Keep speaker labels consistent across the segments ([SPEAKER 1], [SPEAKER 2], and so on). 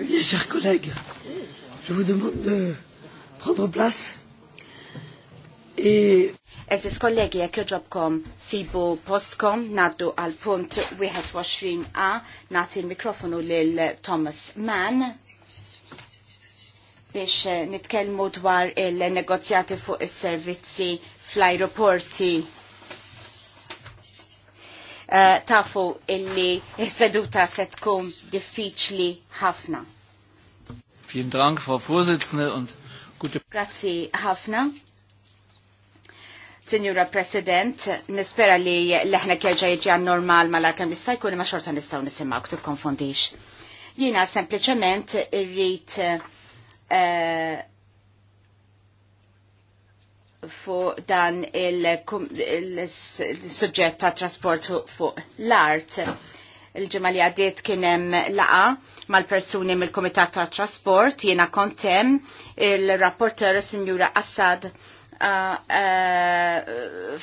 [SPEAKER 1] Mes chers collègues, je vous demande de prendre place. Et...
[SPEAKER 2] Eżis kollegi, jek joġobkom sibu postkom, naddu al punt 21a, nati il-mikrofonu lil Thomas Mann biex eh, nitkelmu dwar il-negozjati fuq is-servizzi fl-aeroporti Eh, tafu illi s-seduta se tkun diffiċli ħafna. Vielen Dank, Frau Vorsitzende, und gute... Grazie ħafna. Signora President, nispera li leħna ħna kjerġa normal ma l arkam jista' jkun ma xorta nistaw nisimaw tu konfondix. Jina sempliciment irrit uh, fuq dan il sujġet ta' trasport fuq l-art. il ġemali li għaddiet kienem laqa mal-persuni mill-Komitat ta' Trasport, jiena kontem il-rapporter Signora Assad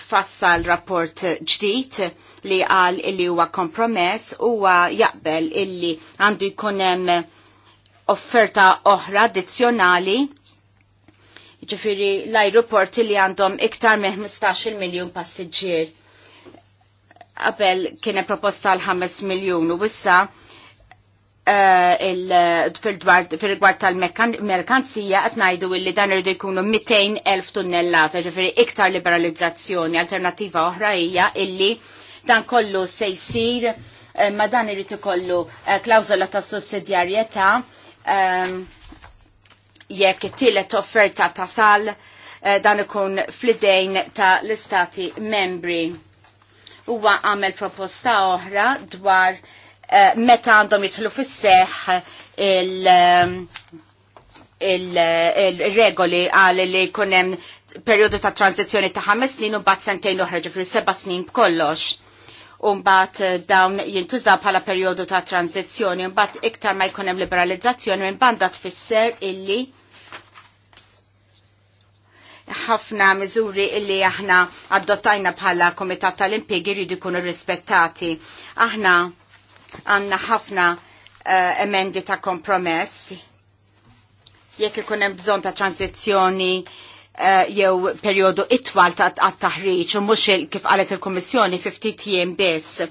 [SPEAKER 2] fassa l-rapport ġdijt li għal illi huwa kompromess huwa jaqbel illi għandu jkunem offerta oħra addizzjonali ġifiri l aeroport li għandhom iktar me 15 miljon passiġġier. Qabel kienet proposta l-5 miljon u wissa eh, fil-rigward tal-merkanzija qed ngħidu dan rridu jkunu 200,000 tunnellata, ġifieri iktar liberalizzazzjoni. Alternattiva oħra hija illi dan kollu se jsir eh, ma dan irid ikollu eh, klawzola ta' sussidjarjetà ehm, jekk tillet offerta ta' sal eh, dan ikun fl-idejn ta' l-istati membri. Huwa għamel proposta oħra dwar eh, meta għandhom jitħlu fis-seħ il-regoli eh, għal li kunem periodu ta' tranzizjoni ta' ħames snin u bat sentejn uħra ġifri seba snin b'kollox. Umbat dawn jintużaw bħala periodu ta' tranzizjoni, umbat iktar ma' jkunem liberalizzazzjoni minn banda tfisser illi ħafna miżuri illi aħna adottajna bħala Komitat tal impieg jridu jkunu rispettati. Aħna għandna ħafna uh, emendi ta' kompromess. Jekk ikun hemm bżonn ta' tranzizzjoni Eh, jew perjodu itwal ta' taħriġ u mhux kif qalet il-Kummissjoni 50 jiem biss.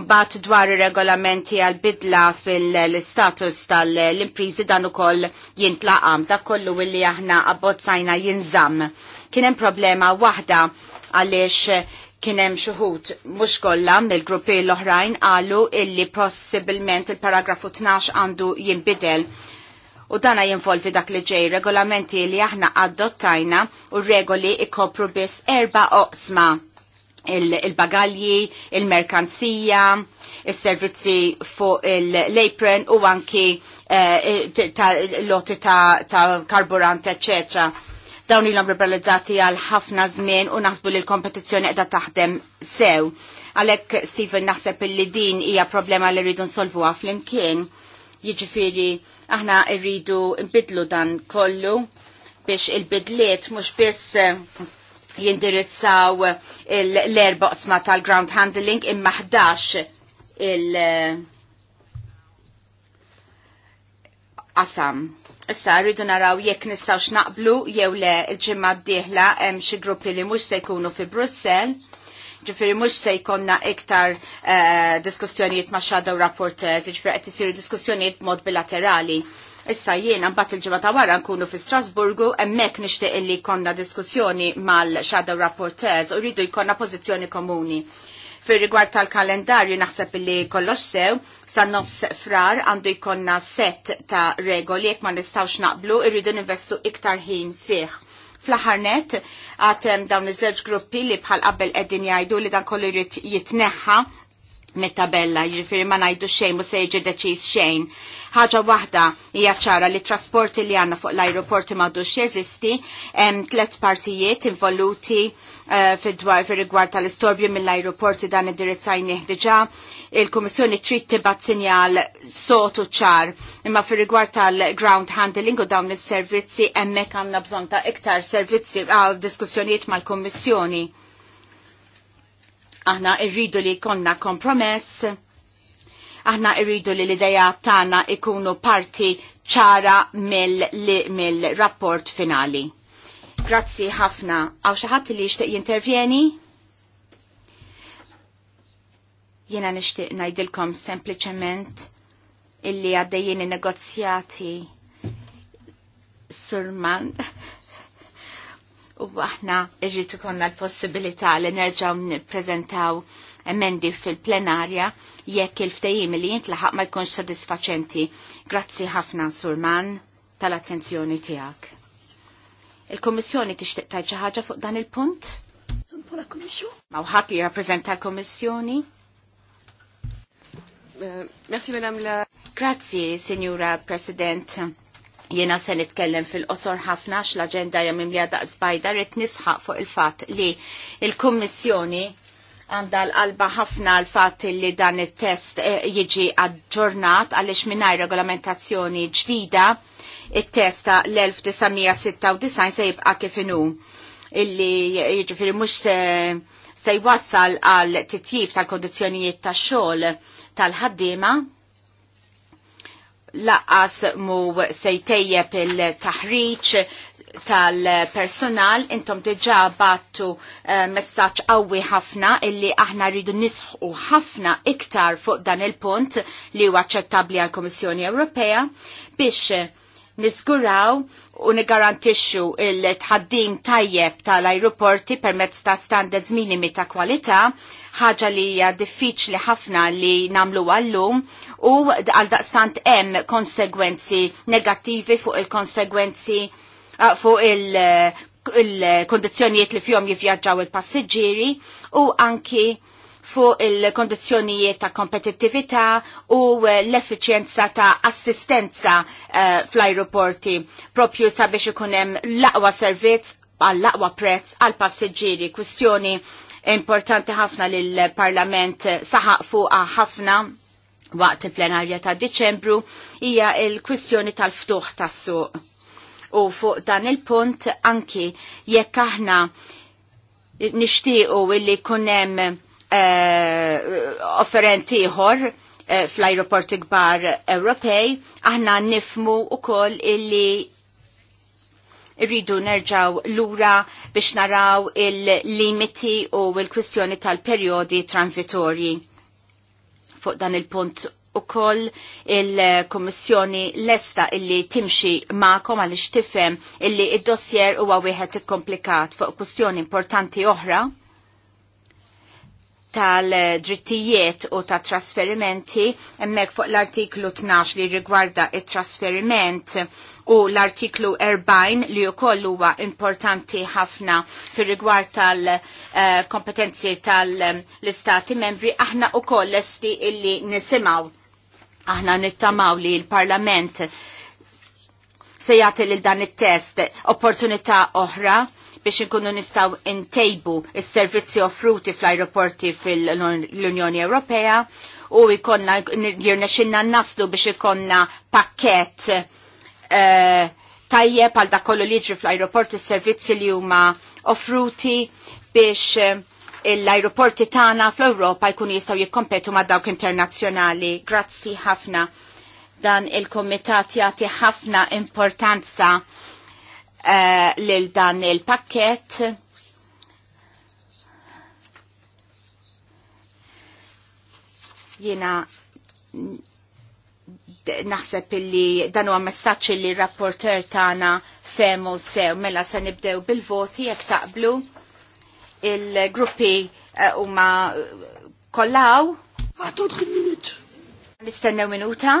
[SPEAKER 2] Mbagħad dwar ir-regolamenti għal bidla fil-status tal-imprizi dan ukoll jintlaqam dak kollu illi aħna abbozzajna jinżamm. Kien hemm problema waħda għaliex kienem xuħut mux kollha mill-gruppi l-oħrajn qalu illi possibilment il-paragrafu 12 għandu jinbidel u dana jinvolvi dak li ġej regolamenti li aħna adottajna u regoli ikopru biss erba oqsma il-bagalji, il il-merkanzija, il-servizzi fuq l-apron u anki eh, loti ta', ta karburant, etc. Dawn ilhom liberalizzati għal ħafna żmien u naħsbu li l-kompetizzjoni edha taħdem sew. Għalhekk Steven naħseb illi din hija problema li rridu nsolvuha flimkien. Jiġifieri Aħna rridu nbidlu dan kollu biex il-bidliet mhux biss eh, jindirizzaw l-erbaqsma tal-ground handling imma 11 il- qasam. Issa rridu naraw jekk nistgħux naqblu jew le l-ġimgħa d-dieħla hemm xi gruppi li mhux se jkunu fi Brussell ġifiri mux se jkonna iktar uh, eh, diskussjoniet ma' xadaw rapporteurs, ġifiri għet jisiru diskussjoniet mod bilaterali. Issa jiena mbagħad il-ġimgħa wara nkunu fi Strasburgu hemmhekk nixtieq illi konna diskussjoni mal-shadow rapporters u rridu jkollna pożizzjoni komuni. Fir rigward tal-kalendarju naħseb illi kollox sew, sa nofs frar għandu jkollna set ta' regoli jekk ma nistgħux naqblu irridu ninvestu iktar ħin fih Fl-ħarnet għatem dawn iż-żewġ gruppi li bħal qabel qegħdin jgħidu li dan kollu jrid jitneħħa mit-tabella, jiġifieri ma ngħidu xejn u se jiġi deċiż xejn. Ħaġa waħda hija ċara li trasporti li għandna fuq l-ajruporti m'għadux jeżisti, hemm tliet partijiet involuti eh, fid-dwar fir rigward tal-istorbju mill-ajruporti dan id-dirizzajn diġà il-Komissjoni trid tibat sinjal sotu ċar imma fir rigward tal-ground handling u dawn is-servizzi hemmhekk għandna bżonn ta' iktar servizzi għal diskussjonijiet mal-Komissjoni. Aħna rridu li konna kompromess, aħna rridu li l-ideja tagħna ikunu parti ċara mill-rapport mil finali. Grazzi ħafna. Għaw xaħat li jishtiq jintervjeni? Jena nishtiq najdilkom sempliciment illi għaddejjeni negozjati surman. U aħna irritu konna l-possibilità li nerġaw n-prezentaw emendi fil-plenarja jekk il-ftejim li jintlaħaq ma jkunx sodisfaċenti. Grazzi ħafna surman tal-attenzjoni tiegħek. il komissjoni tixtieq tajċa ħaġa fuq dan il-punt?
[SPEAKER 1] Ma
[SPEAKER 2] wħadd li rappreżenta l komissjoni Merci, Madame la... Grazie, Signora President. Jena se nitkellem fil-qosor ħafna l-agenda jemim imlija daqsbajda rid rrit nisħaq fuq il-fat li il-Kommissjoni għanda l-qalba ħafna l-fat li dan il-test eh, jiġi għadġornat għalix minnaj regolamentazzjoni ġdida il-testa l-1996 se jibqa kifinu illi jiġifiri mux se, se jwassal għal titjib tal-kondizjonijiet ta' xol tal-ħaddiema laqas mu sejtejjeb il-taħriċ tal-personal intom diġa battu eh, messaċ qawwi ħafna illi aħna rridu nisħu ħafna iktar fuq dan il-punt li huwa aċċettabbli għall-Kummissjoni Ewropea biex niskuraw u nigarantixxu il-tħaddim tajjeb tal-ajruporti permezz ta' standards minimi ta' kwalità, ħaġa li hija diffiċli ħafna li namlu għallum u għal daqsant hemm konsegwenzi negattivi fuq il-konsegwenzi fuq il-kondizjonijiet il li fjom jivvjaġġaw il-passiġġieri u anki fuq il-kondizjonijiet ta' kompetittività u eh, l-effiċjenza ta' assistenza eh, fl-aeroporti propju sabiex hemm l-aqwa servizz għall-aqwa prezz għal-passiġġieri kwistjoni importanti ħafna lill-Parlament saħaq fuqha ħafna waqt il-plenarja ta' Diċembru hija il-kwistjoni tal-ftuħ tas-suq. U fuq dan il-punt anki jekk aħna nixtiequ illi kunem hemm Eh, offerenti ieħor eh, fl-aeroporti kbar Ewropej, aħna nifmu wkoll illi rridu nerġaw lura biex naraw il-limiti u il-kwistjoni tal-periodi transitorji. Fuq dan il-punt u koll il l lesta illi timxi ma'kom għal tifhem illi id-dossier huwa wieħed komplikat fuq kwistjoni importanti oħra tal-drittijiet u ta' trasferimenti emmek fuq l-artiklu 12 li rigwarda il-trasferiment u l-artiklu 40 li u huwa importanti ħafna fir rigward tal-kompetenzi tal-istati membri aħna u koll lesti illi nisimaw aħna nittamaw li l-parlament se jagħti lil dan it-test opportunità oħra biex inkunu nistaw intejbu il-servizzi offruti fl-aeroporti fil-Unjoni Ewropea u jirna jirnexinna naslu biex ikonna pakket eh, tajjeb għal dakollu li ġri fl-aeroporti servizzi li huma offruti biex eh, l-aeroporti tagħna fl-Ewropa jkunu jistgħu jikkompetu ma' dawk internazzjonali. Grazzi ħafna dan il-komitat jagħti ħafna importanza Eh, lil dan il-pakket. Jena naħseb illi dan huwa messaġġ li rapporter tagħna femu sew mela se nibdew bil-voti jekk taqblu il-gruppi eh, huma kollaw. Għatu minut. Nistennew minuta.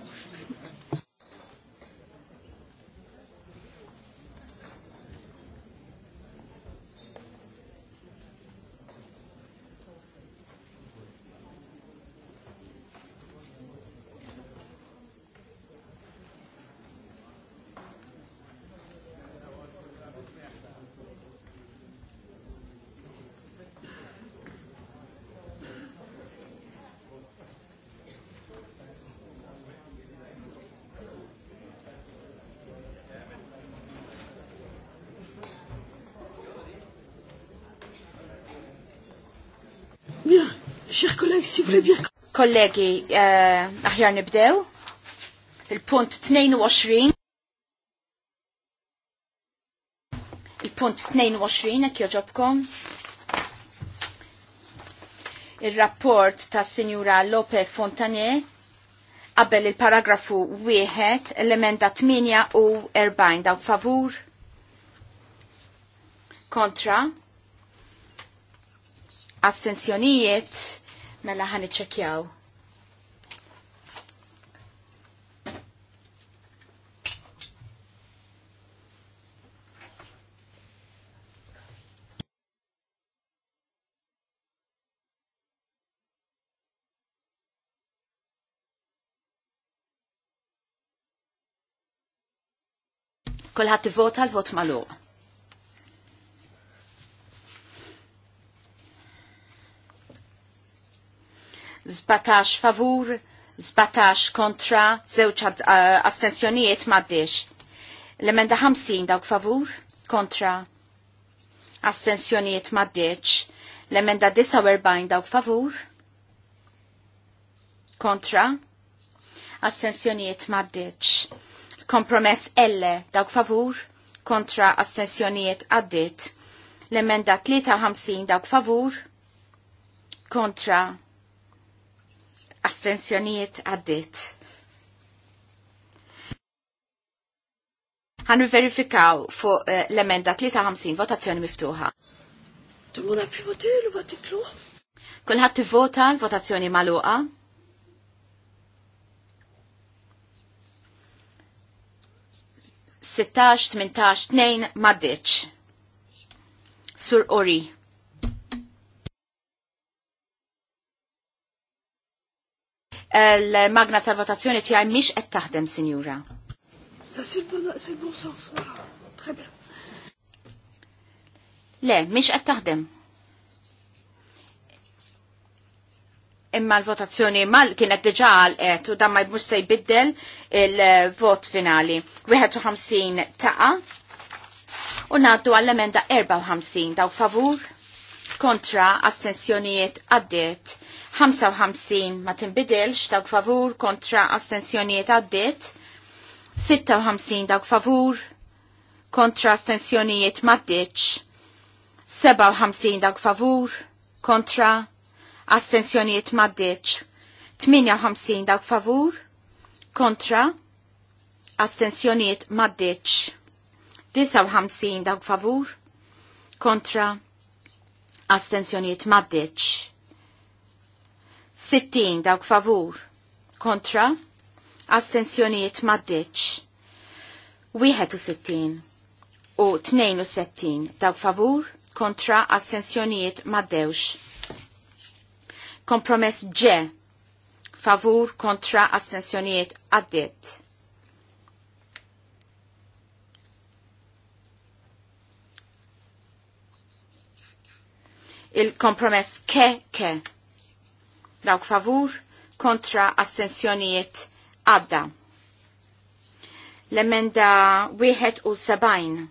[SPEAKER 2] Xieħ kollegi, si vrebjek. Kollegi, aħjar nibdew. Il-punt 22. Il-punt 22, ek joġobkom. Il-rapport ta' Signora Lope Fontane qabel il-paragrafu 1, l-emenda 8 u 40, daw favur. Kontra astensjonijiet Mela ħan iċċekjaw. Kolħat vota l-vot maluq. Zbatax favur, zbatax kontra, zewċ astensjonijiet maddix. L-emenda 50 dawk favur, kontra, astensjonijiet maddix. L-emenda 49 dawk favur, kontra, astensjonijiet maddix. Kompromess L dawk favur, kontra astensjonijiet addit. L-emenda 53 dawk favur, kontra astensjonijiet għaddit. Għan verifikaw fuq eh, l-emenda 53 votazzjoni miftuħa. Tumuna pivoti l-voti klu? t-vota l-votazzjoni maluqa. Sittax, tmintax, tnejn, maddiċ. Sur ori. l-magna tal-votazzjoni tiegħi mhix qed taħdem, Sinjura. Le, mhix qed taħdem. Imma l-votazzjoni mal kienet diġà għalqet u dan ma jbux se jbiddel il-vot finali. 51 taqa' u ngħaddu għall-emenda 54 daw favur kontra astensjonijiet għaddit. 55 ma tinbidilx dawk favur kontra astensjonijiet għaddit. 56 dawk favur kontra astensjonijiet maddiċ. 57 dawk favur kontra astensjonijiet maddiċ. 58 dawk favur kontra astensjonijiet maddiċ. 59 dawk favur kontra Astenzjoniet maddiċ. 60 dawk favur kontra Astenzjoniet maddiċ. 61 u 62 dawk favur kontra Astenzjoniet maddewx. Kompromess ġe favur kontra astensjoniet għaddit. il-kompromess ke ke. Dawk favur kontra astensjonijiet għadda. L-emenda 71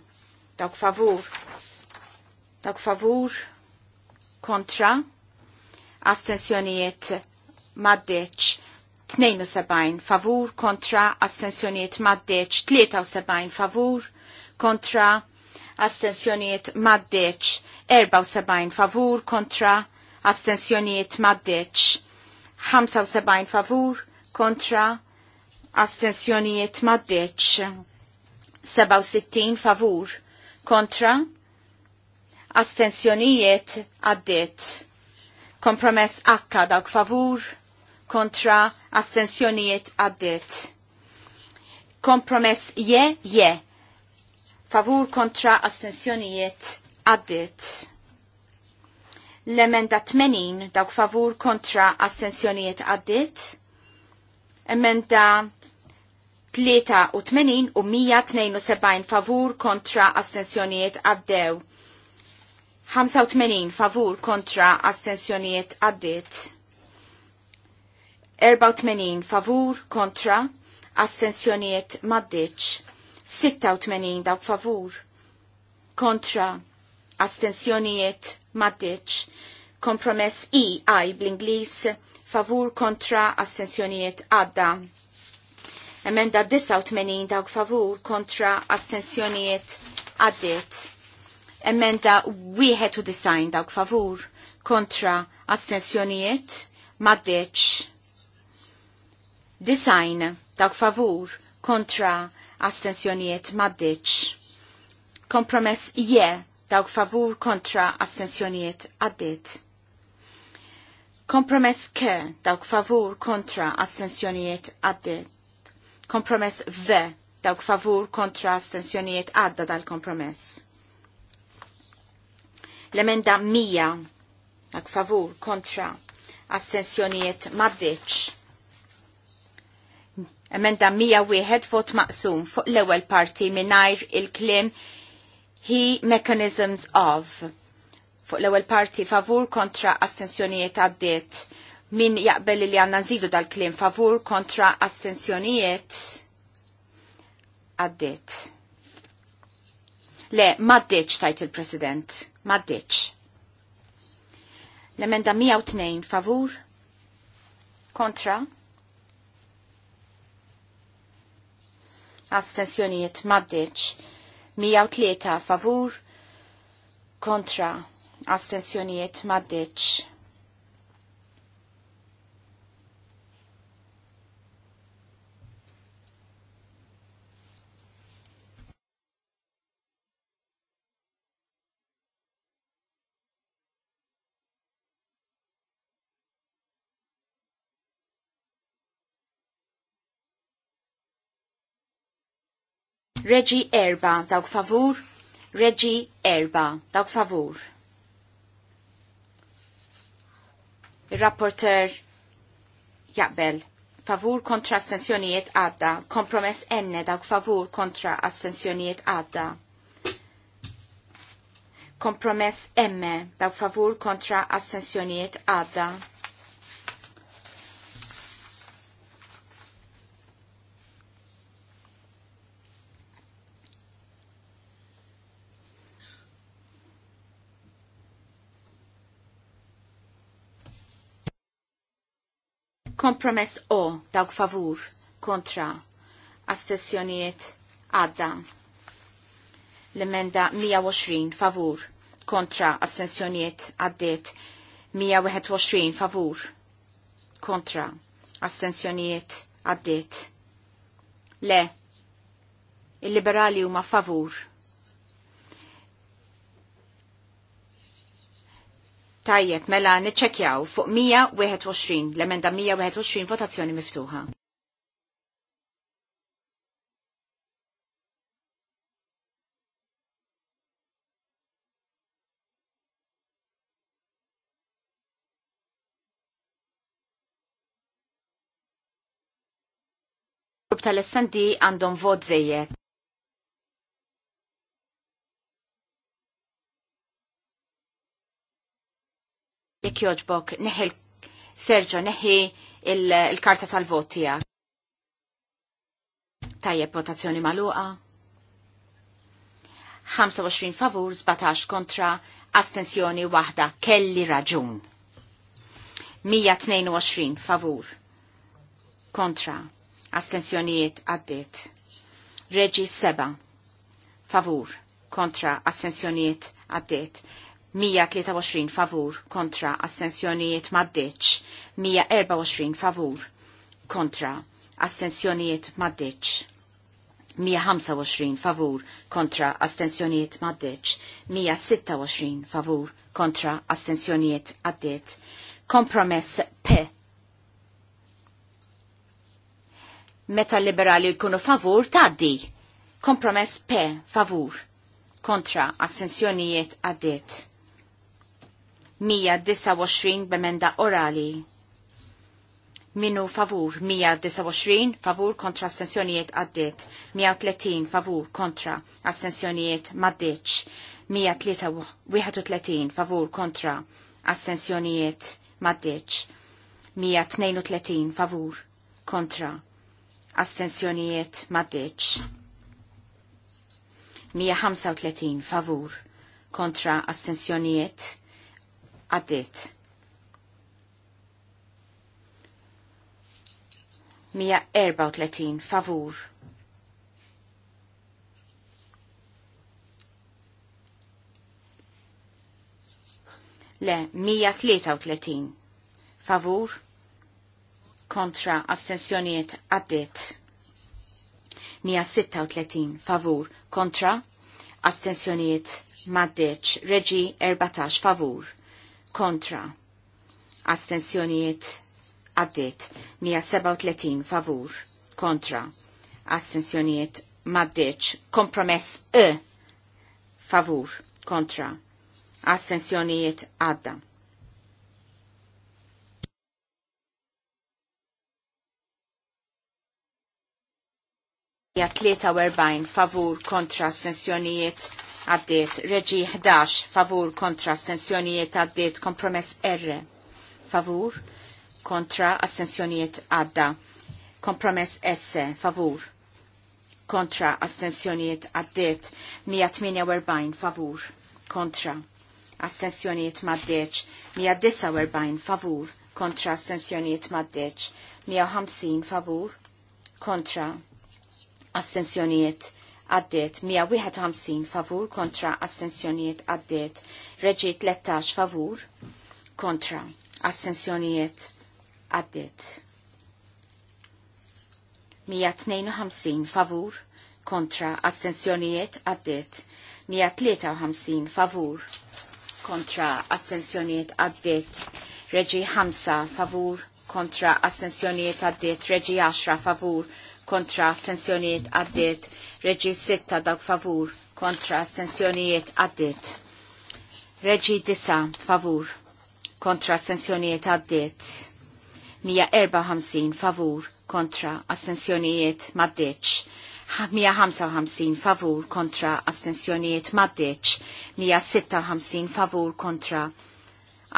[SPEAKER 2] dawk favur. Dawk favur kontra astensjonijiet maddeċ 72 favur kontra astensjonijiet maddeċ 73 favur kontra astensjoniet maddeċ 74 favur kontra astensjonijiet maddeċ 75 favur kontra astensjonijiet maddeċ 67 favur kontra astensjonijiet għaddiet kompromess akka dawk favur kontra astensjonijiet għaddiet kompromess je je favur kontra astensjonijiet għaddit. L-emenda 80 dawk favur kontra astensjonijiet għaddit. Emenda 83 u 172 favur kontra astensjonijiet għaddew. 85 favur kontra astensjonijiet għaddit. 84 favur kontra astensjonijiet maddiċ. 86 dawk favur kontra astensjonijiet maddiċ kompromess i għaj bl-Inglis favur kontra astensjonijiet għadda. Emenda 89 dawk favur kontra astensjonijiet għaddit. Emenda 91 dawk favur kontra astensjonijiet maddiċ. Design dawk favur kontra astensjonijiet maddiċ. Kompromess je dawk favur kontra astensjonijiet għaddit. Kompromess ke dawk favur kontra astensjonijiet għaddit. Kompromess ve dawk favur kontra astensjonijiet għadda dal-kompromess. L-emenda mija dawk favur kontra astensjonijiet maddiċ Emenda 101 vot maqsum fuq l-ewwel parti mingħajr il-klim he mechanisms of. Fuq l-ewwel parti favur kontra astensjonijiet għaddiet. Min jaqbel li għanna nżidu dal-klim favur kontra astensjonijiet għaddiet. Le, maddiċ tajt il-President, maddiċ. L-emenda 102 favur kontra astensjonijiet maddeċ 103 favur kontra astensjonijiet maddiċ Reġi erba, dawk favur. Reġi erba, dawk favur. Il-rapporter jaqbel. Favur kontra astensjonijiet għadda. Kompromess enne dawk favur kontra astensjonijiet għadda. Kompromess emme dawk favur kontra astensjonijiet għadda. Kompromess O dawk favur kontra assessjonijiet għadda. L-emenda 120 favur kontra assessjonijiet għaddiet 121 favur kontra astensjonijiet għaddiet. Le, il-liberali huma favur Tajjeb, mela niċċekjaw fuq 121, l-emenda 121 votazzjoni miftuħa. Grupp tal snd għandhom vot zejjed. ikjoġbok neħi Serġo neħi il-karta il karta tal vot tiegħek. Tajjeb votazzjoni magħluqa. 25 favur, 17 kontra, astensjoni waħda, kelli raġun. 122 favur, kontra, astensjonijiet għaddit. Reġi seba, favur, kontra, astensjonijiet għaddit. 123 favur kontra astensjonijiet maddeċ, 124 favur kontra astensjonijiet maddeċ, 125 favur kontra astensjonijiet maddeċ, 126 favur kontra astensjonijiet addet, Kompromess P. Meta liberali jkunu favur taddi. Kompromess P favur kontra astensjonijiet addet. 129 b'emenda orali. Minu favur 129 favur kontra astensjonijiet għaddit, 130 favur kontra astensjonijiet maddiċ, 131 favur kontra astensjonijiet maddiċ, 132 favur kontra astensjonijiet maddiċ, 135 favur kontra astensjonijiet għaddit. 134 favur. Le, Mija 133 favur kontra astensjoniet għaddit. 136 favur kontra astensjoniet maddeċ reġi 14 favur kontra astensjonijiet għaddit 137 favur kontra astensjonijiet maddeċ kompromess e favur kontra astensjonijiet għadda. Ja 43 favur kontra astensjonijiet għaddiet reġi 11 favur kontra astensjonijiet għaddiet kompromess R favur kontra astensjonijiet għadda kompromess S favur kontra astensjonijiet għaddiet 148 favur kontra astensjonijiet maddeċ 149 favur kontra astensjonijiet maddeċ 150 favur kontra astensjonijiet għaddiet 151 favur kontra assenzjonijiet għaddiet reġi 13 favur kontra assenzjonijiet għaddiet 152 favur kontra assenzjonijiet għaddiet 153 favur kontra assenzjonijiet għaddiet reġi 5 favur kontra assenzjonijiet għaddiet reġi 10 favur kontra astensjonijiet għaddit. Reġi sitta dawk favur kontra astensjonijiet għaddit. Reġi disa favur kontra astensjonijiet għaddit. ħamsin favur kontra astensjonijiet maddeċ. ħamsin favur kontra astensjonijiet maddeċ. ħamsin favur kontra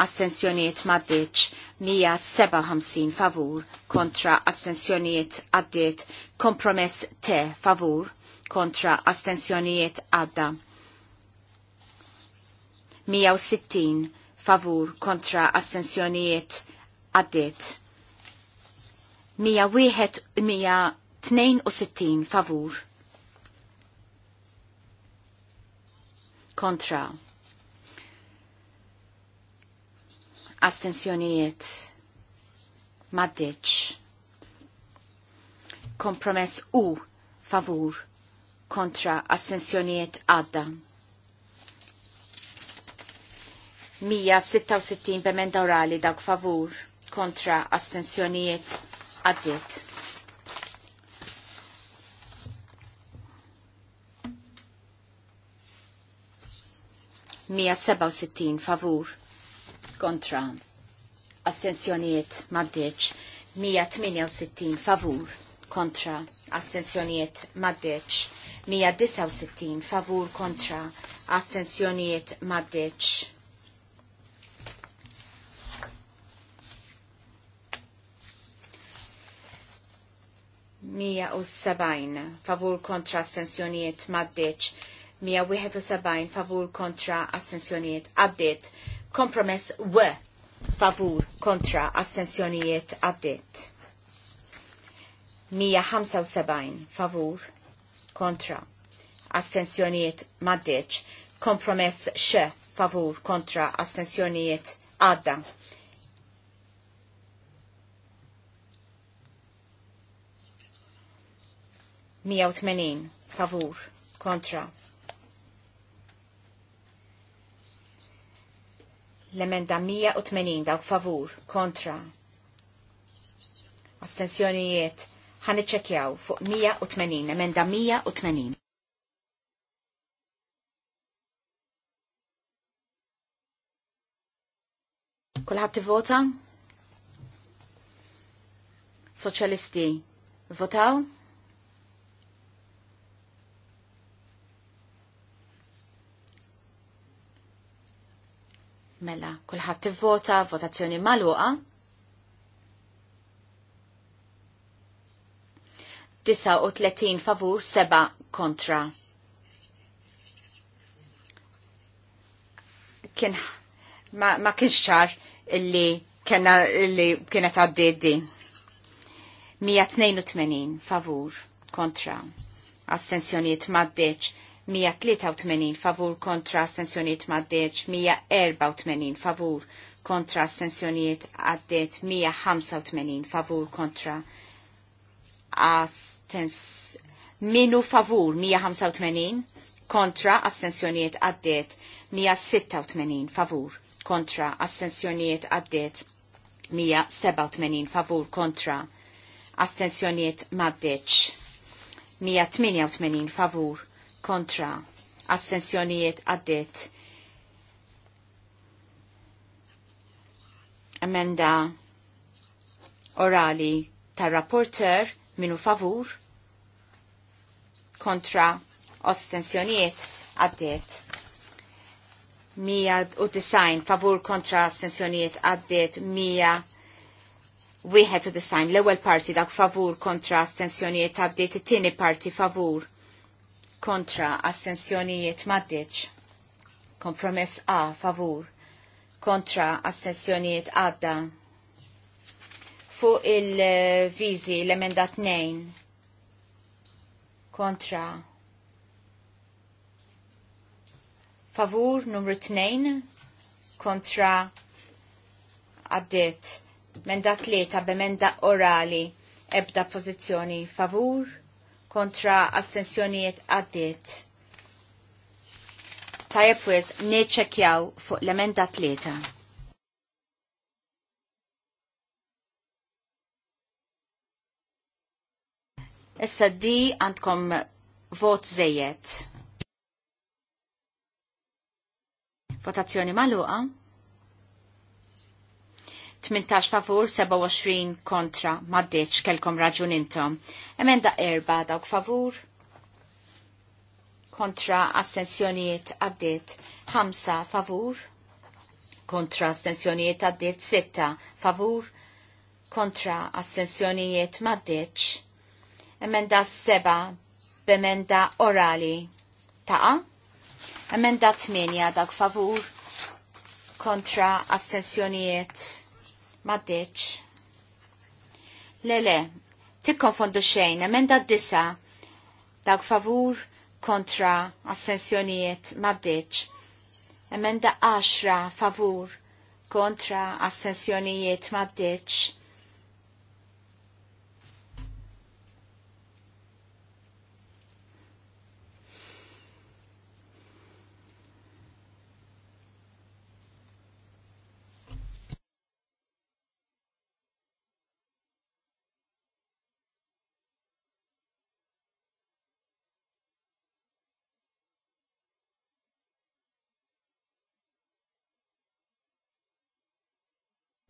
[SPEAKER 2] astensjonijiet maddeċ. 157 favur kontra astensjonijiet għaddiet kompromess te favur kontra astensjonijiet għadda 160 favur kontra astensjonijiet għaddiet 162 favur kontra astensjonijiet maddeċ Kompromess u favur kontra astensjonijiet għadda. 166 bemenda orali dawk favur kontra astensjonijiet għaddiet. Mija seba' favur kontra assenzjonijiet maddeċ 168 favur kontra assenzjoniet maddeċ 169 favur kontra assenzjonijiet maddeċ Mija u sabajn favur kontra assenzjonijiet maddeċ sabajn favur kontra assenzjonijiet għaddit Kompromess W favur kontra astensjonijiet għaddit. 175 favur kontra astensjonijiet maddeċ. Kompromess X favur kontra astensjonijiet għadda. Mija favur kontra L-emenda 180 dawk favur kontra astensjonijiet ħaniċċekjaw fuq 180, emenda 180. Kulħadd tivvota? Soċjalisti votaw? Mela, kullħat tivvota, votazzjoni maluqa. 39 favur, 7 kontra. Kien, ma, ma kienx ċar illi kena illi kienet għaddiddi. 182 favur kontra. Assenzjoniet maddeċ 183 favur kontra astensjoniet maddeċ 184 favur kontra astensjoniet għaddeċ, 185 favur kontra astens minu favur 185 kontra astensjoniet għaddeċ, 186 favur kontra astensjoniet għaddeċ, 187 favur kontra astensjoniet maddeċ 188 favur kontra astensjonijiet għaddit. Emenda orali tar-rapporter minu favur kontra ostensjonijiet u 190 favur kontra astensjonijiet u design l-ewwel parti dak favur kontra astensjonijiet għaddiet it-tieni parti favur kontra astensjonijiet maddeċ. Kompromess A favur kontra astensjonijiet għadda. Fuq il-vizi l-emenda 2 kontra favur numru 2 kontra għaddit menda ta' b'emenda orali ebda pożizzjoni favur kontra astensjonijiet għaddit. Tajab wiz neċekjaw fuq l-emenda tlieta. Issa di għandkom vot zejet. Votazzjoni maluqa. 18 favur, 27 kontra, maddeċ kelkom raġun intom. Emenda erba dawk favur, kontra astensjonijiet għaddit 5 favur, kontra astensjonijiet għaddit 6 favur, kontra astensjonijiet maddeċ. Emenda 7 b'emenda orali taqa. Emenda 8 dawk favur, kontra astensjonijiet deċ. Lele, ti tikkonfondu xejn, emenda d-disa, dak favur kontra assenzjonijiet maddeċ. Emenda 10 favur kontra assenzjonijiet deċ.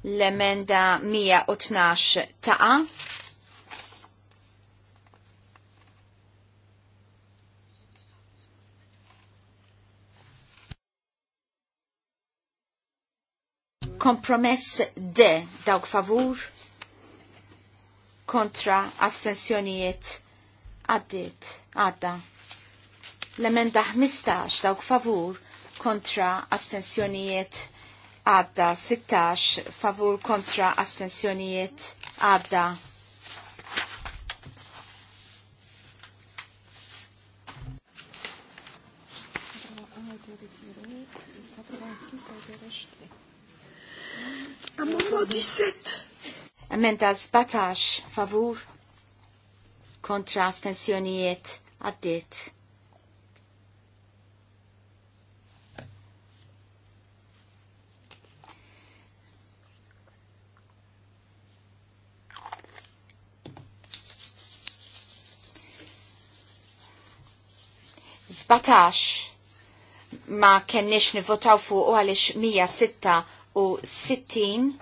[SPEAKER 2] L-emenda 112 taqa. kompromess de dawk favur kontra assenzjonijiet għaddit għadda. L-emenda 15 dawk favur kontra assenzjonijiet għadda 16 favur kontra astensjonijiet għadda. Ammondo 17. Emenda 17 favur kontra astensjonijiet għaddit. sbatax ma kenniex nivvotaw fuq għaliex 166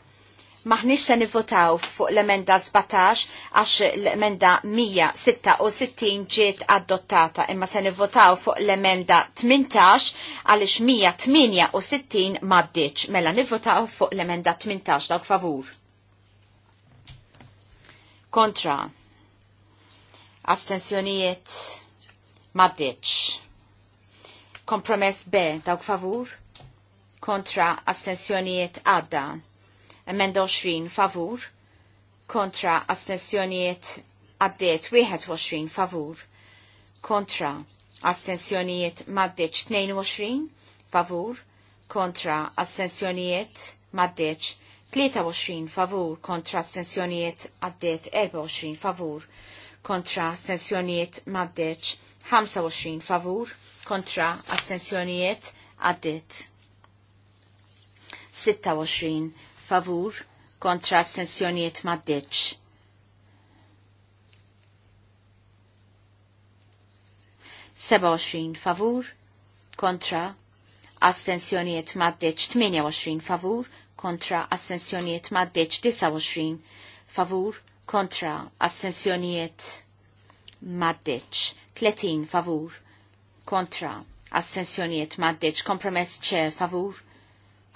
[SPEAKER 2] maħniex se nivvotaw fuq l-emenda 17 għax l-emenda 166 ġiet adottata imma se nivvotaw fuq l-emenda 18 għaliex 168 maddiċ mela nivvotaw fuq l-emenda 18 dawk favur kontra astensjonijiet maddiċ Kompromess B, dawk favur, kontra astensjonijiet għadda. Emenda 20 favur, kontra astensjonijiet għaddiet 21 favur, kontra astensjonijiet maddeċ 22 favur, kontra astensjonijiet maddeċ 23 favur, kontra astensjonijiet għaddiet 24 favur, kontra astensjonijiet maddeċ 25 favur, kontra astensjonijiet għaddit. 26 favur kontra astensjonijiet maddeċ. Seba favur kontra astensjonijiet maddeċ 28 favur kontra astensjonijiet maddeċ 29 favur kontra astensjonijiet maddeċ 30 favur kontra assenzjoniet maddeċ kompromess ċe favur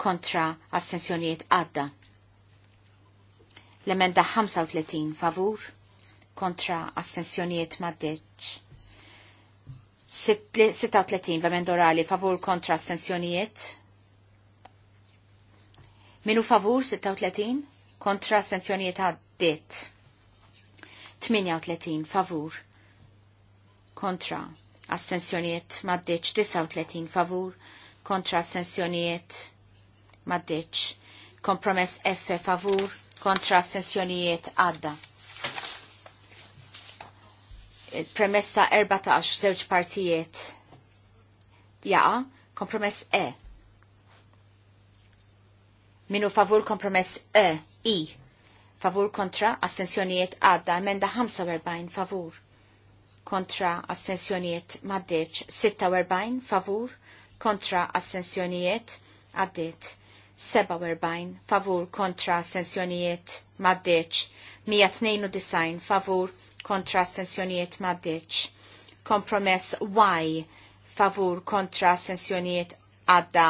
[SPEAKER 2] kontra assenzjoniet għadda. L-emenda 35 favur kontra assenzjoniet maddeċ. 36 b'emenda orali favur kontra assenzjoniet. Minu favur 36 kontra assenzjoniet għaddit. 38 favur kontra Assenzjonijiet maddeċ 39 favur kontra assenzjonijiet maddeċ. Kompromess F favur kontra assenzjonijiet għadda. Premessa 14 żewġ partijiet. Jaqa, kompromess E. Minu favur kompromess E, I. Favur kontra assenzjonijiet għadda, emenda 45 favur kontra astensjonijiet maddeċ 46 favur kontra astensjonijiet għaddit 47 favur kontra astensjonijiet maddeċ 192 favur kontra astensjonijiet maddeċ kompromess Y favur kontra assenzjonijiet għadda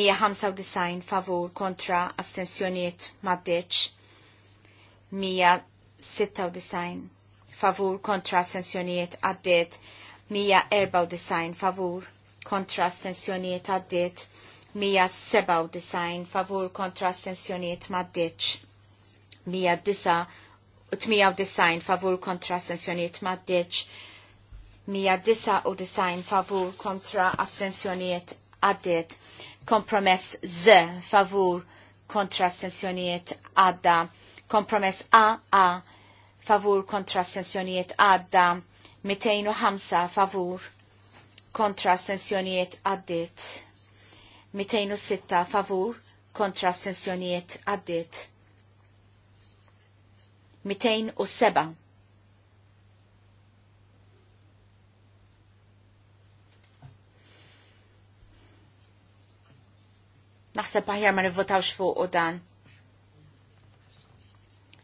[SPEAKER 2] 195 favur kontra astensjonijiet maddeċ 196 favur kontra sensjonijiet għaddiet 194 favur kontra sensjonijiet għaddiet 197 favur kontra sensjonijiet maddiċ 189 favur kontra sensjonijiet maddiċ 199 favur kontra astensjonijiet għaddiet kompromess Z favur kontra astensjonijiet għadda kompromess AA favur kontra sensjonijiet għadda 205 favur kontra sensjonijiet għaddit 206 favur kontra sensjonijiet għaddit 207 Naħseb aħjar ma nivvotawx fuq u dan. 206.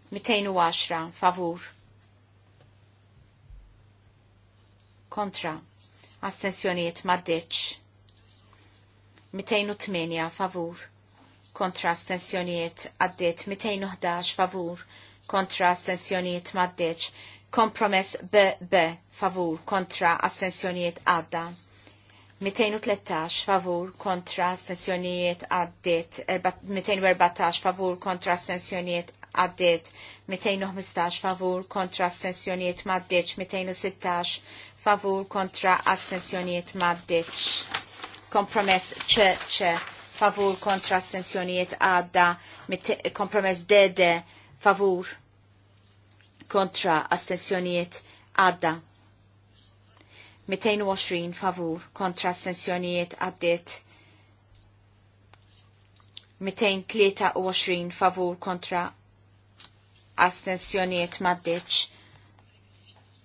[SPEAKER 2] 210 favur kontra Astensjoniet maddeċ 208 favur kontra astensjonijiet għaddiet 211 favur kontra astensjonijiet maddeċ kompromess BB favur kontra astensjoniet għadda 213 favur kontra astensjonijiet għaddit, 214 favur kontra astensjonijiet għaddiet 215 favur kontra astensjonijiet maddiċ 216 favur kontra astensjonijiet maddiċ kompromess ċe favur kontra astensjonijiet għadda kompromess dede favur kontra astensjonijiet għadda 220 favur kontra astensjonijiet għaddiet 223 favur kontra astensjoniet maddiċ.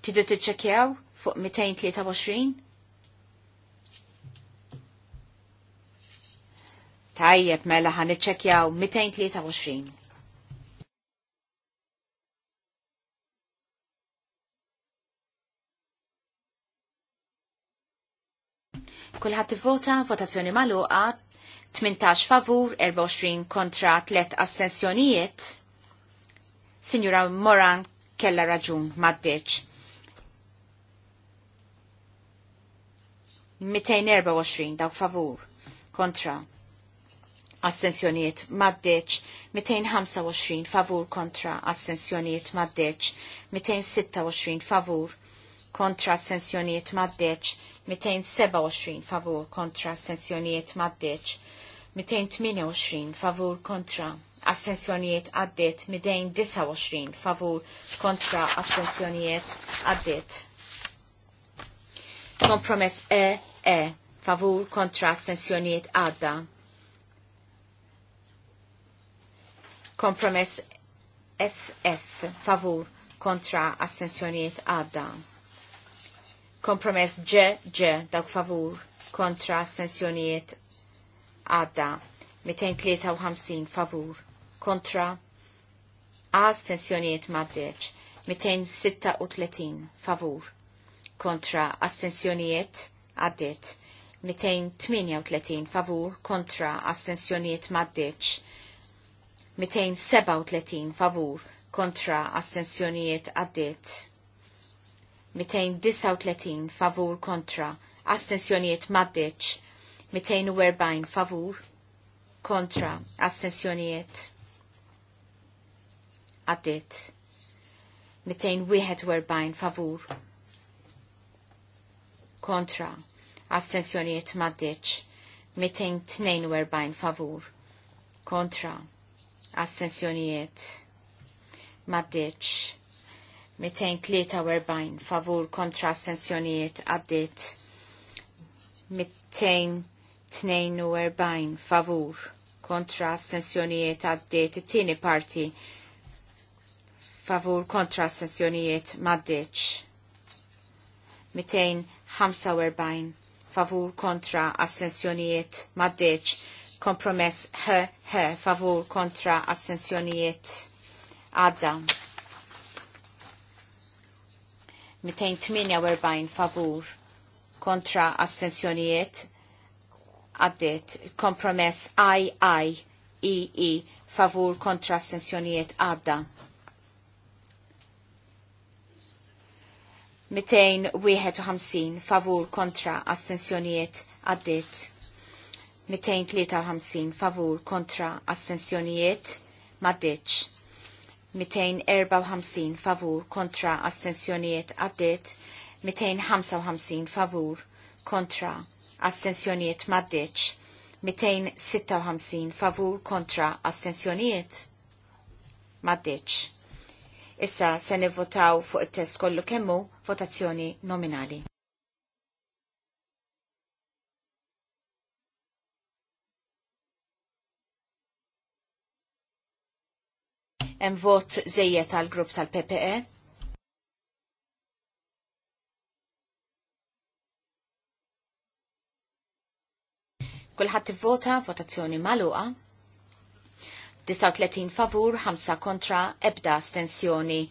[SPEAKER 2] Tidu t-ċekjaw fuq 223? Tajjeb mela ħan t-ċekjaw 223. Kulħadd ivvota votazzjoni magħluqa 18 favur, 24 kontra 3 astensjonijiet. Signora Moran kella raġun maddeċ. 224 daw favur kontra assenzjoniet maddeċ 225 favur kontra assenzjoniet maddeċ 226 favur kontra assenzjoniet maddeċ 227 favur kontra assenzjoniet maddeċ 228 favur kontra Assenzjonijiet għaddit midejn 29 favur kontra assenzjonijiet għaddit. Kompromess E, E, favur kontra assenzjonijiet għadda. Kompromess F, F, favur kontra assenzjonijiet għadda. Kompromess G, G, dawk favur kontra assenzjonijiet għadda. 253 favur kontra tensjoniet maddeċ 236 favur kontra astensjonijiet għaddit 238 favur kontra astensjonijiet maddeċ 237 favur kontra astensjonijiet għaddit 239 favur kontra astensjonijiet maddeċ 240 favur kontra astensjonijiet għaddit. 241 favur kontra astensjonijiet maddiċ. 242 favur kontra astensjoniet maddiċ. 243 favur kontra astensjonijiet għaddit. 242 favur kontra astensjonijiet għaddit. It-tieni parti favur kontra assenzjonijiet maddiċ. 245 favur kontra assenzjonijiet maddiċ. Kompromess h h favur kontra assenzjonijiet għadda. 248 favur kontra assenzjonijiet għaddit kompromess AI I I I favur kontra assensjonijiet għadda. 251 favur kontra astensjonijiet għaddit. 253 favur kontra astensjonijiet maddiċ. 254 favur kontra astensjonijiet għaddit. 255 favur kontra astensjonijiet maddiċ. 256 favur kontra astensjonijiet maddiċ. Issa se nivvotaw fuq it-test kollu kemmu votazzjoni nominali. Hemm vot żejjed għall grupp tal-PPE. Kulħadd ivvota votazzjoni magħluqa. 39 favur, 5 kontra, ebda astensjoni.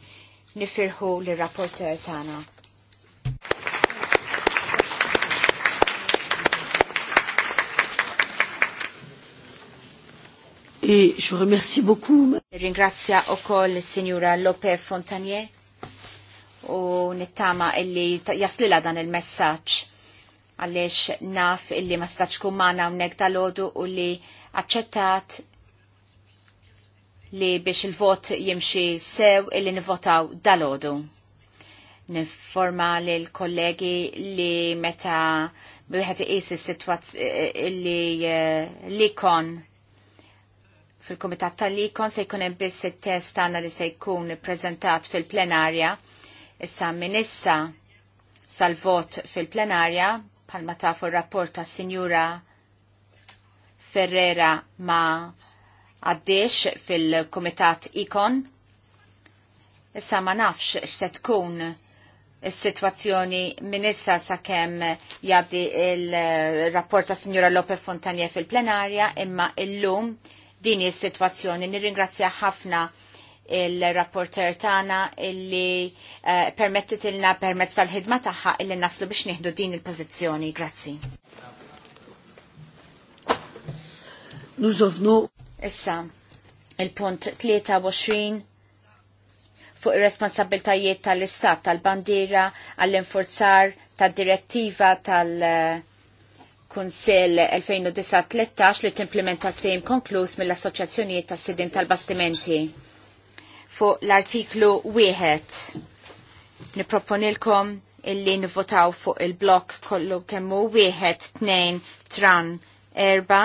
[SPEAKER 2] Nifirħu l-rapporter tana. Et
[SPEAKER 1] je remercie beaucoup.
[SPEAKER 2] Ringrazia o koll signora Lope Fontanier u nittama illi jaslila dan il-messagġ għalix naf illi ma staċ kumana unnek dal-ħodu u li accettat li biex il-vot jimxi sew illi nivotaw dalodu. Niforma li l-kollegi li meta biħet iqis il-situazzjoni eh, li eh, li kon fil-komitat tal-likon se jkun hemm biss test tagħna li se jkun ippreżentat fil-plenarja. Issa minn issa sal-vot fil-plenarja bħalma tafu r-rapport tas-Sinjura Ferrera ma' għaddiex fil-Kumitat Ikon. Issa ma nafx x'se tkun il-situazzjoni minissa sakemm jaddi il-rapport ta' Signora Lope Fontanje fil-plenarja imma illum din is-sitwazzjoni nirringrazzja ħafna il-rapporter tana illi uh, eh, permettit ilna permezz tal-ħidma tagħha illi naslu biex nieħdu din il-pożizzjoni. Grazzi. Nużovnu. Issa, il-punt 23 fuq ir-responsabiltajiet tal-Istat tal-bandiera għall-infurzar tad-direttiva tal-, -tal, Kunsel 2009-13 li timplementa frame konkluż mill-Assoċjazzjonijiet tas sidin tal-Bastimenti. Fuq l-artiklu 1 niproponilkom illi nivvotaw fuq il-blok kollu kemmu 1, 2, tran, 4.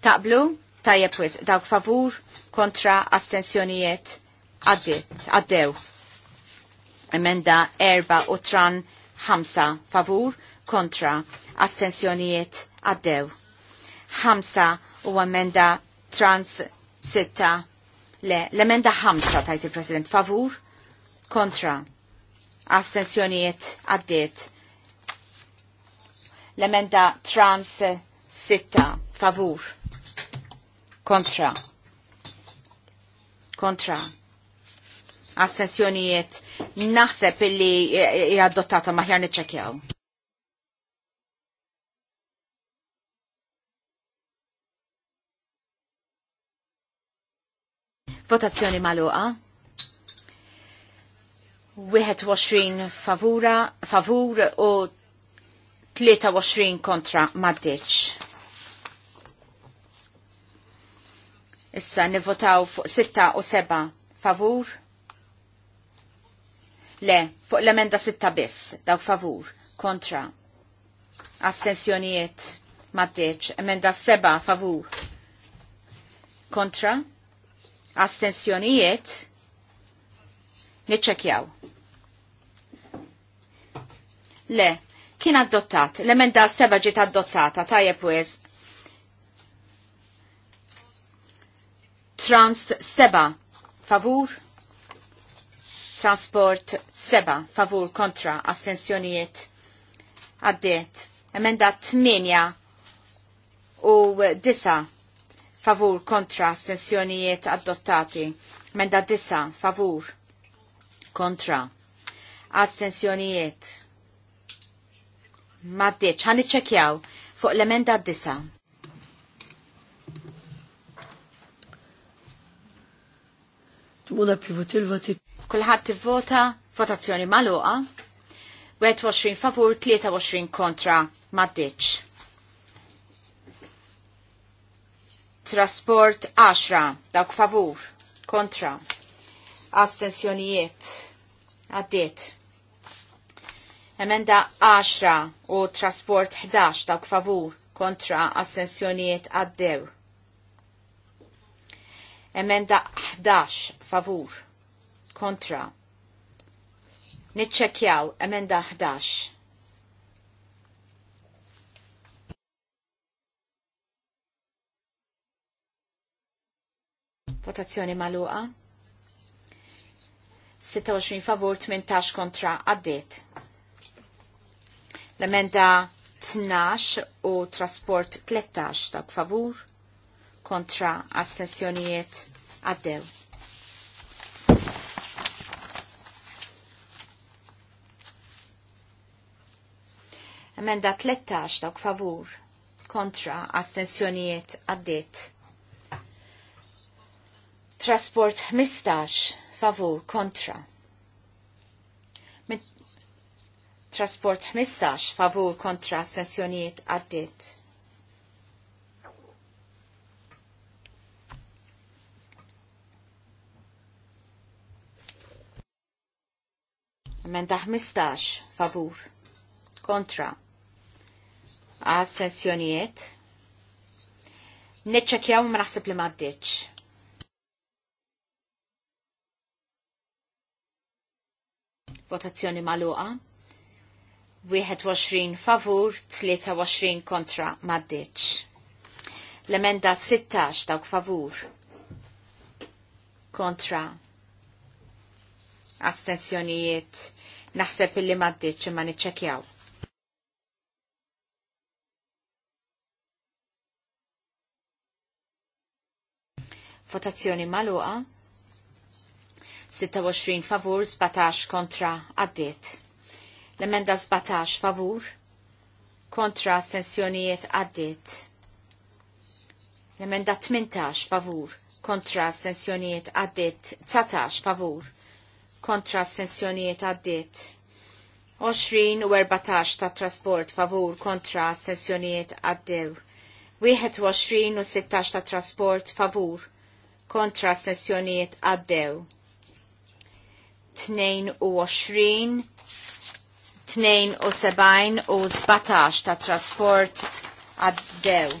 [SPEAKER 2] Taqblu? Tajjeb wis, dawk favur kontra astensjonijiet għaddit, għaddew. Emenda erba u tran ħamsa favur kontra astensjonijiet għaddew. Ħamsa u emenda trans sitta le, l-emenda ħamsa tajt il-President favur kontra astensjonijiet għaddiet. L-emenda trans sitta favur kontra kontra assenzjonijiet naħseb illi jaddottata maħjar niċċekjaw. Votazzjoni maluqa. 21 favura, favur u 23 kontra maddeċ. Issa nivvotaw fuq sitta u seba' favur. Le, fuq l-emenda sitta' biss, dawk favur, kontra. Astensjonijiet maddeċ, emenda seba' favur. Kontra. Astensjonijiet. Niċċekjaw. Le, kien adottat, l-emenda seba ġiet adottata, tajjeb wis, Trans seba, favur. Transport seba', favur kontra astensjonijiet għaddiet. Emenda 8 u 9 favur kontra astensjonijiet adottati. Emenda 9 favur kontra astensjonijiet. Maddiċ, ħan iċċekjaw fuq l-emenda 9. Tmuna pivoti l-voti. Kulħadd tivvota votazzjoni maluqa. 21 favur, 23 kontra maddiċ. Trasport 10, dawk favur, kontra. Astensjonijiet, għaddiet. Emenda 10 u trasport 11, dawk favur, kontra astensjonijiet għaddew. Emenda 11 favur kontra. Nitċekjaw emenda 11. Votazzjoni maluqa. 26 favur, 18 kontra għaddit. L-emenda 12 u trasport 13 dak favur kontra assessjonijiet għaddew. Emenda 13 dawk favur kontra assessjonijiet għaddit. Trasport 15 favur kontra. Trasport 15 favur kontra assessjonijiet għaddit. Emenda 15 favur kontra astensjonijiet. Neċċekjaw ma naħseb li maddiċ. Votazzjoni maluqa. 21 favur, 23 kontra maddiċ. L-emenda 16 dawk favur. Kontra. Astensjonijiet Naħseb illi maddiċ ma niċċekjaw. Votazzjoni maluqa. 26 favur, 17 kontra għaddiet. L-emenda 17 favur, kontra astensjonijiet għaddiet. L-emenda 18 favur, kontra astensjonijiet għaddiet 19 favur, kontra astensjonijiet għaddit. 20 u 14 ta' trasport favur kontra astensjonijiet għaddew. 21 u 16 ta' trasport favur kontra astensjonijiet għaddew. 22 72 u 17 ta' trasport għaddew.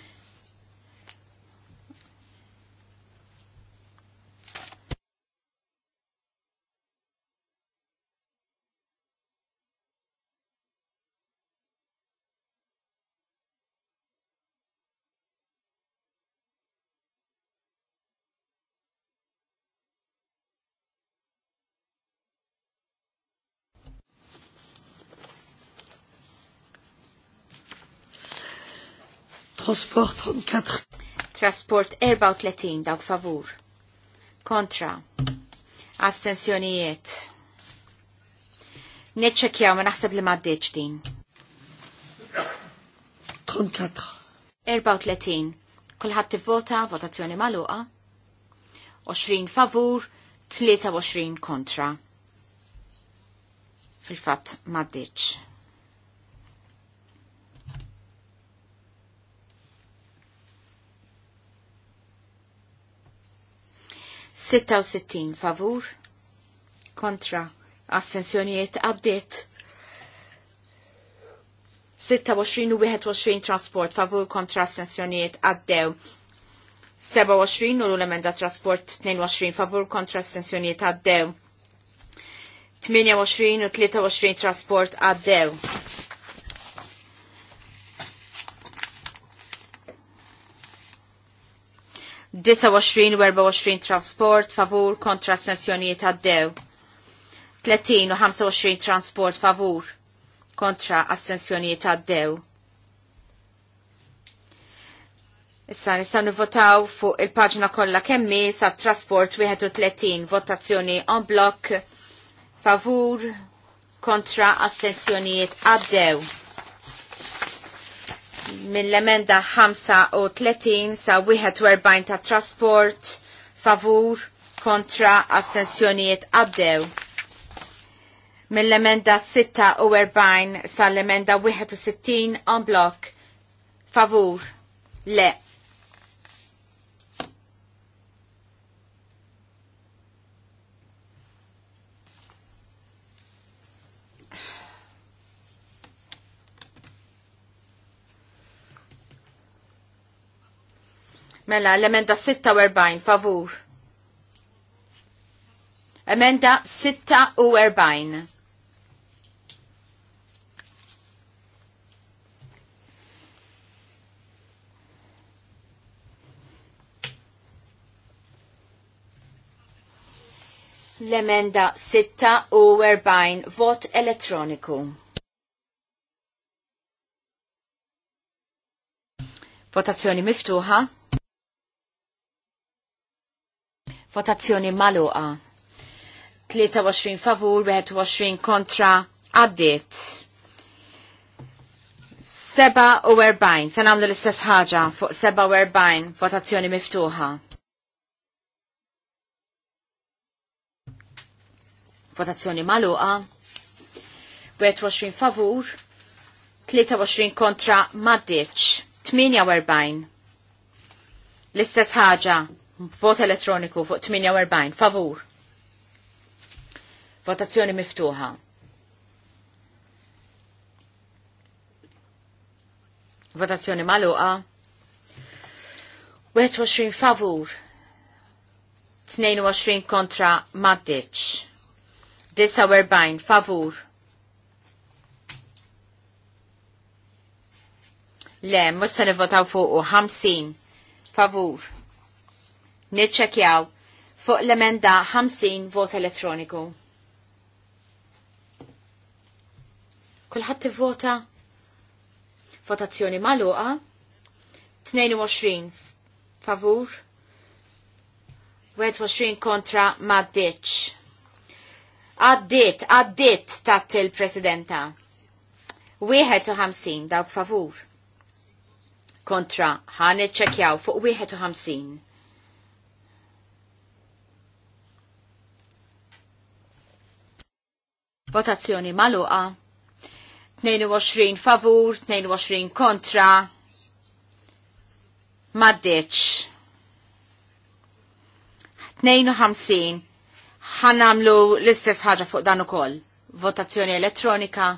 [SPEAKER 2] Transport 34. Trasport 34 dawk favur. Kontra. Astensjonijiet. Neċċekjaw ma naħseb li maddeċ din. 34. 34. Kulħadd tivvota votazzjoni magħluqa. 20 favur, 23 kontra. Fil-fatt maddeċ. 66 favur kontra assenzjonijiet għaddit 26 u 21 transport, favur kontra assenzjonijiet għaddew 27 u l-emenda trasport 22 favur kontra assenzjonijiet għaddew 28 u 23 transport għaddew 29 u 24 transport favur kontra astensjonijiet għaddew. 30 u 25 transport favur kontra astensjonijiet għaddew. Issa nistgħu nivvotaw fuq il-paġna kollha kemmi sa trasport 31 votazzjoni on blok favur kontra astensjonijiet għaddew mill-emenda 35 sa 41 ta' trasport favur kontra assenzjonijiet għaddew. Mill-emenda 46 sa l-emenda 61 on blok favur le Mela, l-emenda 46, favur. Emenda 46. l-emenda 46 vot elettroniku. Votazzjoni miftuħa. Votazzjoni maluqa. 23 favur, 21 kontra, għaddit. 47, se nagħmlu l-istess ħaġa fuq 47, votazzjoni miftuħa. Votazzjoni maluqa. 21 favur, 23 kontra maddiċ, 48. L-istess ħaġa, Vot elettroniku fuq 48, favur. Votazzjoni miftuħa. Votazzjoni maluqa. 21 favur. 22 kontra Maddiċ. 49 favur. Le, musta nivotaw fuq 50 favur. Nitċekjaw fuq l-emenda 50 vot elettroniku. Kulħadd vota Votazzjoni magħluqa. 22 favur. 21 kontra maddiċ. Għaddit, għaddit tat il-presidenta. 51 dawk favur. Kontra, ħan iċċekjaw fuq 51. Votazzjoni maluqa. 22 favur, 22 kontra. Maddeċ. 52. Ħanamlu l-istess ħaġa fuq dan ukoll. Votazzjoni elettronika.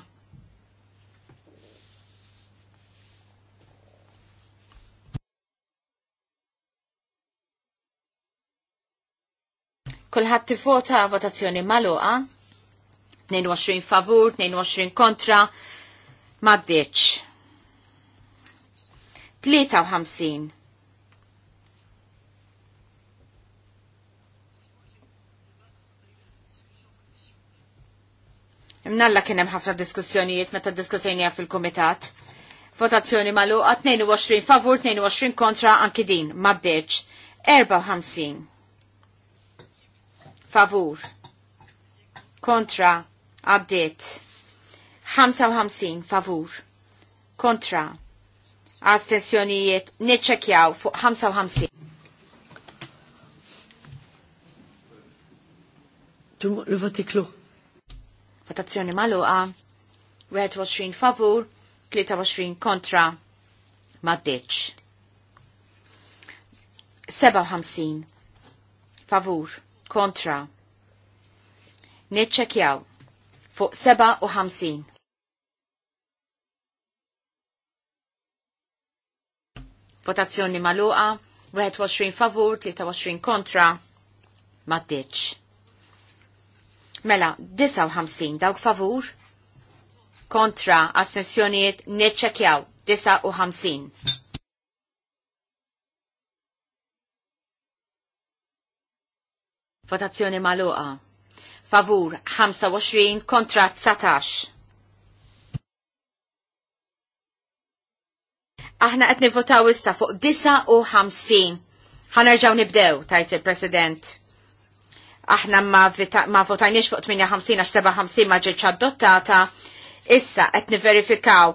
[SPEAKER 2] Kulħadd tivvota votazzjoni maluqa. 22 favur, 22 kontra, maddiċ. 53. Imnalla kienem ħafna diskussjonijiet meta diskutejnija fil-komitat. Votazzjoni maluqa 22 favur, 22 kontra anki din, maddeċ. 54. Favur. Kontra għaddit 55 favur kontra astensjonijiet neċekjaw fuq 55. l-votiklu. Votazzjoni maluqa, 21 favur, 23 kontra, maddeċ. 57 favur, kontra. neċekjaw fuq 57. Votazzjoni maluqa, 21 favur, 23 kontra, maddiċ. Mela, 59 dawk favur, kontra assenzjonijiet neċċekjaw, 59. Votazzjoni maluqa favur 25 kontra 19. Aħna qed nivvotaw issa fuq 59. Ħanerġgħu nibdew, tajt il-President. Aħna ma, ma votajniex fuq 58 għax 57 ma ġietx adottata. Issa qed niverifikaw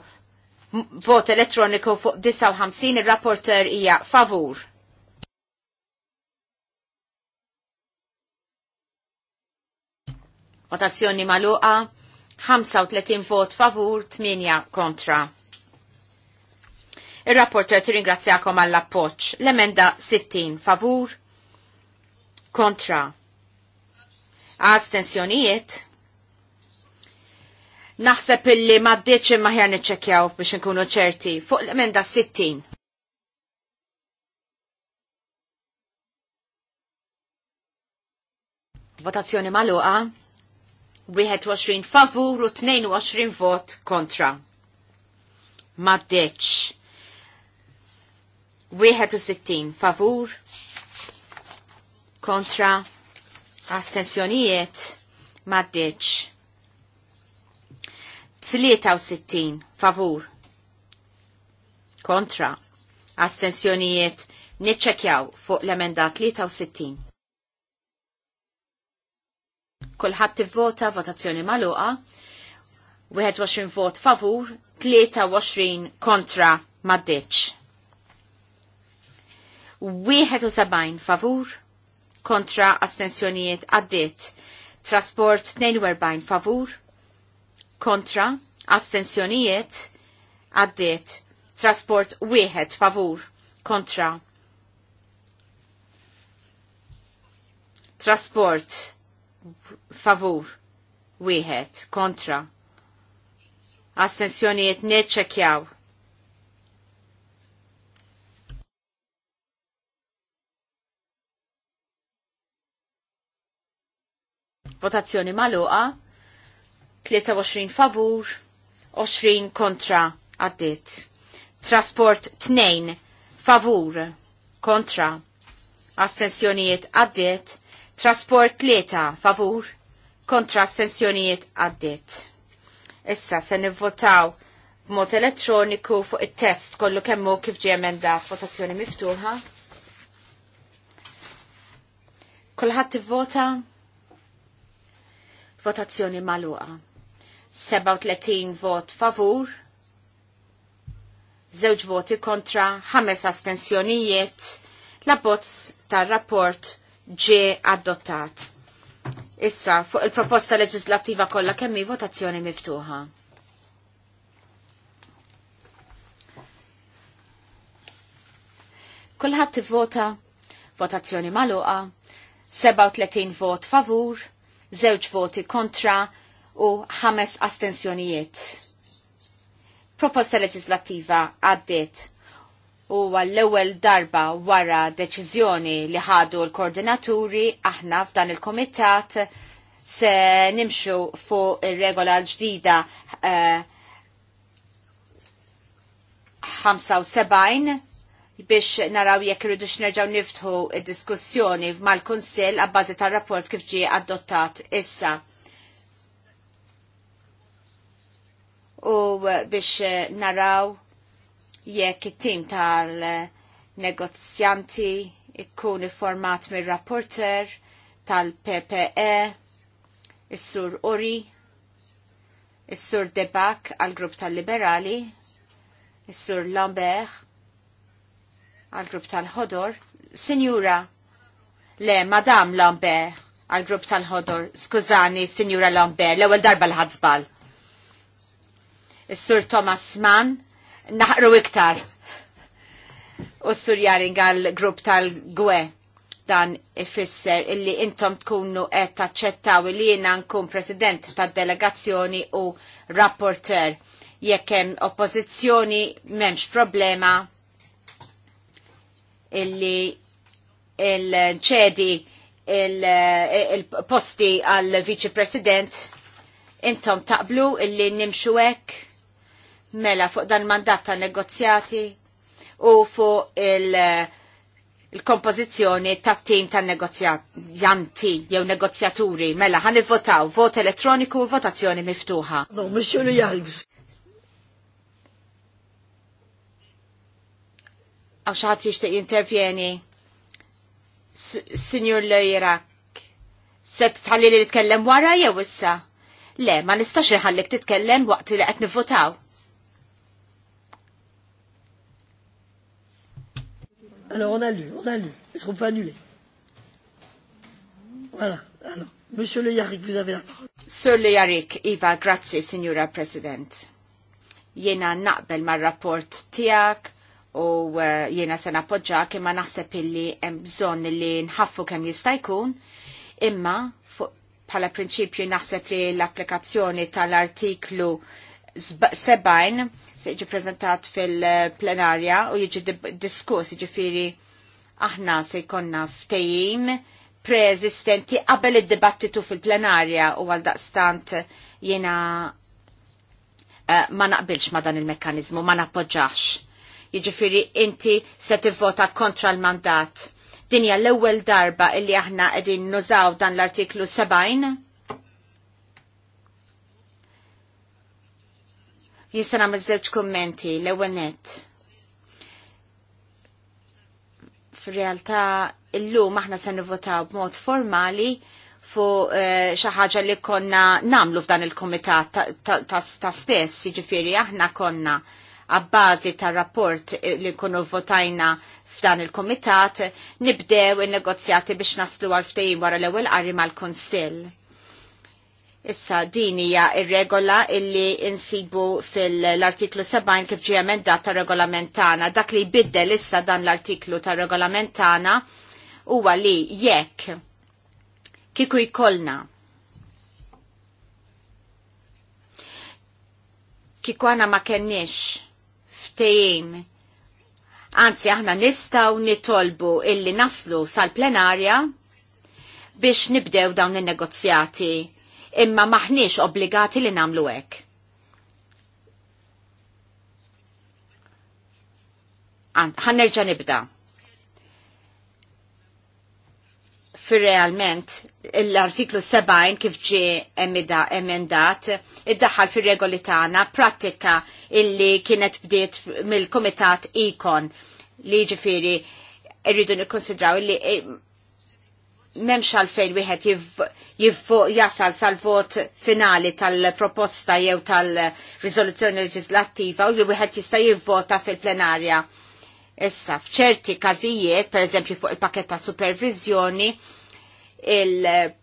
[SPEAKER 2] vot elettroniku fuq 59 ir-rapporter hija favur. Votazzjoni maluqa. 35 vot favur, 8 kontra. Il-rapporter ringrazzjakom għall-appoċ. L-emenda 60 favur, kontra. Astensjonijiet. Naħseb illi maddiċ imma ħjar biex nkunu ċerti. Fuq l-emenda 60. Votazzjoni maluqa. 21 favur u 22 vot kontra. Maddeċ. 61 favur kontra astensjonijiet maddeċ. 63 favur kontra astensjonijiet niċċekjaw fuq l-emendat 63. Kulħadd tivvota votazzjoni magħluqa. 21 vot favur, 23 kontra maddeċ. 71 favur kontra astensjonijiet għaddit. Trasport 42 favur kontra astensjonijiet għaddit. Trasport 1 favur kontra. Trasport favur wieħed kontra assenzjonijiet neċċekjaw. Votazzjoni maluqa 23 favur 20 kontra għaddit. Trasport 2 favur kontra astensjonijiet għaddit. Trasport 3 favur kontra astensjonijiet għaddit. Issa se nivvotaw b'mod elettroniku fuq it-test kollu kemmu kif ġie emenda votazzjoni miftuħa. Kulħadd ivvota votazzjoni magħluqa. 37 vot favur, żewġ voti kontra, ħames astensjonijiet, la bozz tar-rapport ġie adottat. Issa, fuq il-proposta leġislattiva kollha kemm hi votazzjoni miftuħa. Kulħadd vota votazzjoni magħluqa, 37 vot favur, żewġ voti kontra u ħames astensjonijiet. Proposta leġislattiva għaddiet u għall-ewwel darba wara deċiżjoni li ħadu l-koordinaturi aħna f'dan il-komitat se nimxu fuq ir-regola l-ġdida uh, eh, 75 biex naraw jekk irridu x'nerġgħu niftħu id diskussjoni mal-Kunsill għabbażi tar-rapport kif ġie adottat issa. U biex naraw jekk it-tim tal-negozjanti ikkun format mir rapporter tal-PPE, is-sur Uri, is-sur Debak għal-grupp tal-Liberali, is-sur Lambert għal-grupp tal-ħodor, Sinjura, le, Madam Lambert għal-grupp tal-ħodor, skużani, Sinjura Lambert, l-ewel darba l ħadzbal Is-sur Thomas Mann naħru iktar. U s-surjarin għal-grupp tal-gwe dan ifisser illi intom tkunu qed taċċettaw li jiena nkun president tad-delegazzjoni u rapporter. Jekk hemm oppożizzjoni m'hemmx problema illi il-ċedi il-posti għal viċi president intom taqblu illi nimxu hekk mela fuq dan mandat ta' negozjati u fuq il-kompożizzjoni il ta' tim ta' negozjanti jew negozjaturi. Mela għan votaw vot elettroniku u votazzjoni miftuħa. No, Għaw xaħat jishtiq intervjeni. Signor Lejrak, se tħalli li nitkellem wara jew issa? Le, ma nistax ħallik titkellem waqt li qed nivvotaw.
[SPEAKER 1] Alors on a lu, on a lu. Est-ce qu'on peut annuler Voilà, alors. Monsieur Le Yarrick, vous avez la
[SPEAKER 2] parole. Monsieur Le Yarrick, Iva, grazie, Signora President. Jena naqbel ma' rapport tijak u eh, jena se napoġġa imma naħseb illi hemm bżonn li nħaffu kemm jista' jkun, imma bħala prinċipju naħseb li l-applikazzjoni tal-artiklu sebajn se jiġi prezentat fil-plenarja u jiġi diskuss jiġifieri aħna se jkollna ftejim preesistenti qabel id-dibattitu fil-plenarja u għal daqstant jiena uh, ma naqbilx ma dan il-mekkanizmu, ma nappoġġax. Jiġifieri inti se tivvota kontra l-mandat. Dinja l-ewwel darba illi aħna qegħdin nużaw dan l-artiklu 70 Jinsan għamil zewċ kommenti, l ewwel net. realtà illum aħna se nivvotaw b'mod formali fu eh, xi ħaġa li konna namlu f'dan il kumitat ta' spess, jiġifieri aħna konna abbażi ta' rapport li kunu votajna f'dan il kumitat nibdew il-negozjati biex naslu għal ftejim wara l-ewwel qari mal-Kunsill Issa din hija ir-regola illi insibu fil-artiklu 70 kif ġie emendat ta' regolamentana. Dak li jbiddel issa dan l-artiklu ta' regolamentana huwa li jekk kieku jkollna kiku għana ma kenniex ftejim Anzi, aħna nistaw nitolbu illi naslu sal-plenarja biex nibdew dawn il-negozjati imma maħniex obbligati li namlu hekk. ħannerġa nibda. Fir-realment, l-artiklu 70 kif ġi emendat, id-daħal fir-regoli tagħna prattika illi kienet bdiet mill-Kumitat Ikon li ġifiri irridu nikkonsidraw li memx għalfejn wieħed jasal sal-vot finali tal-proposta jew tal-rizoluzzjoni leġislattiva u li wieħed jista' jivvota fil-plenarja. Issa, f'ċerti każijiet, per eżempju fuq il-pakket ta' supervizjoni, il-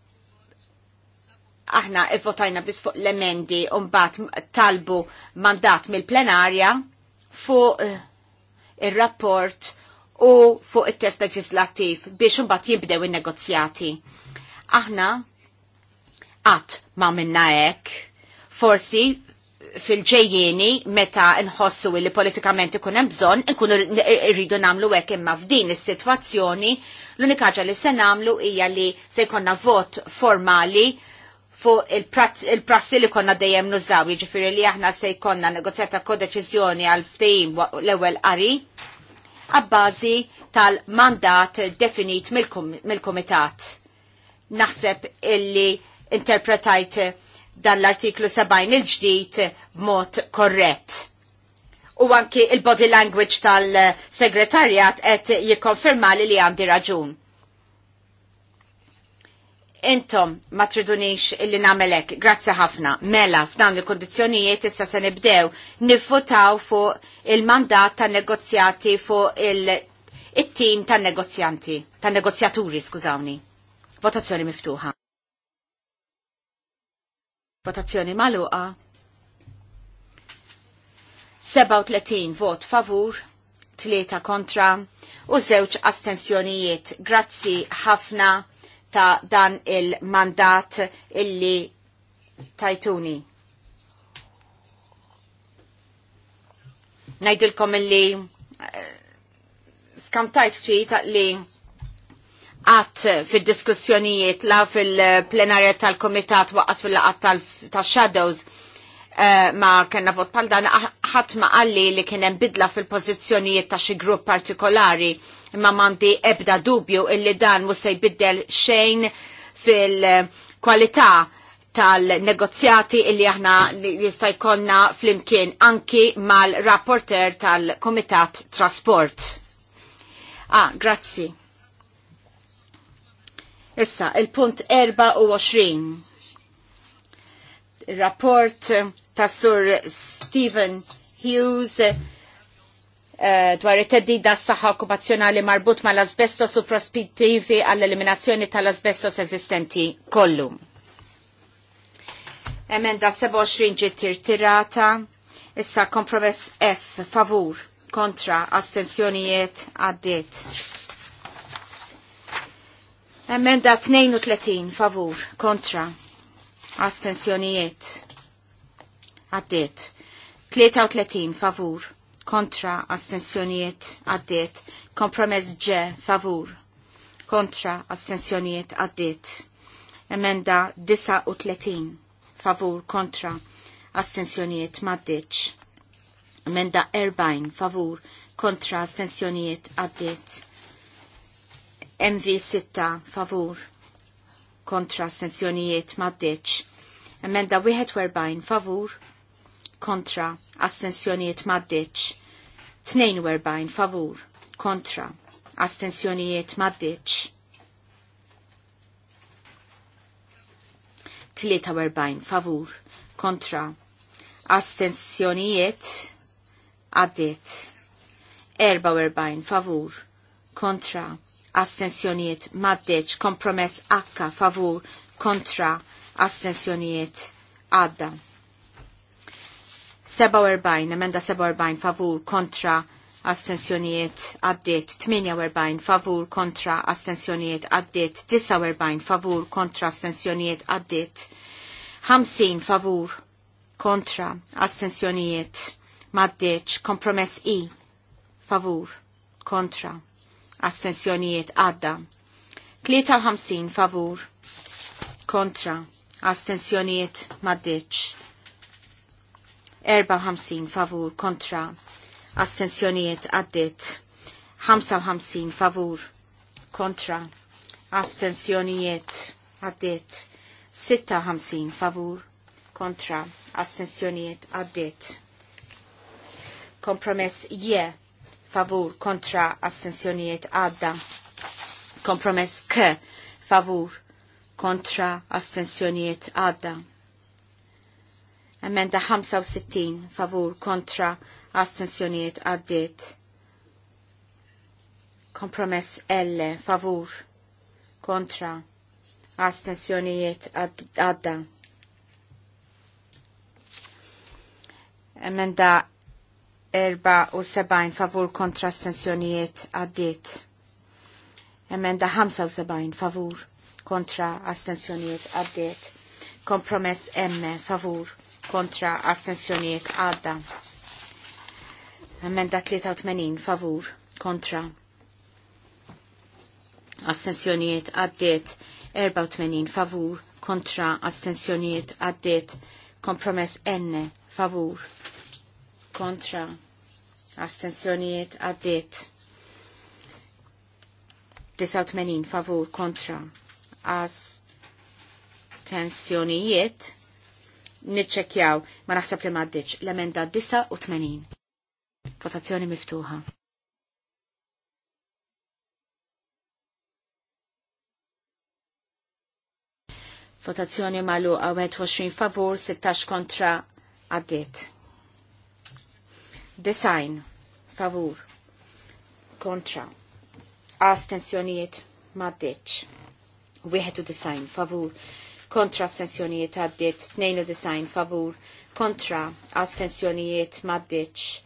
[SPEAKER 2] aħna votajna bis fuq l-emendi mbagħad talbu mandat mill-plenarja fuq eh, il-rapport u fuq it-test leġislattiv biex imbagħad jibdew il negozjati Aħna qatt ma minna hekk, forsi fil-ġejjeni meta nħossu li politikament ikun hemm bżonn ikunu rridu nagħmlu hekk imma f'din is-sitwazzjoni l-unika li se nagħmlu hija li se jkollna vot formali fuq il-prassi li konna dejjem nużaw, jiġifieri li aħna se jkollna negozjata kodeċiżjoni għal ftehim l-ewwel qari għabbażi tal-mandat definit mill-Komitat. Naħseb illi interpretajt dan l-artiklu 70 il-ġdijt b'mod korrett. U anki il-body language tal-segretarjat qed jikkonferma li li għandi raġun intom ma tridunix illi namelek, grazzi ħafna, mela f'dan il-kondizjonijiet issa se nibdew nifvotaw fuq il-mandat ta' negozjati fuq il-tim ta' negozjanti, ta' negozjaturi, skużawni. Votazzjoni miftuħa. Votazzjoni maluqa. 37 vot favur, 3 kontra u żewġ astensjonijiet. Grazzi ħafna ta' dan il-mandat illi tajtuni. Najdilkom illi eh, skamtajt fċi li għat fil-diskussjonijiet la fil-plenarja tal-komitat waqqas fil-laqat tal-shadows. tal shadows Eh, ma kena vot pal dan ah, ħatma għalli li kienem bidla fil-pozizjonijiet ta' xi grupp partikolari imma mandi ebda dubju illi dan musa se jbiddel xejn fil-kwalità tal-negozjati illi aħna jista' jkollna flimkien anki mal-rapporter tal-Komitat Trasport. Ah, grazzi. Issa, il-punt 24 rapport ta' sur Stephen Hughes eh, dwar it-teddida s-saħħa okkupazzjonali marbut ma l-asbestos u prospettivi għall-eliminazzjoni tal-asbestos eżistenti kollu. Emenda 27 ġiet tirtirata, issa kompromess F favur kontra astensjonijiet għaddiet. Emenda 32 favur kontra Astensjonijiet. Għaddiet. 33 favur. Kontra astensjonijiet. Għaddiet. Kompromess ġe favur. Kontra astensjonijiet. Għaddiet. Emenda 39 favur kontra astensjonijiet maddiċ. Emenda 40 favur kontra astensjonijiet għaddiet. MV6 favur kontra astensjonijiet maddeċ. Emenda 41 favur kontra astensjonijiet maddeċ. 42 favur kontra astensjonijiet maddeċ. 43 favur kontra astensjonijiet addet. 44 favur kontra astensjonijiet maddeċ kompromess akka favur kontra astensjonijiet għadda. 47, emenda 47 favur kontra astensjonijiet għaddit, 48 favur kontra astensjonijiet għaddit, 49 favur kontra astensjonijiet għaddit, 50 favur kontra astensjonijiet maddeċ kompromess i favur kontra astensjonijiet għadda. 53 favur kontra astensjonijiet maddiċ. 54 favur kontra astensjonijiet għaddit. 55 favur kontra astensjonijiet għaddit. 56 favur kontra astensjonijiet għaddit. Kompromess je yeah favur kontra astensjonijiet għadda. Kompromess k favur kontra astensjonijiet għadda. Emenda 65 favur kontra astensjonijiet għaddit. Kompromess L favur kontra astensjonijiet għadda. Emenda 74 favur kontra astensjonijiet għaddit. Emenda 75 favur kontra astensjonijiet għaddit. Kompromess M favur kontra astensjonijiet għadda. Emenda 83 favur kontra astensjonijiet għaddit. 84 favur kontra astensjonijiet għaddit. Kompromess N favur kontra astensjonijiet għaddit 89 favur kontra astensjonijiet nitċekjaw ma naħseb li maddiċ l-emenda 89. Votazzjoni miftuħa. Votazzjoni maluqa 21 favur, 16 kontra għaddit. Design favur kontra astensjonijiet maddeċ. design, favur kontra astensjonijiet għaddit design, favur kontra astensjonijiet maddeċ.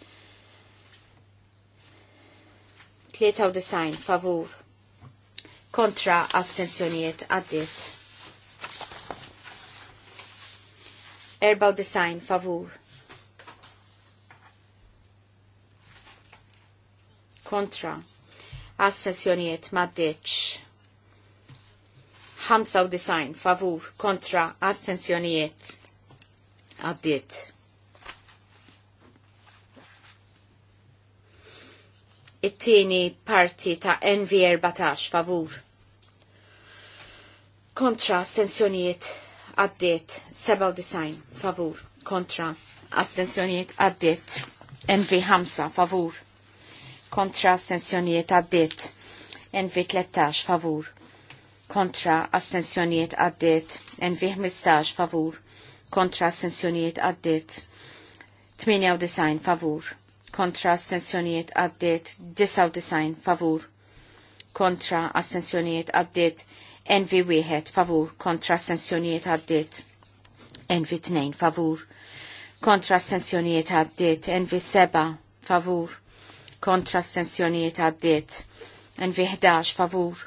[SPEAKER 2] design, favur kontra astensjonijiet għaddit design, favur kontra għas assessjonijiet maddeċ 95 favur kontra astensjonijiet għaddiet. It-tieni parti ta' NV14 favur kontra astensjonijiet għaddit 97 favur kontra astensjonijiet għaddit NV5 favur kontra astensjonijiet għaddit. NV13 favur kontra astensjonijiet għaddit. NV15 favur kontra astensjonijiet għaddit. 98 favur kontra astensjonijiet għaddit. 99 favur kontra astensjonijiet għaddit. NV1 favur kontra astensjonijiet għaddit. NV2 favur kontra astensjonijiet għaddit. NV7 favur kontra stensjonijiet għaddiet. Envi 11 favur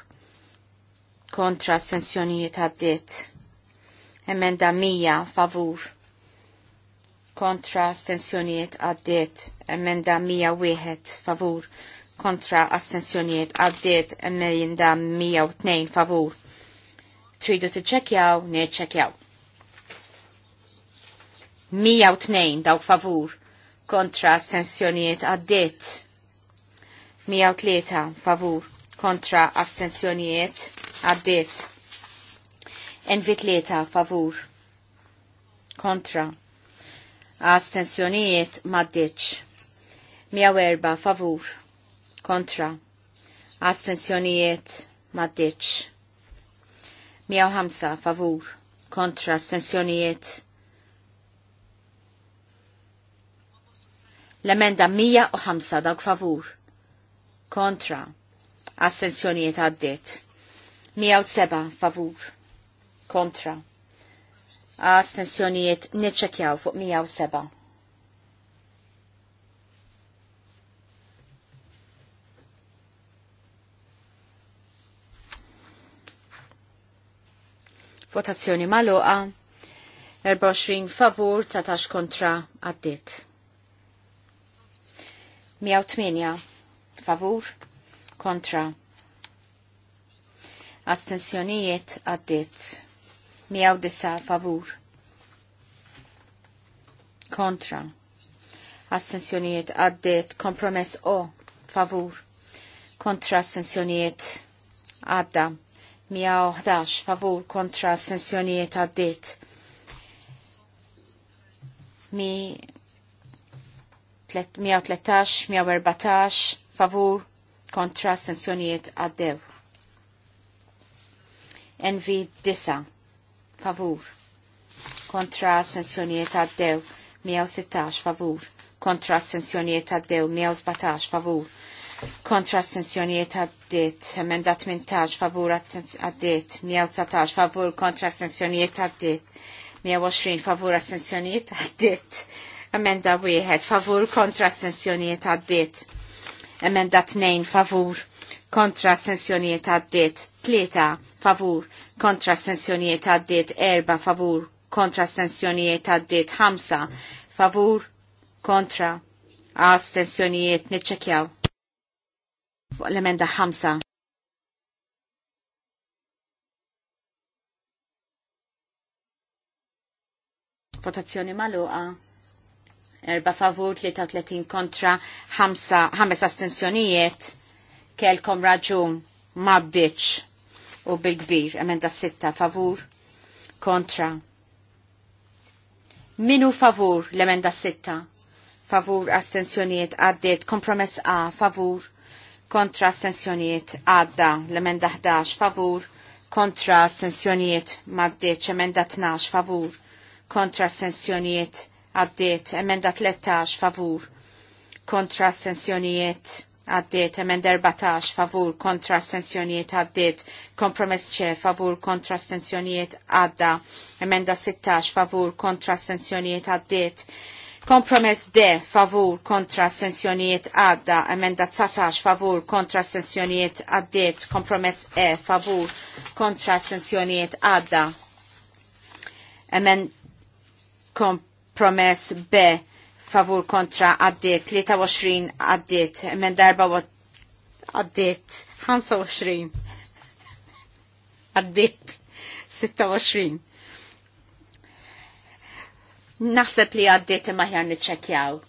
[SPEAKER 2] kontra stensjonijiet għaddiet. Emenda 100 favur kontra astensjonijiet għaddiet. Emenda 101 favur kontra astensjonijiet għaddiet. Emenda 102 favur. Tridu t-ċekjaw, neċekjaw. 102 dawk favur kontra astensjonijiet għaddit. 103 favur kontra astensjonijiet għaddiet. Envi 3 favur kontra astensjonijiet maddiċ. 104 favur kontra astensjonijiet maddiċ. 105 favur kontra astensjonijiet l-emenda 105 dawk favur kontra, assenzjonijiet għaddit. 107 favur, kontra, astensjonijiet nitċekjaw fuq 107. Votazzjoni maluqa, 24 favur, 19 kontra għaddit. 108 favur kontra astensjonijiet għaddit 109 favur kontra astensjonijiet għaddit kompromess o favur kontra astensjonijiet għadda 111 favur kontra astensjonijiet għaddit mi 113, 114 favur kontra sensjonijiet għaddew. Envi disa, favur kontra sensjonijiet għaddew 116 favur kontra sensjonijiet għaddew 117 favur kontra sensjonijiet għaddit, emenda 18 favur għaddit, 119 favur kontra sensjonijiet għaddit, 120 favur sensjonijiet għaddit, emenda 1 favur kontra sensjonijiet għaddit. Emenda 2 favur kontra astensjonijiet għaddit. 3 favur kontra sensjonijiet għaddit. 4 favur kontra astensjonijiet għaddit. 5 favur kontra astensjonijiet niċċekjaw. Fuq l-emenda 5. Votazzjoni maluqa Erba' favur, 33 kontra, 5 astensjonijiet, kelkom raġun maddiċ u bil-kbir, emenda 6 favur, kontra. Minu favur l-emenda 6, favur astensjonijiet għaddiet, kompromess A, favur, kontra astensjonijiet għadda, l-emenda 11, favur, kontra astensjonijiet maddiċ, emenda 12, favur, kontra astensjonijiet għaddiet emenda 13 favur kontra sensjonijiet għaddiet emenda 14 favur kontra sensjonijiet għaddiet kompromess ċe favur kontra sensjonijiet għadda emenda 16 favur kontra sensjonijiet għaddiet Kompromess D favur kontra sensjonijiet għadda, emenda 19 favur kontra sensjonijiet għaddiet, kompromess E favur kontra sensjonijiet għadda. Emenda. Promess B favur kontra għaddiet 23 għaddiet minn darba għaddiet 25 għaddiet 26 Naħseb li għaddiet imma ħjar niċċekjaw.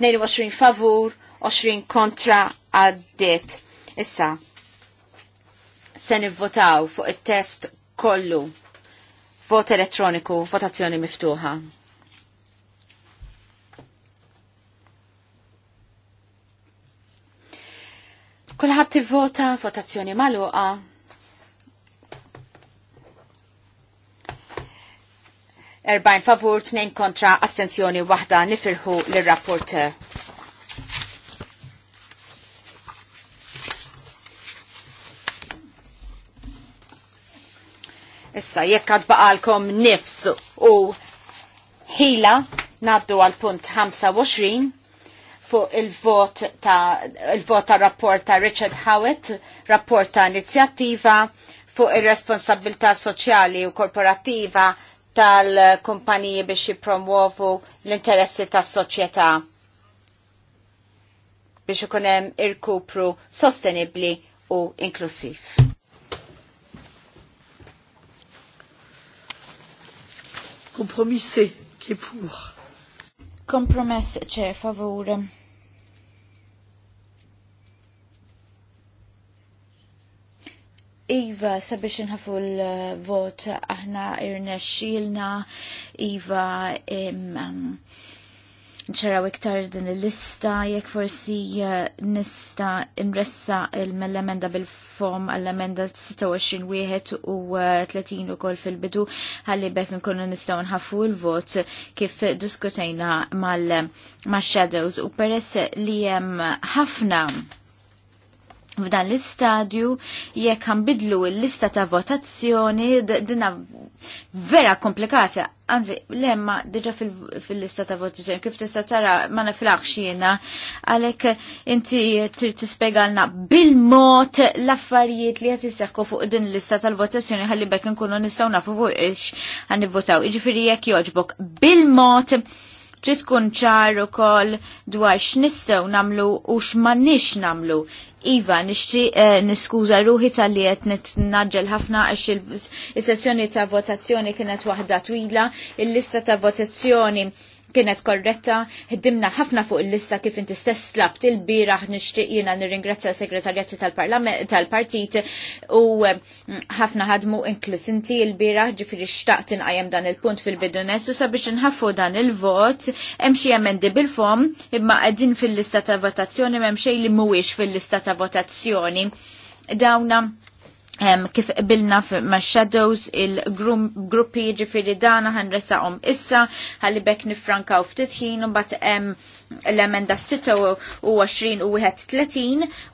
[SPEAKER 2] 22 favur, 20 kontra għaddit. Issa, se nivvotaw fuq il-test kollu. Vot elettroniku, votazzjoni miftuħa. Kulħadd tivvota, votazzjoni maluqa. Erba'jn favur, tnejn kontra, astensjoni wahda nifirħu l rapport Issa, jekk għad baqalkom nifs u ħila naddu għal punt 25 fuq il-vot ta' il-vot ta' rapport ta' Richard Howitt, rapport ta' inizjattiva fuq ir responsabilità soċjali u korporattiva tal-kumpaniji biex jipromuovu l-interessi tas-soċjetà biex ikun hemm irkupru sostenibbli u inklusiv.
[SPEAKER 1] Kompromissi kipur.
[SPEAKER 3] Kompromess ċe favur Iva, sabiex nħafu l-vot, aħna irna xilna, Iva, um, nċaraw iktar din l-lista, jekk forsi uh, nista nressa l-emenda bil-fom għall-emenda 26 wieħed u 30 uh, u kol fil-bidu, għalli bekk nkunu nistaw nħafu l-vot kif diskutejna mal-shadows u peress li jem ħafna F'dan l-istadju jekk bidlu l-lista ta' votazzjoni dinna vera komplikata. Anzi, lemma diġa fil-lista ta' votazzjoni kif tista' tara ma naflaħx jiena għalhekk inti trid tispjegalna bil-mod l-affarijiet li qed isseħħu fuq din l-lista tal-votazzjoni ħalli bekk inkunu nistgħu nafu fuq ix votaw. Iġifiri jekk jogħġbok bil-mod trid tkun ċar ukoll dwar x'nistgħu namlu u x'mannix namlu. Iva, nixti eh, niskuża ruħi tal-li qed nitnaġġel ħafna għax is-sessjoni ta' votazzjoni kienet waħda twila, il-lista ta' votazzjoni kienet korretta, ħdimna ħafna fuq il-lista kif inti stess slabt il-biraħ nixtieq jiena nirringrazzja segretarjati tal-partit u eh, ħafna ħadmu inklus inti il bira ġifiri xtaqt inqajem dan il-punt fil bidunessu u sabiex nħaffu dan il-vot hemm xi emendi bil-fom imma qegħdin fil-lista ta' votazzjoni m'hemm li mhuwiex fil-lista ta' votazzjoni dawna Um, kif qbilna ma' shadows il-gruppi ġifiri dana om issa ħalli bekk nifranka u ftit ħin bat um, hemm l-emenda 26 u 20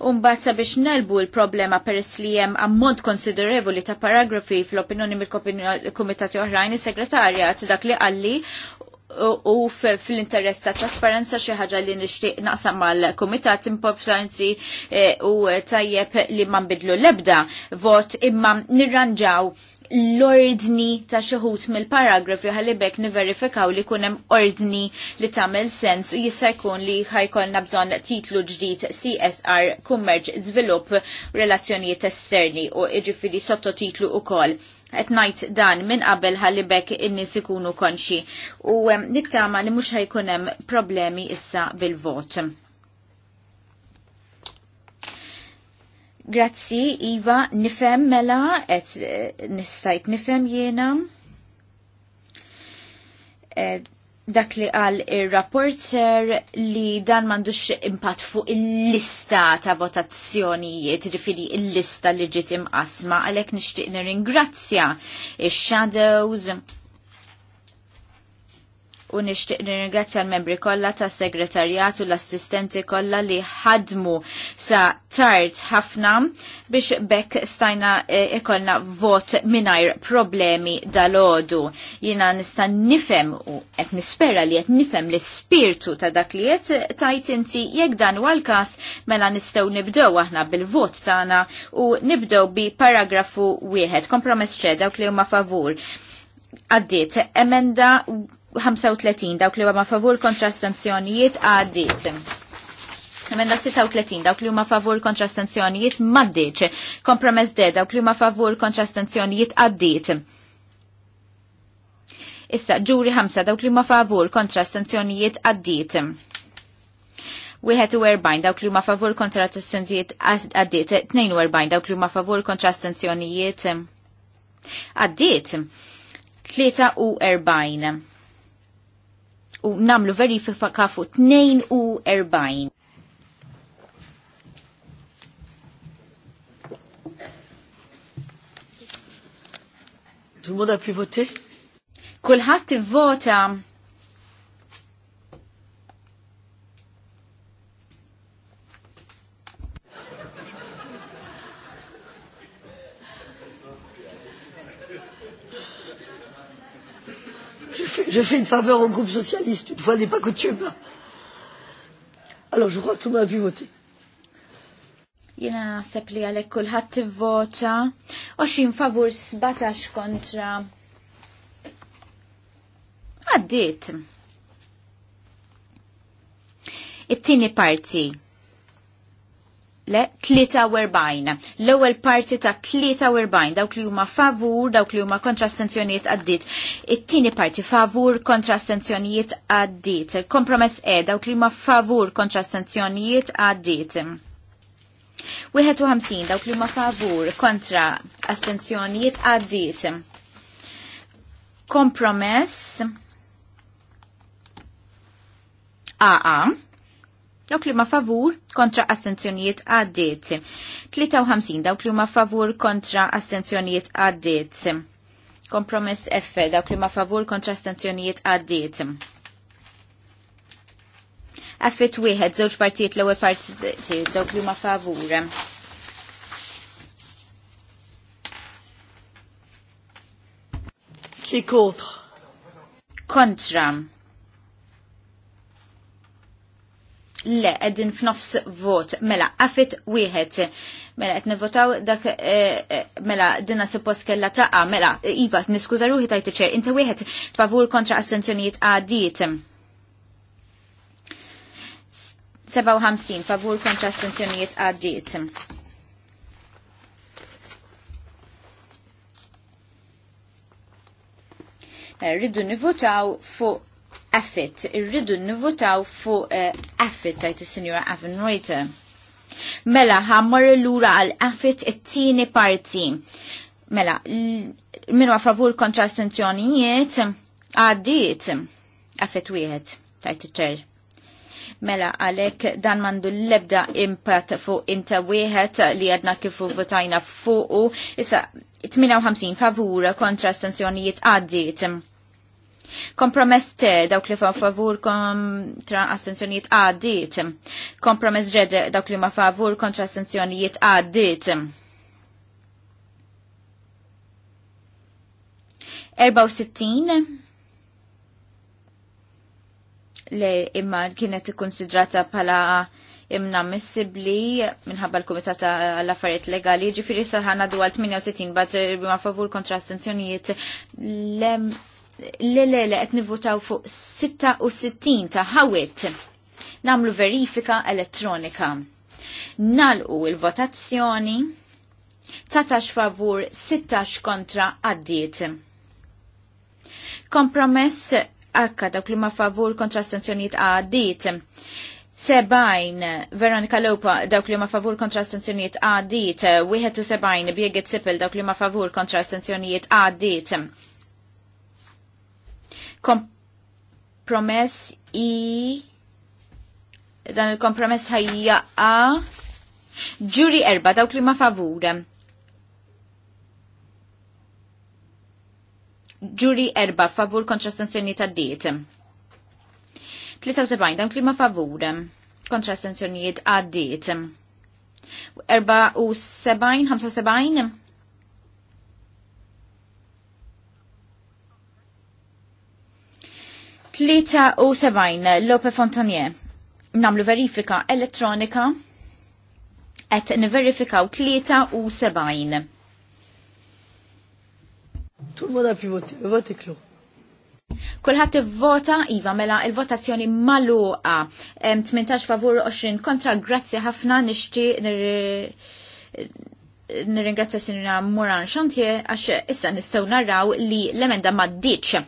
[SPEAKER 3] u mbagħad sabiex nelbu l-problema peress li hemm ammont konsiderevoli ta' paragrafi fl-opinjoni mill-kumitati oħrajn is-segretarja dak li qalli u fil-interess ta' trasparenza xi ħaġa li nixtieq naqsam mal-kumitat importanti e, u tajjeb li ma nbidlu l-ebda vot imma nirranġaw l-ordni ta' xeħut mill-paragrafi ħalibek niverifikaw li kunem ordni li tamel sens u jisajkun jkun li ħajkolna nabżon titlu ġdid CSR, Commerce Develop relazzjonijiet esterni u iġifiri sottotitlu u kol qed ngħid dan minn qabel ħalli bekk in-nies ikunu konxi u nittama li mhux ħajkun hemm problemi issa bil-vot. Grazzi, Iva, nifem mela, et eh, nistajt nifem jena. Et, eh, dak li għal il-rapporter li dan mandux impatt fuq il-lista ta' votazzjonijiet, ġifiri il-lista li ġiet imqasma, għalek nishtiqni ringrazzja il-shadows, u nixtieq nirringrazzja l-membri kollha tas-segretarjat u l-assistenti kollha li ħadmu sa tard ħafna biex bekk stajna eh, ikollna vot mingħajr problemi dal-għodu. Jiena nista' nifhem u qed nispera li qed nifhem l-ispirtu ta' dak li qed tajt inti jekk dan huwa l-każ mela nistgħu nibdew aħna bil-vot tagħna u nibdew bi paragrafu wieħed kompromess ċeda dawk li huma favur għaddiet emenda 35 dawk li huma favur kontra sanzjonijiet għaddit. Emenda 36 dawk li huma favur kontra sanzjonijiet maddiċ. Kompromess D dawk li huma favur kontra sanzjonijiet għaddit. Issa ġuri 5 dawk li huma favur kontra sanzjonijiet għaddit. erbajn dawk li huma favur kontra sanzjonijiet għaddit. 42 dawk li huma favur kontra sanzjonijiet għaddit. 43 u namlu verifika fuq 2 u 40. monde a pu voter? Kulħadd ivvota
[SPEAKER 1] je fais une faveur au groupe socialiste, une fois n'est pas coutume. Alors, je crois que tout le monde a pu voter.
[SPEAKER 3] Jena naħseb li għalek kullħat t-vota, 20 favur sbatax kontra. Għaddit. It-tini parti. Le, 43. L-ewwel parti ta' 43 dawk li huma favur, dawk li huma kontrastenzjonijiet għaddit. It-tieni parti favur kontrastenzjonijiet għaddit. Kompromess E dawk li huma favur kontrastenzjonijiet għaddit. 51 dawk li huma favur kontra astenzjonijiet għaddit. Kompromess AA dawk li ma favur kontra astenzjonijiet għaddiet. 53 dawk li ma favur kontra astenzjonijiet għaddiet. Kompromess F dawk li favur kontra astenzjonijiet għaddiet. Affet wieħed żewġ partijiet l-ewwel partijiet dawk li favur. Qui Kontra. Le, edin f'nofs vot, mela, għafit wieħed, mela, qed nivotaw dak, e, mela, dinna suppost kella taqa, mela, iva, niskuza ruħi tajt iċer, inta wieħed favur kontra assenzjonijiet għadit. 57, favur kontra assenzjonijiet għadit. Eh, rridu nivotaw fuq affit. Irridu nivutaw fuq eh, affit tajt il senjura Avin Reuter. Mela, ħammar l-ura għal affit it-tini parti. Mela, minu għafavur kontra astenzjonijiet għaddiet affit wieħed
[SPEAKER 2] tajt iċċer.
[SPEAKER 3] Mela, għalek dan mandu l-lebda impatt fuq inta wieħed li għadna kifu votajna fuqu. Issa, 58 favur kontra astenzjonijiet għaddiet Kompromess te dawk li fa' favur kontra assenzjonijiet għaddit. Kompromess ġed dawk li ma' favur kontra assenzjonijiet għaddit. 64 li imma kienet konsidrata pala imna missibli minħabba l komitata għall-Affarijiet Legali, ġifiri saħana dwar 68 bat ma favur kontra astenzjonijiet lem l-lele qed nivvotaw fuq 66 ta' ħawit namlu verifika elettronika. Nalqu il-votazzjoni 19 favur 16 kontra għaddiet. Kompromess akka dawk li ma favur kontra sanzjoniet għaddiet. Sebajn, Veronika Lopa, dawk li ma favur kontra sanzjoniet għaddiet, 71 bieget sipil dawk li ma favur kontra sanzjoniet għaddiet kompromess i dan il-kompromess ħajja a ġuri erba dawk li ma favurem. Ġuri erba favur kontra sanzjoni ta' diet. 73 dawk li ma favur kontra sanzjonijiet għad diet. 74, 75 73 Lope Fontanier. Namlu verifika elettronika et niverifikaw 73.
[SPEAKER 1] Tul ma fi voti, voti klu.
[SPEAKER 3] Kulħat vota Iva mela il-votazzjoni maluqa 18 favur 20 kontra grazzi ħafna nir nirringrazzja sinina Moran Xantje għax issa nistgħu narraw li l-emenda maddiċ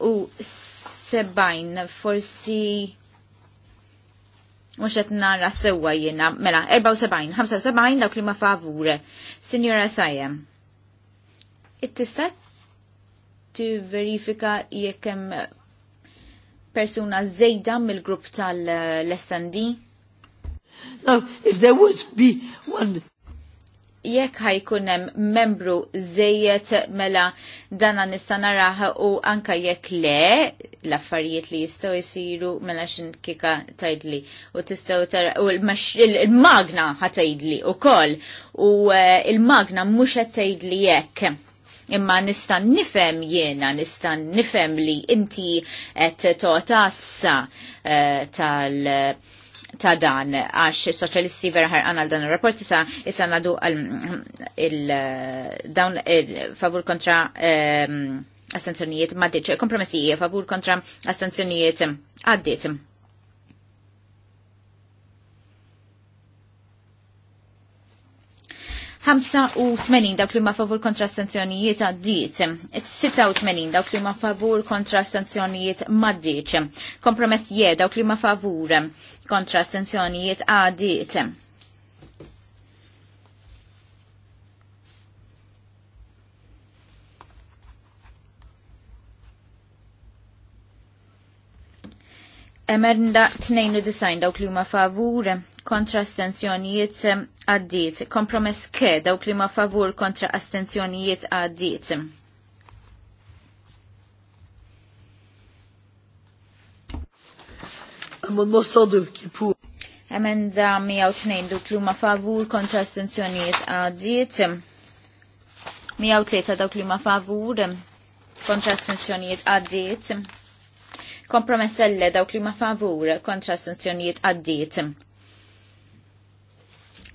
[SPEAKER 3] u 73 forsi mux qed nara sewwa jiena mela 74, 75 dawk li ma favur. Sinjora Sajem. It-tista' verifika jekk hemm persuna żejda mill-grupp tal-SND?
[SPEAKER 1] Now, if there would be one
[SPEAKER 3] jekk ħajkun hemm membru żejjed mela dana nista' naraħ u anka jekk le l-affarijiet li jistgħu jsiru mela xin kika tgħidli u tistgħu tara u l-magna ħatajdli ukoll u eh, l-magna mhux qed tgħidli Imma nista' nifhem jiena, nista' nifhem li inti qed totassa eh, tal- uh, ta' dan għax soċjalisti vera ħarqan għal dan ir-rapport issa issa nagħdu il-dawn favur kontra ehm, assenzjonijiet ma' diċ kompromessi favur kontra assenzjonijiet għaddiet. 85 dawk li ma favur kontrastanzjonijiet sanzjonijiet għaddiet. 86 dawk li ma favur kontrastanzjonijiet sanzjonijiet Kompromess je dawk li ma favur kontrastanzjonijiet sanzjonijiet għaddiet. Emerda 92 dawk li ma favur kontra astenzjonijiet għaddit. Kompromess ke dawk li ma favur kontra astenzjonijiet għaddit. Amendment 102 Emenda 102 dawk li ma favur kontra astenzjonijiet għaddit. 103 dawk li ma favur kontra astenzjonijiet għaddit kompromesselle dawk li ma favur kontra astenzjonijiet għaddit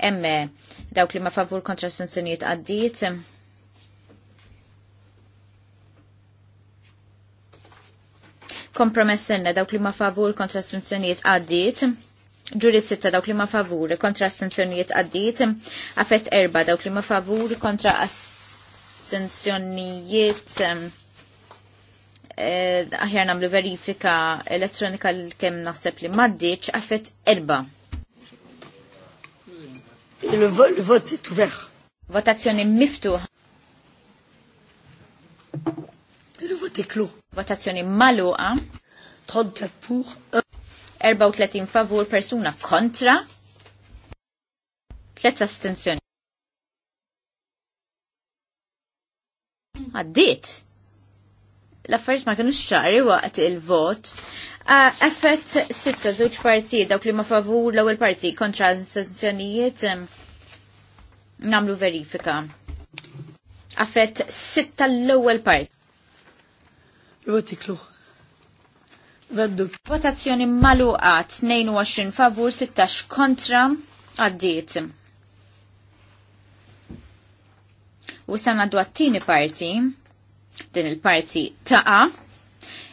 [SPEAKER 3] emme dawk li ma favur kontra sanzjonijiet għaddit. Kompromessenna dawk li ma favur kontra sanzjonijiet għaddit. Ġuri sitta dawk li ma favur kontra astenzjonijiet għaddit. affett erba dawk li ma favur kontra astenzjonijiet eh, aħjar namlu verifika elettronika l-kem naħseb li maddiċ, għafet erba'
[SPEAKER 1] Le vote est ouvert.
[SPEAKER 3] Votazzjoni miftuħa. Le vote est clos. Votazzjoni maluqa. 34 pour. 34 favur, persuna kontra. 3 astenzjoni. Għaddit l-affarijiet ma kienux ċari waqt il-vot. Effett sitta żewġ partijiet dawk li ma favur l-ewwel parti kontra sanzjonijiet namlu verifika. Affett sitta l-ewwel parti. Votiklu. Vaddu. Votazzjoni maluqat 22 favur 16 kontra għaddiet. U sanna għattini parti. Din il-parti taqa.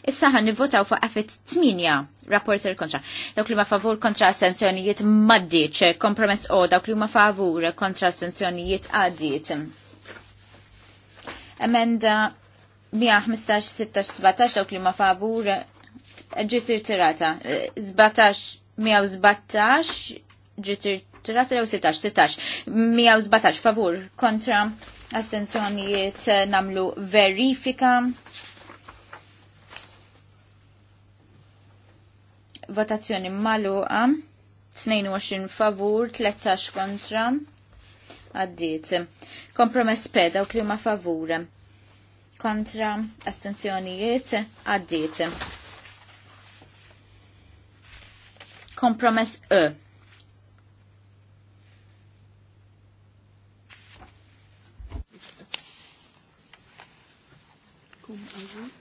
[SPEAKER 3] Issa ħan nivvotaw fuq għafet 8 rapporter kontra. Dawk li ma favur kontra assenzjonijiet maddiċ, kompromess o, dawk li ma favur kontra assenzjonijiet għaddiet. Emenda 115, 16, 17, dawk li ma favur eh, ġiet tirata. 17, 117, ġiet tirata, 16, 16, 117, favur kontra astenzjonijiet eh, namlu verifika. Votazzjoni maluqa, 22 favur, 13 kontra, għaddit. Kompromess peda u klima favur, kontra astenzjonijiet għaddit. Kompromess E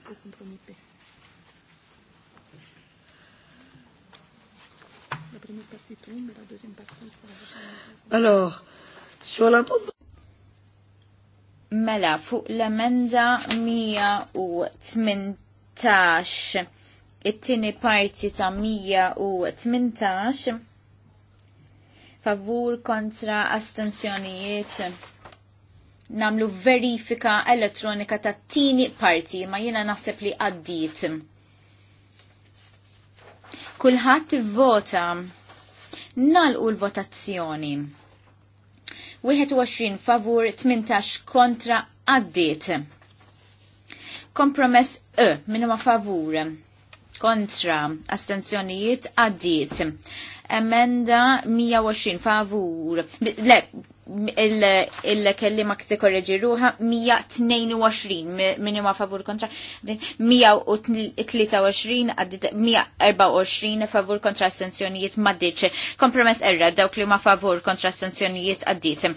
[SPEAKER 1] le compromis P.
[SPEAKER 4] La première partie tombe, la deuxième partie, je crois.
[SPEAKER 1] Alors, sur la...
[SPEAKER 3] Mela, fuq l-emenda 118, it-tini parti ta' 118, favur kontra astensjonijiet namlu verifika elettronika ta' tini parti ma jina naħseb li għaddit. Kulħadd vota nalqu l-votazzjoni. 21 favur, 18 kontra għaddit. Kompromess E minn ma favur kontra astenzjonijiet għaddit. Emenda 120 favur, le, il-kelli ma kti korreġi ruħa 122 minima favur kontra 123 għaddit 124 favur kontra sanzjonijiet maddiċ kompromess erra dawk li ma favur kontra sanzjonijiet għaddit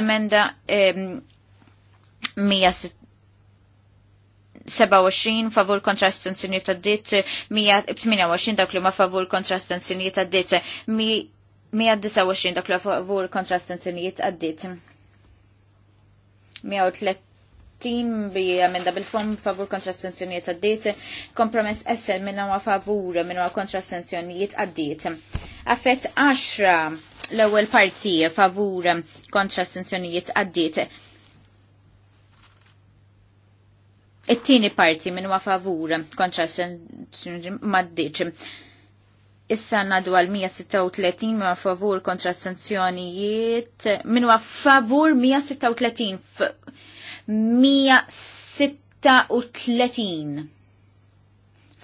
[SPEAKER 3] emenda 27 favur kontra sanzjonijiet għaddit 128 dawk li ma favur kontra sanzjonijiet għaddit 129 dak li favur kontra astenzjonijiet għaddit. 130 bi emenda bil-fom favur kontra astenzjonijiet għaddit. Kompromess essel minna ma favur minna ma kontra astenzjonijiet għaddit. Affett 10 l-ewwel parti favur kontra astenzjonijiet għaddit. It-tieni parti minn ma favur kontra maddiċ. Issa nadu għal 136 ma favur kontra sanzjonijiet, minu favur 136, 136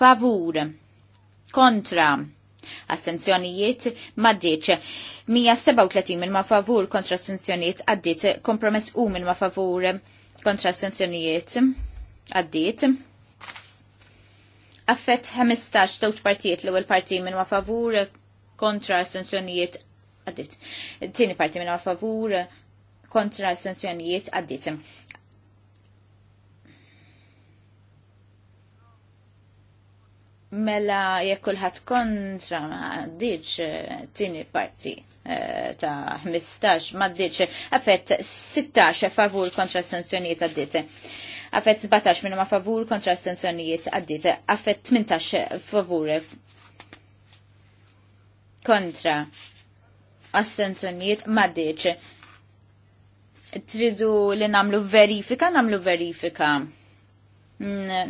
[SPEAKER 3] favur kontra astenzjonijiet maddiċ 137 minn ma favur kontra astenzjonijiet għaddit kompromess u minn ma favur kontra astenzjonijiet għaddit Affett 15 żewġ partijiet l-ewwel parti minn ma' favur kontra astensjonijiet għaddit. Tieni parti minn ma' favur kontra astensjonijiet għaddit. Mela jekk kulħadd kontra ma għaddiċ eh, tieni parti eh, ta' 15 ma għaddiċ affett 16 eh, favur kontra astensjonijiet għaddit għafet 17 minnu ma favur kontra astenzjonijiet għaddit. Affett 18 favur kontra astenzjonijiet maddiċ. Tridu li namlu verifika, namlu verifika.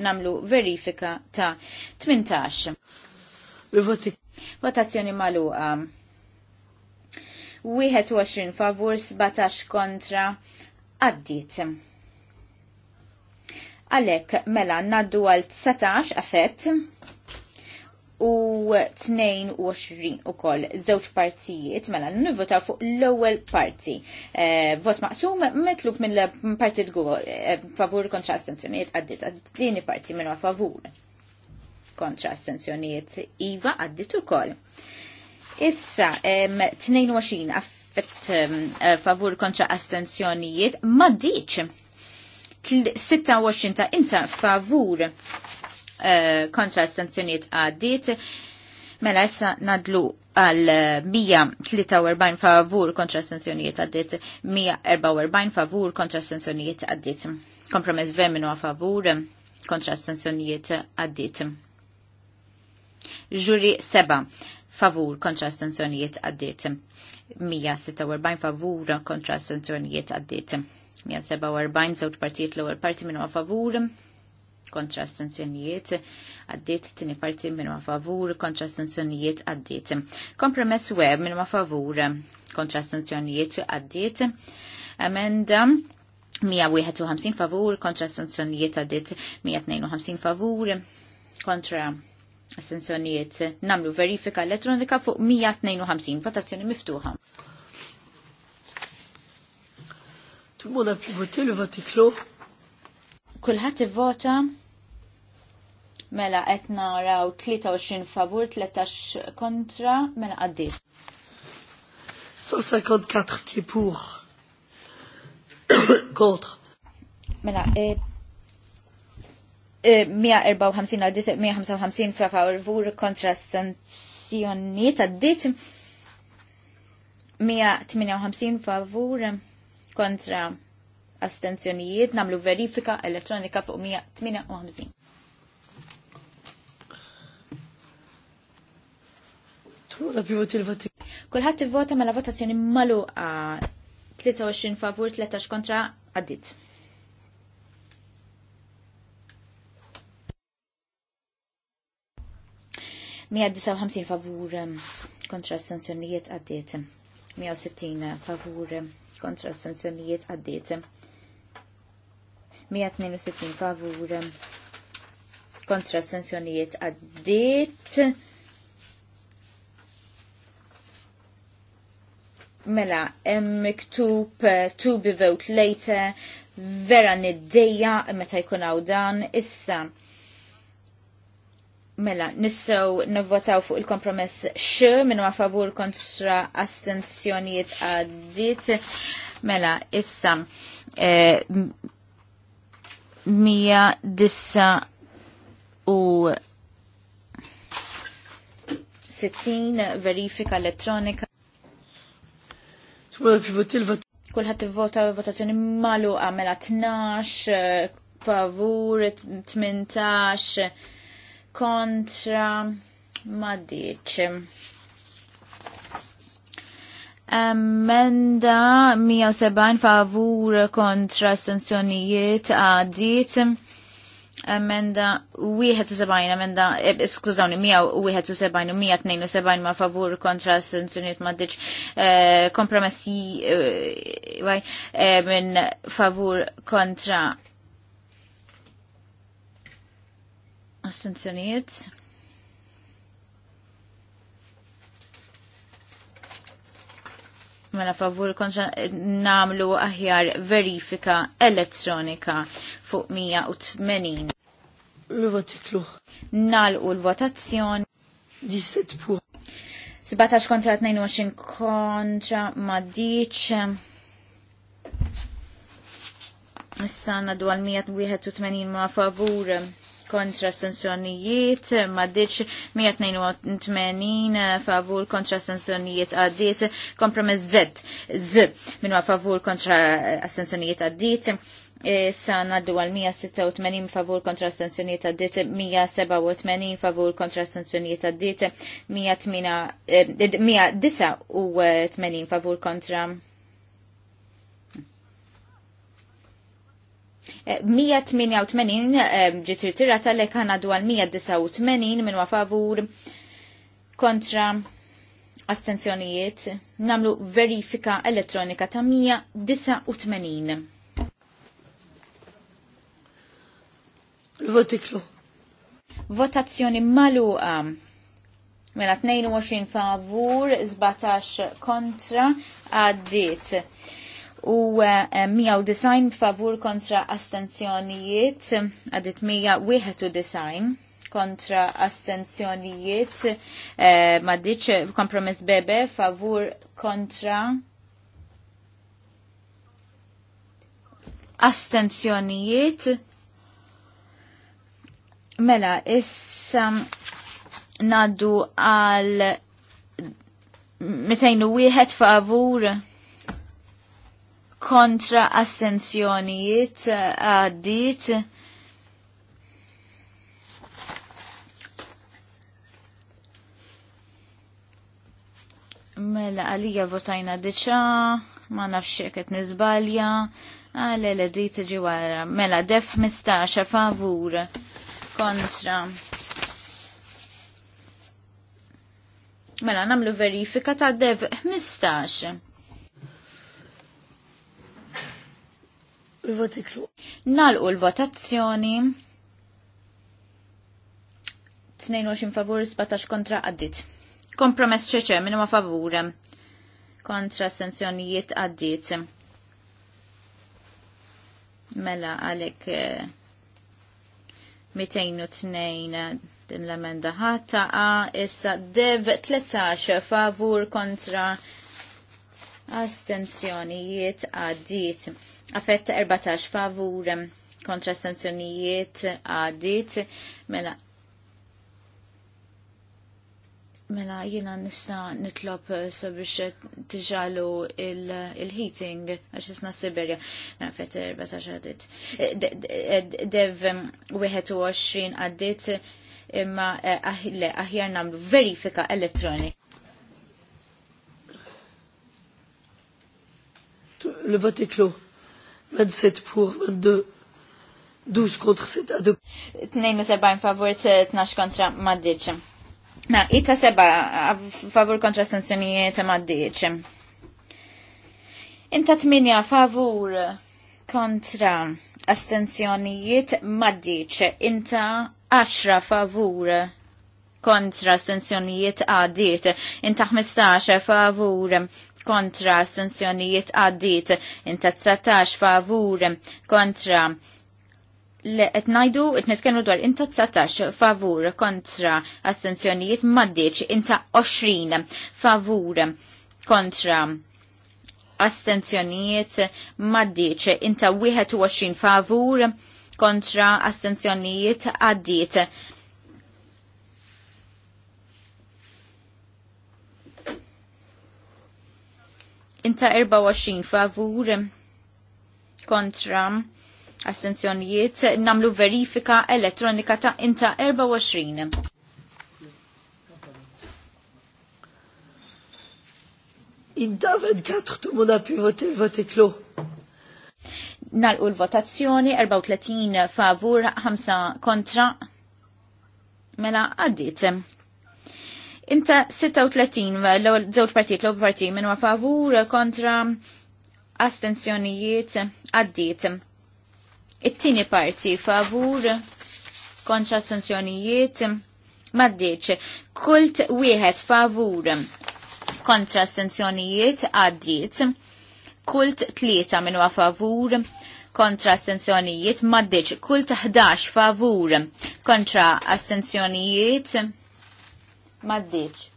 [SPEAKER 3] Namlu verifika ta' 18. Votazzjoni maluqa. 21 favur, 17 kontra, għaddit. Għalek, mela, naddu għal 19 għafet u 22 u koll zewċ partijiet mela nivvota fuq l-ewwel parti. Eh, vot maqsum metluk minn partit għu eh, favur kontra astenzjonijiet għaddit għaddini parti minn favur kontra astenzjonijiet iva għaddit u koll. Issa 22 affett favur kontra astenzjonijiet maddiċ 26 ta' inta favur eh, kontra sanzjoniet għaddit. Mela issa nadlu għal 143 eh, favur kontra s-sanzjoniet għaddit, 144 favur kontra s-sanzjoniet għaddit. Kompromess verminu għa favur kontra s-sanzjoniet għaddit. Ġuri seba' favur kontra s-sanzjoniet għaddit. 146 favur kontra s-sanzjoniet għaddit. 147 żewġ partijiet l-ewwel parti minnu favur kontra sanzjonijiet għaddit tini parti minnu favur kontra sanzjonijiet għaddit. Kompromess web minnu favur kontra sanzjonijiet għaddit. Amenda 151 favur kontra sanzjonijiet għaddit 152 favur kontra sanzjonijiet namlu verifika elettronika fuq 152 votazzjoni miftuħa.
[SPEAKER 1] Tout le monde a pu voter, le vote Kulħat vota
[SPEAKER 3] mela qed naraw 23 favur, 13 kontra, mela għaddi.
[SPEAKER 1] 154 kipur kontra. Mela,
[SPEAKER 3] e. 154 e, għaddit, 155 fa' favur kontra stanzjoni ta' 158 favur kontra astenzjonijiet namlu verifika elettronika fuq 158. Kulħadd ivvota mela votazzjoni maluqa 23 favur 13 kontra għaddit. Mija 59 favur kontra sanzjonijiet għaddiet. 160 favur kontra sanzjonijiet għaddiet. 162 favur kontra sanzjonijiet għaddiet. Mela, miktub eh, to be vote later vera niddeja meta jkun hawn dan issa Mela, nistaw nivvotaw fuq il-kompromess x ma favur kontra astenzjonijiet għaddit. Mela, issa, e, mija dissa u 60 verifika elettronika. Kulħat vota votazzjoni malu għamela 12, e, favur 18, kontra maddiċ. Emenda 170 favur kontra sanzjonijiet għadit. Emenda 71, emenda, eh, skużawni, 171 u 172 ma favur kontra sanzjonijiet maddiċ. Eh, kompromessi eh, eh minn favur kontra Astenzjonijiet. Mela favur konċa namlu aħjar verifika elettronika fuq 180. L-votiklu. Nalqu l-votazzjoni. 17 pu. 17 kontra 22 kontra ma diċ. Issa għanna għal 181 ma favur kontra sanzjonijiet, maddiċ 182 favur kontra sanzjonijiet għaddit, kompromess Z, Z, minu favur kontra eh, sanzjonijiet għaddit, Issa eh, naddu għal 186 favur kontra sanzjonijiet għaddit, 187 favur kontra sanzjonijiet għaddit, 189 eh, favur kontra 188 ġiet ritirata lek ħanadu għal 189 minn favur kontra astenzjonijiet namlu verifika elettronika ta' 189. Votiklu. Votazzjoni maluqa. Mela 22 favur, 17 kontra, għaddit u 190 eh, favur kontra astenzjonijiet, għadit 191 kontra astenzjonijiet, eh, ma diċ kompromess bebe favur kontra astenzjonijiet. Mela, issa naddu għal 201 favur kontra assenzjonijiet eh, għaddit. Mela għalija votajna diċa, ma nafx qed nizbalja, għale l di wara. Mela def 15 favur kontra. Mela namlu verifika ta' def 15. Il-vot iklu. Nalqu l-votazzjoni. 22 favur, 17 kontra għaddit. Kompromess ċeċe, minn ma favur. Kontra sanzjonijiet għaddit. Mela għalek 202 eh, eh, din l-emenda ħata' issa dev 13 favur kontra astenzjonijiet għaddit. Affett 14 favur kontra astenzjonijiet għaddit. Mela Mela jina nista nitlob sabiex tiġalu il-heating għax jisna Siberja. Nafet mela, 14 għaddit. Eh, eh, dev 21 um, għaddit imma eh, aħjar namlu verifika elettronik.
[SPEAKER 1] Le vote est clos. 27 pour, 22 12 kontra 6 għadu.
[SPEAKER 3] 72 favor 12 kontra maddiċ. Ma, ita seba favor kontra sanzjonijiet maddiċ. Inta 8 favur kontra astenzjonijiet maddiċ. Inta 10 favor, kontra astenzjonijiet għaddiet. Inta 15 favor kontra sanzjonijiet għaddit inta 19 favur kontra qed ngħidu qed nitkellmu dwar inta 19 favur kontra astenzjonijiet m'għaddiex inta 20 favur kontra astenzjonijiet m'għaddiex inta 21 favur kontra astenzjonijiet għaddiet Inta 24 favur kontra astenzjonijiet namlu verifika elettronika ta' inta 24.
[SPEAKER 1] Inta david
[SPEAKER 3] tout le monde a vote est clos nalqu l-votazzjoni 34 favur 5 kontra mela għaddit. Inta 36 l-żewġ partijiet l-ewwel partij minn huwa favur kontra astensjonijiet għaddiet. It-tieni parti favur kontra astensjonijiet maddiċ. Kult wieħed favur kontra astensjonijiet għaddiet. Kult tlieta minn huwa favur kontra astensjonijiet maddiċ. Kult 11 favur kontra astensjonijiet maddiċ.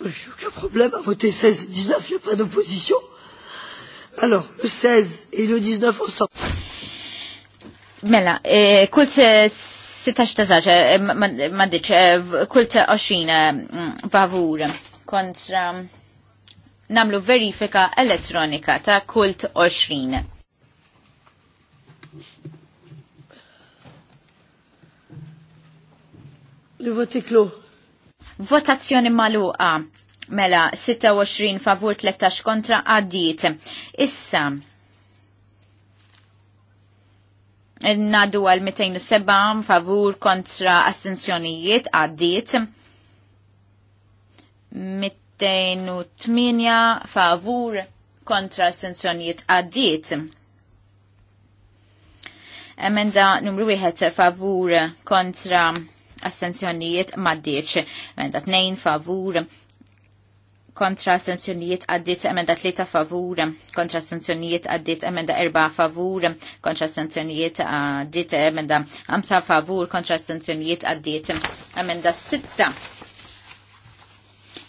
[SPEAKER 1] Mais j'ai aucun problème à voter 16 et 19, il n'y a pas d'opposition. Alors, le 16 et le 19 ensemble.
[SPEAKER 3] Mela, eh, kull 16-16, eh, maddiċ, eh, kull 20 pavur eh, mm, kontra namlu verifika elettronika ta' kult 20. Li votiklu Votazzjoni maluqa. Mela, 26 favur 13 kontra għaddit. Issa, nadu għal 207 favur kontra astenzjonijiet għaddit. 208 favur kontra astenzjonijiet għaddit. Emenda numru 1 favur kontra assenzjonijiet maddiċ. Emenda nejn favur kontra assenzjonijiet għaddit emenda 3 favur, kontra assenzjonijiet għaddit emenda 4 favur, kontra assenzjonijiet għaddit emenda 5 favur, kontra assenzjonijiet għaddit emenda 6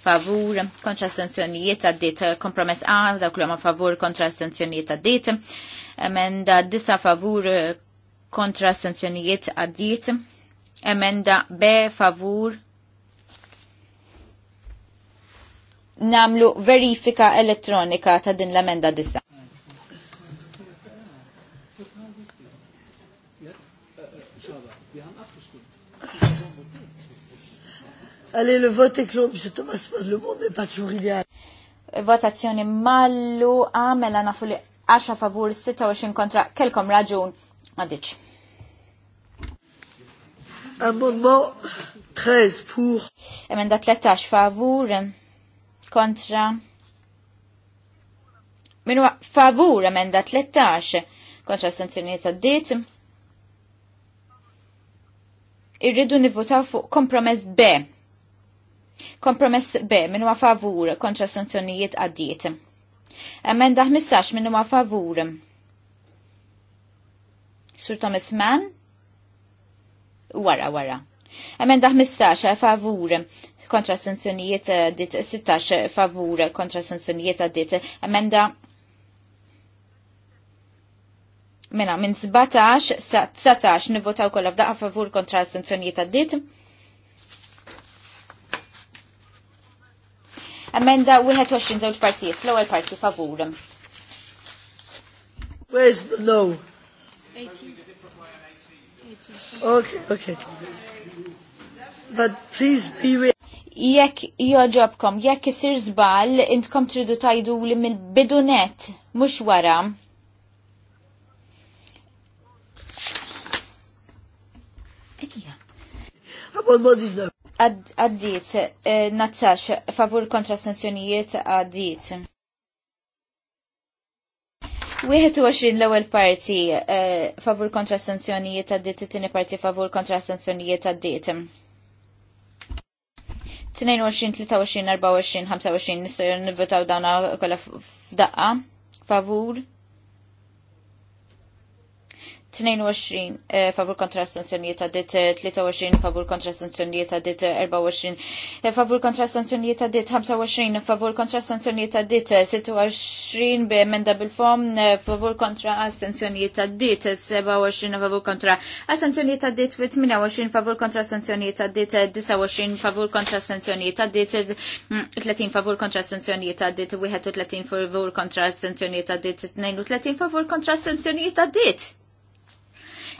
[SPEAKER 3] favur, kontra assenzjonijiet għaddit kompromess A, dawk l favur, kontra astenzjonijiet għaddit, emenda disa favur, kontra assenzjonijiet għaddit, Emenda B favur. Namlu verifika elettronika ta' din l-emenda disa.
[SPEAKER 1] Allez, le vote est clos, M. Thomas, le monde n'est pas toujours idéal.
[SPEAKER 3] Votazzjoni mallu, għamela ah, nafu li 10 favur, 26 kontra, kelkom raġun,
[SPEAKER 2] għadiċ.
[SPEAKER 1] Amendment
[SPEAKER 3] 13 pour. Emenda 13 favur contre. Minu favur emenda 13 kontra sanzjoniet ta' dit. Irridu nivvotaw fuq kompromess B. Kompromess B minu favur kontra sanzjonijiet għaddiet. Emenda 15 minu favur. Sur Thomas Mann wara wara. Emenda 15 eh, favur kontra sanzjonijiet eh, dit 16 eh, favur kontra sanzjonijiet dit emenda Mena, minn 17 sa 19 nivvotaw kolla f'daqqa favur kontra sanzjonijiet għaddit. Emenda 21 żewġ partijiet, l-ewwel parti favur. Where's the no?
[SPEAKER 1] 18. Okay, okay.
[SPEAKER 3] But please be real. Jekk joġobkom, jekk isir żball, intkom tridu tajdu li minn bidunet, mhux wara. Għaddit, eh, nazzax, favur kontra sanzjonijiet għaddiet. 21 l-ewwel parti eh, favur kontra sanzjonijiet għaddit, it-tieni parti favur kontra sanzjonijiet għaddit. 22, 23, 24, 25 nistgħu nivvotaw dawna kolla f'daqqa favur 22 favur kontra sanzjonijiet għaddit, 23 favur kontra sanzjonijiet għaddit, 24 favur kontra sanzjonijiet għaddit, 25 favur kontra sanzjonijiet għaddit, 26 b'emenda bil-fom favur kontra sanzjonijiet għaddit, 27 favur kontra sanzjonijiet għaddit, 28 favur kontra sanzjonijiet għaddit, 29 favur kontra sanzjonijiet għaddit, 30 favur kontra sanzjonijiet għaddit, 31 favur kontra sanzjonijiet għaddit, 32 favur kontra sanzjonijiet għaddit.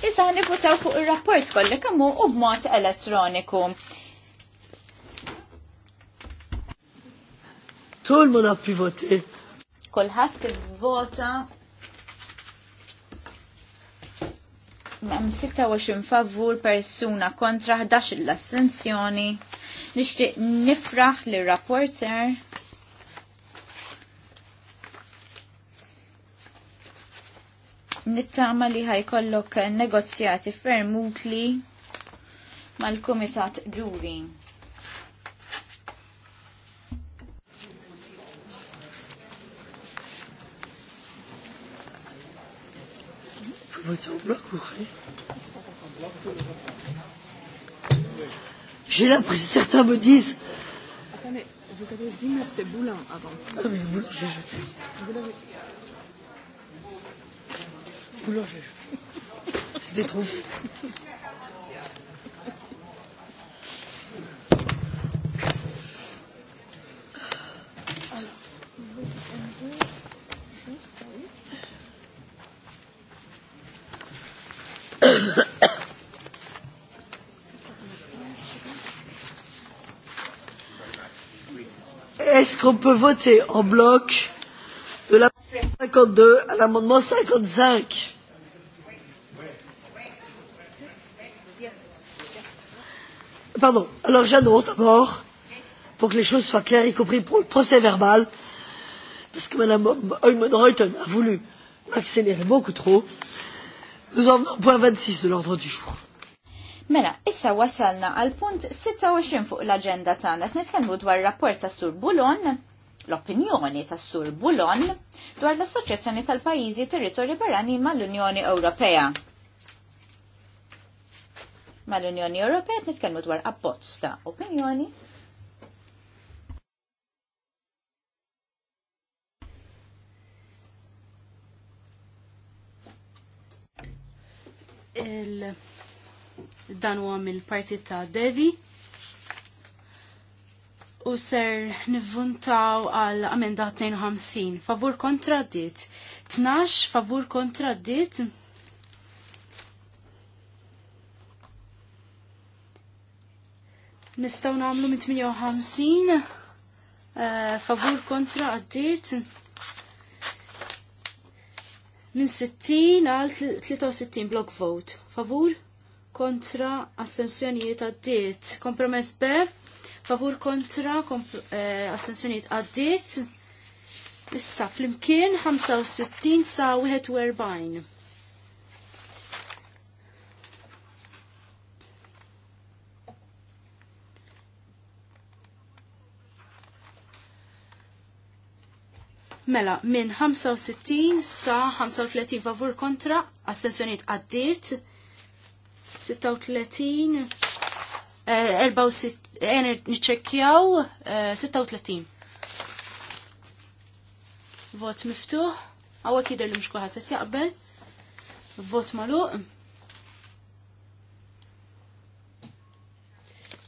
[SPEAKER 3] Issa nifutaw fuq ir-rapport kollek kemm hu b b'mod elettroniku.
[SPEAKER 1] Tul mu pivoti.
[SPEAKER 3] Kulħadd ivvota Mem 26 favur persuna kontra 11 l-assenzjoni. Nixtieq nifraħ lir rapporter nittama li ħajkollok negozjati ferm utli mal-Kumitat Ġuri.
[SPEAKER 1] J'ai l'impression, que certains me disent. Attendez, vous avez Zimmer, c'est Boulin avant. Ah, mais vous, je, je... Vous l'avez c'était trop. Est-ce qu'on peut voter en bloc de la 52 à l'amendement 55 Pardon. Alors j'annonce d'abord, pour que les choses soient claires, y compris pour le procès verbal, parce que Mme Heumann-Reuten a voulu accélérer beaucoup trop, nous en venons au point 26 de l'ordre du jour.
[SPEAKER 3] Mela, issa wasalna għal punt 26 fuq l-agenda tagħna qed nitkellmu dwar rapport ta' Sur Bulon, l-opinjoni ta' Sur Bulon dwar l-Assoċjazzjoni tal-Pajjiżi Territorji Barranin mal-Unjoni Ewropea mal-Unjoni Ewropea qed nitkellmu dwar abbozz ta' opinjoni
[SPEAKER 4] il dan huwa mill-parti ta' Devi u ser nivvuntaw għal amenda 52 favur kontra dit 12 favur kontra dit Nistaw namlu mit 58 eh, favur kontra għaddit minn 60 għal 63 block vote. Favur kontra astensjonijiet għaddit. Kompromess B, favur kontra komp eh, astensjonijiet għaddit. Issa fl-imkien 65 sa 41. Mela, minn 65 sa 35 favur kontra, assenzjoniet għaddit, 36, 64, nċekjaw, 36. Vot miftuħ, għawa kider li mxkuħat jaqbel, vot maluq.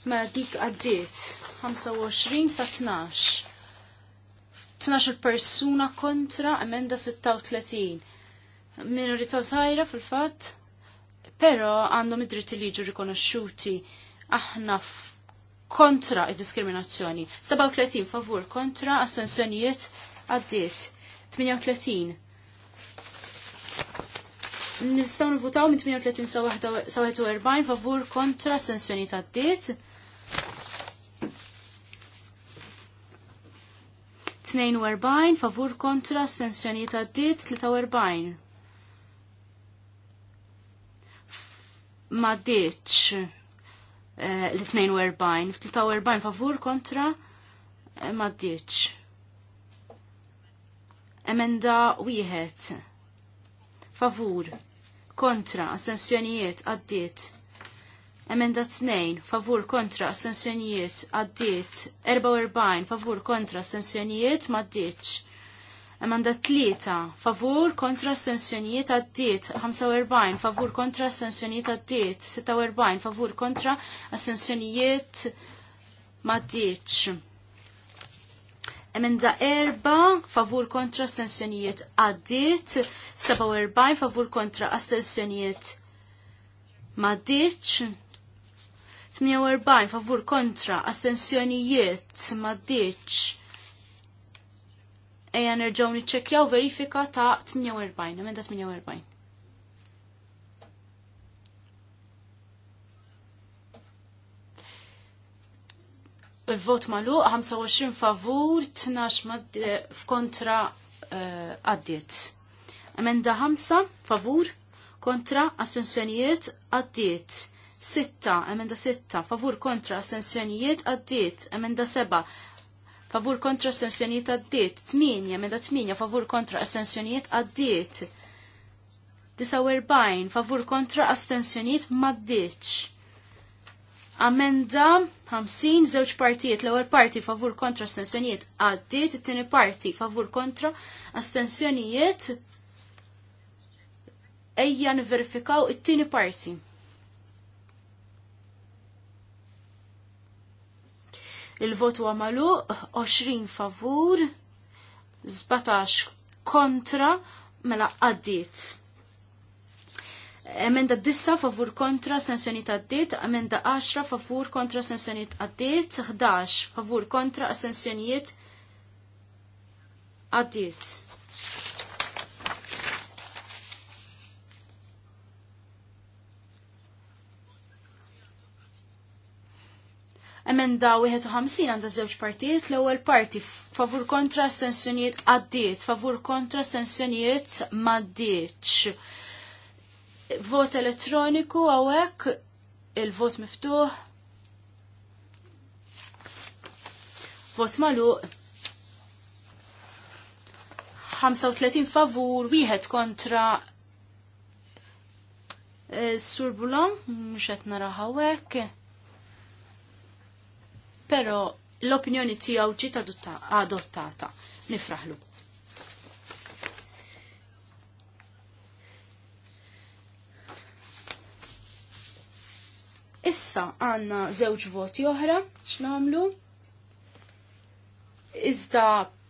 [SPEAKER 4] Mela dik għaddit, 25 sa 12. 12 persuna kontra emenda 36. Minorita zaħira fil-fat, pero għandhom id-dritti li ġu rikonosciuti aħna kontra id-diskriminazzjoni. 37 favur kontra assenzjonijiet għaddiet. 38. Nistaw nivutaw minn 38 sa 41 favur kontra assenzjonijiet għaddiet. 42 favur kontra astensjonijiet għaddit 43. Ma ditx l-42, 43 favur kontra eh, ma ditx. Emenda wieħed favur kontra astensjonijiet għaddit Emenda 2, favur kontra astensjonijiet għaddiet. 44, favur kontra astensjonijiet maddiċ. Emenda 3, favur kontra astensjonijiet għaddiet. 45, favur kontra astensjonijiet għaddiet. 46, favur kontra astensjonijiet maddiċ. Emenda erba' favur kontra astensjonijiet għaddit, 47 favur kontra astensjonijiet maddiċ, 48 favur kontra astensjonijiet ddiċ eja nerġaw niċċekjaw verifika ta' 48, emenda 48. Il-vot malu, 25 favur, 12 eh, kontra eh, għaddiet. Emenda 5 favur, kontra assenzjonijiet għaddiet. Sitta, emenda sitta, favur kontra assenzjonijiet għaddiet, emenda seba, favur kontra assenzjonijiet għaddit, tminja, emenda tminja, favur kontra assenzjonijiet għaddiet, 49, favur kontra astensjonijiet maddiċ. Amenda 50, żewġ partijiet, l-ewwel parti favur kontra astensjonijiet għaddiet, it-tieni parti favur kontra astensjonijiet ejja niverifikaw it-tieni parti. Il-vot huwa magħluq 20 favur, 17 kontra, mela għaddiet. Emenda 10 favur kontra sensjoniet għaddit, emenda 10 favur kontra sensjoniet għaddit, 11 favur kontra sensjoniet għaddit. Emenda 51 għandha żewġ partijiet, l-ewwel parti favur kontra astensjonijiet għaddiet, favur kontra astensjonijiet m'għaddiex. Vot elettroniku għawek, il-vot miftuħ. Vot magħluq. 35 favur, wieħed kontra eh, Sur Bulon, mux għet naraħawek pero l-opinjoni tiegħu ġiet adottata. Nifraħlu. Issa għanna żewġ voti oħra x'namlu. Iżda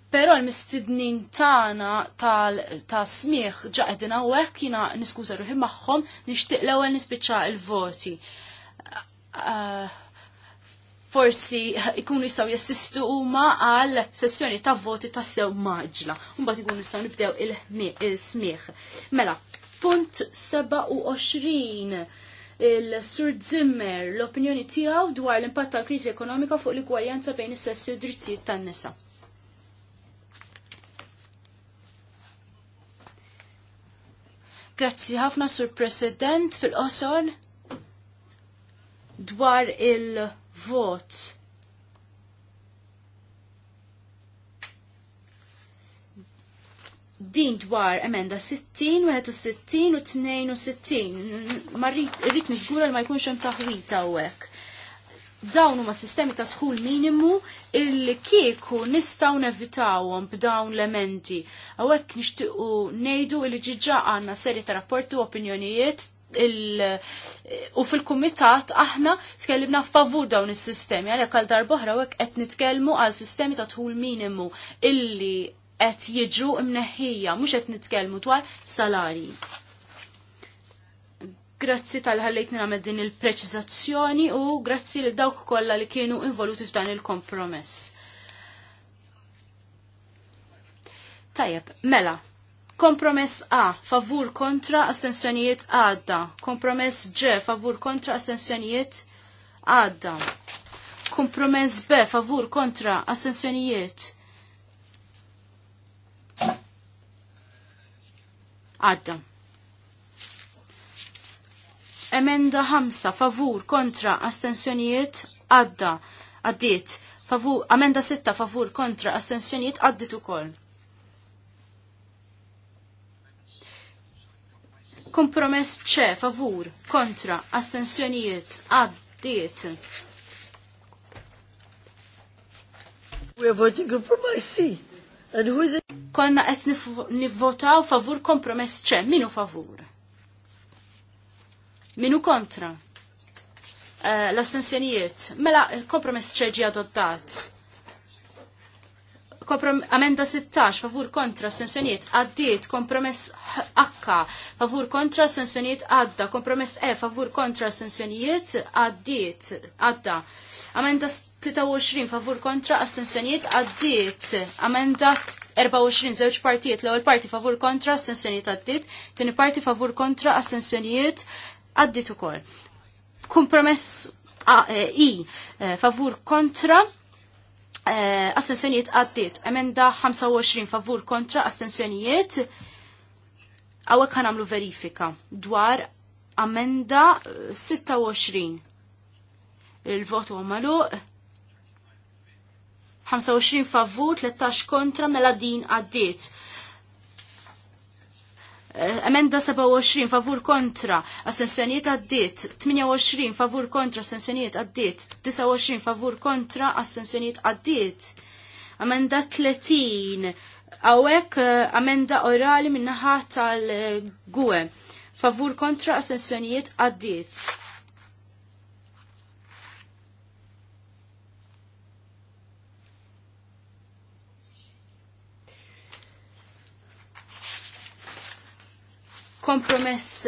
[SPEAKER 4] Pero l-mistidnin tana ta' smieħ ġaqdin hawnhekk jina niskuża ruħi magħhom nishtiq l ewwel nispiċa il-voti. Uh, forsi ikunu jistaw jassistu huma għal sessjoni ta' voti ta' sew maġla. Mbagħad ikunu jistaw nibdew il-smieħ. Mela, punt 27 il-Sur Zimmer l-opinjoni tiegħu dwar l-impatt tal-kriżi ekonomika fuq l-igwaljanza bejn is-sessi u drittijiet tan-nisa. Grazzi ħafna Sur President fil-qosor dwar il- vot. Din dwar emenda 60, 61 u 62. Ma rrit nizgur li ma jkunx hemm taħwita hawnhekk dawn huma sistemi ta' dħul minimu illi kieku nistgħu nevitawhom b'dawn l emendi Hawnhekk nixtiequ ngħidu li ġiġa għandna serje ta' rapporti u opinjonijiet u fil-kumitat aħna tkellimna f'favur dawn is-sistemi għalhekk għal darb'oħra hekk qed nitkellmu għal sistemi ta' tħul minimu illi qed jiġu mneħħija mhux qed nitkellmu dwar salari. Grazzi tal-ħallejtni nagħmel din il-preċizazzjoni u grazzi lil dawk kollha li kienu involuti f'dan il-kompromess. Tajjeb, mela, Kompromess A, favur kontra astensjonijiet għadda. Kompromess G, favur kontra astensjonijiet għadda. Kompromess B, favur kontra astensjonijiet għadda. Emenda 5, favur kontra astensjonijiet għadda. Għaddit. amenda 6, favur kontra astensjonijiet għaddit ukoll. Kompromess ċe, favur, kontra, astensjonijiet, għaddiet. We are voting compromise si. And who is it? Konna qed nivvotaw favur kompromess ċe. Minu favur? Minu kontra? Uh, L-astensjonijiet. Mela, il-kompromess ċe ġi adottat. Amenda 16, favur kontra sensjoniet għaddiet, kompromess H, favur kontra sensjoniet għadda, kompromess E, favur kontra sensjoniet għaddiet, għadda. Amenda 23, favur kontra astensjoniet għaddiet, amenda 24, zewċ partijiet, l-ewel parti favur kontra astensjoniet għaddiet, tini parti favur kontra astensjoniet għaddiet u kol. Kompromess e, I, eh, favur kontra Eh, astensjonijiet għaddiet. Emenda 25 favur kontra astensjonijiet. Għawek għamlu verifika dwar amenda 26. Eh, Il-votu għamalu 25 favur, 13 kontra, mela din għaddiet. Eh, emenda 27 favur kontra assenzjonijiet għaddit, 28 favur kontra assenzjoniet għaddit, 29 favur kontra assenzjoniet għaddit. Amenda 30 awek amenda eh, orali minnaħat tal-gwe eh, favur kontra assenzjonijiet għaddit. Kompromess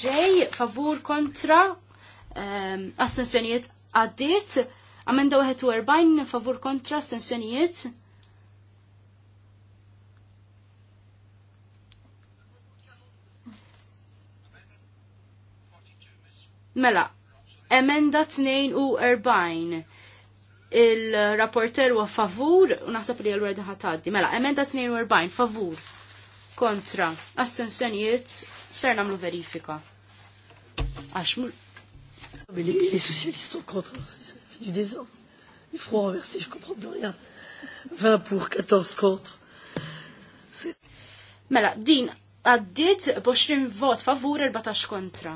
[SPEAKER 4] ġej, eh, favur kontra, eh, astensjonijiet għaddit, amenda 41, favur kontra, astensjonijiet. Mela, emenda 42 il-rapporter u favur, u naħseb li għal-werda ħataddi. Mela, emenda 42, favur kontra astensjonijiet ser namlu verifika.
[SPEAKER 1] Għax mul. Les socialistes sont contre, c'est du désordre. Il faut renverser, je comprends plus rien. 20 pur 14 kontra.
[SPEAKER 4] Mela, din għaddit 20 vot favur, 14 kontra.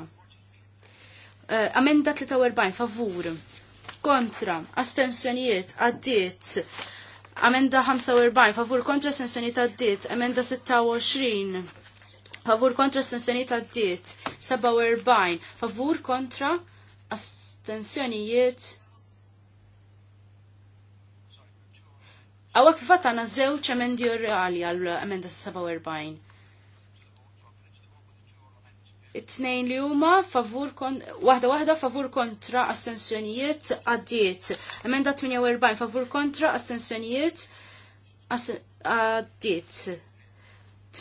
[SPEAKER 4] Uh, amenda 43 favur, kontra, astensjonijiet għaddit Amenda 45 favur kontra sensjoni ta' dit. Amenda 26 favur kontra sensjoni ta' dit. 47 favur kontra astensjonijiet. Għawak fatta zewċ emendi orali għal amenda 47 it-tnejn li huma favur kon waħda waħda favur kontra astensjonijiet għaddiet. Emenda 48 favur kontra astensjonijiet għaddiet.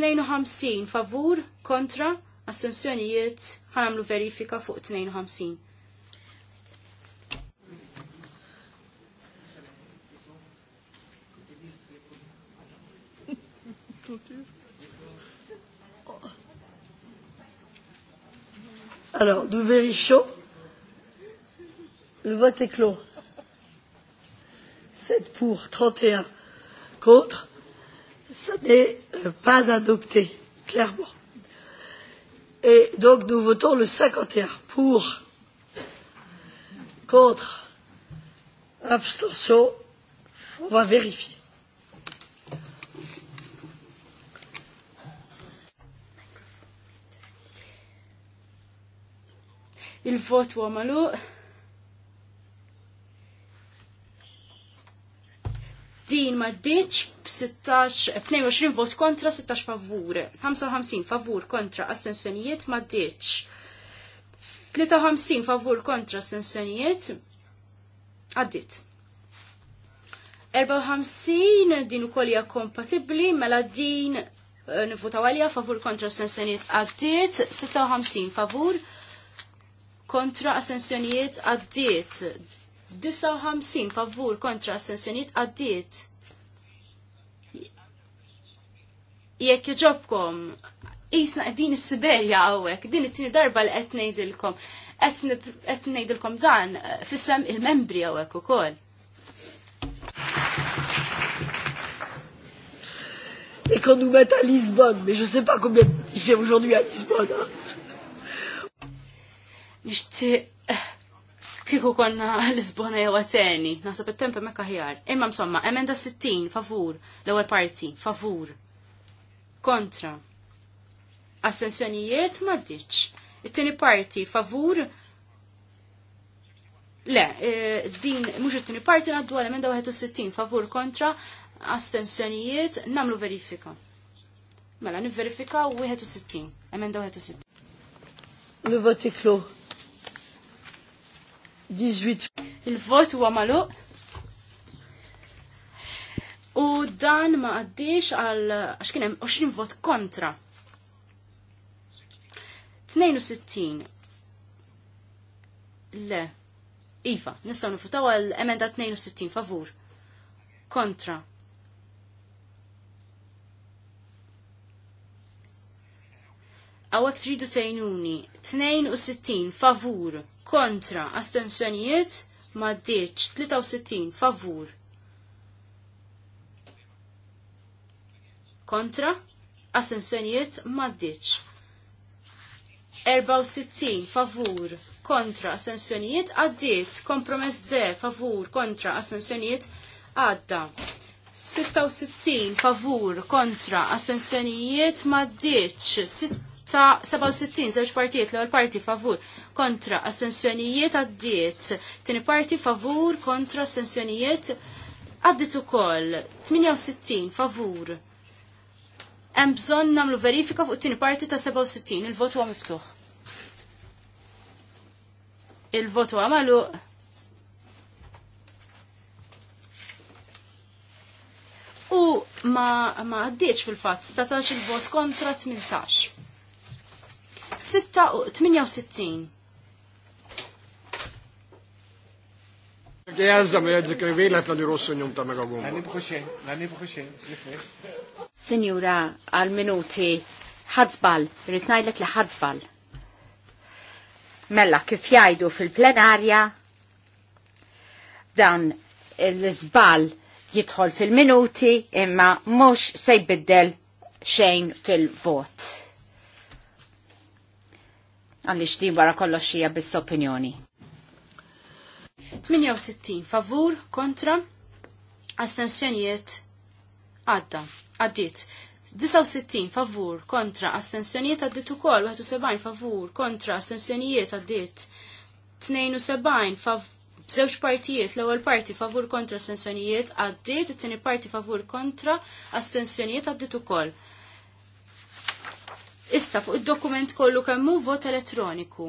[SPEAKER 4] 52 favur kontra astensjonijiet ħanamlu verifika fuq 52.
[SPEAKER 1] you. Alors, nous vérifions. Le vote est clos. 7 pour, 31 contre. Ça n'est euh, pas adopté, clairement. Et donc nous votons le 51 pour, contre, abstention. On va vérifier.
[SPEAKER 4] il-vot huwa magħluq. Din ma ddiċ b-16, 22 vot kontra, 16 favur. 55 favur kontra astensjonijiet ma ddiċ. 53 favur kontra astensjonijiet għaddit. 54 din ukoll hija kompatibbli mela din eh, nivutaw għalija favur kontra sensenijiet għaddit, 56 favur kontra assenzjonijiet għaddiet. 59 favur kontra assenzjonijiet għaddiet. Jekk joġobkom, jisna din is-Siberja għawek, din it-tini darba li qed ngħidilkom. Qed ngħidilkom dan fissem il-membri għawek ukoll.
[SPEAKER 1] Et quand nous mettent à Lisbonne, mais je ne sais pas combien il fait aujourd'hui à Lisbonne. Hein
[SPEAKER 4] nixtieq eh, kieku konna Lisbona jew Ateni, nasab it-temp mekka aħjar. Imma msomma, emenda 60 favur, l-ewwel parti, favur. Kontra. Assenzjonijiet ma It-tieni parti favur Le, eh, din mhux it-tieni parti naddu għal emenda 61 favur kontra astensjonijiet namlu verifika. Mela, nivverifika 61, emenda 61. Mi vote est 18. Il-vot huwa magħluq. U dan ma għaddiex għal għax kien hemm 20 vot kontra. 62. Le. Iva, nistgħu nifutaw għal emenda 62 favur. Kontra. 62. Għawek tridu tejnuni. 62 favur kontra astensjonijiet ma ddiċ 63 favur. Kontra astensjonijiet ma ddiċ. 64 favur kontra astensjonijiet għaddiet kompromess de favur kontra astensjonijiet għadda. 66 favur kontra astensjonijiet ma ddiċ ta' 67 żewġ partijiet l-ewwel parti favur kontra astensjonijiet għaddiet, tieni parti favur kontra astensjonijiet għaddiet ukoll 68 favur. Hemm bżonn nagħmlu verifika fuq tieni parti ta' 67, il-vot huwa miftuħ. Il-vot huwa magħlu U ma, ma fil-fat, 17 il-vot kontra 18. 68.
[SPEAKER 3] Għazza me għadzik rivelat l rossunjum ta' mega gumba. Għani bħuxen, għani bħuxen,
[SPEAKER 2] Signora, għal-minuti, ħadżbal, rritnajlek li ħadżbal. Mella, kif jajdu fil-plenarja, dan l-zbal jidħol fil-minuti imma mux se jbiddel xejn fil-vot għaliex din wara kollox xija biss opinjoni.
[SPEAKER 4] 68 favur kontra astensjonijiet għadda għaddiet 69 favur kontra astensjonijiet għaddit ukoll 71 favur kontra astensjonijiet għaddit 72 favur bżewġ partijiet l-ewwel parti favur kontra astensjonijiet għaddit it-tieni parti favur kontra astensjonijiet għaddit ukoll Issa fuq id-dokument kollu kemmu vot elettroniku.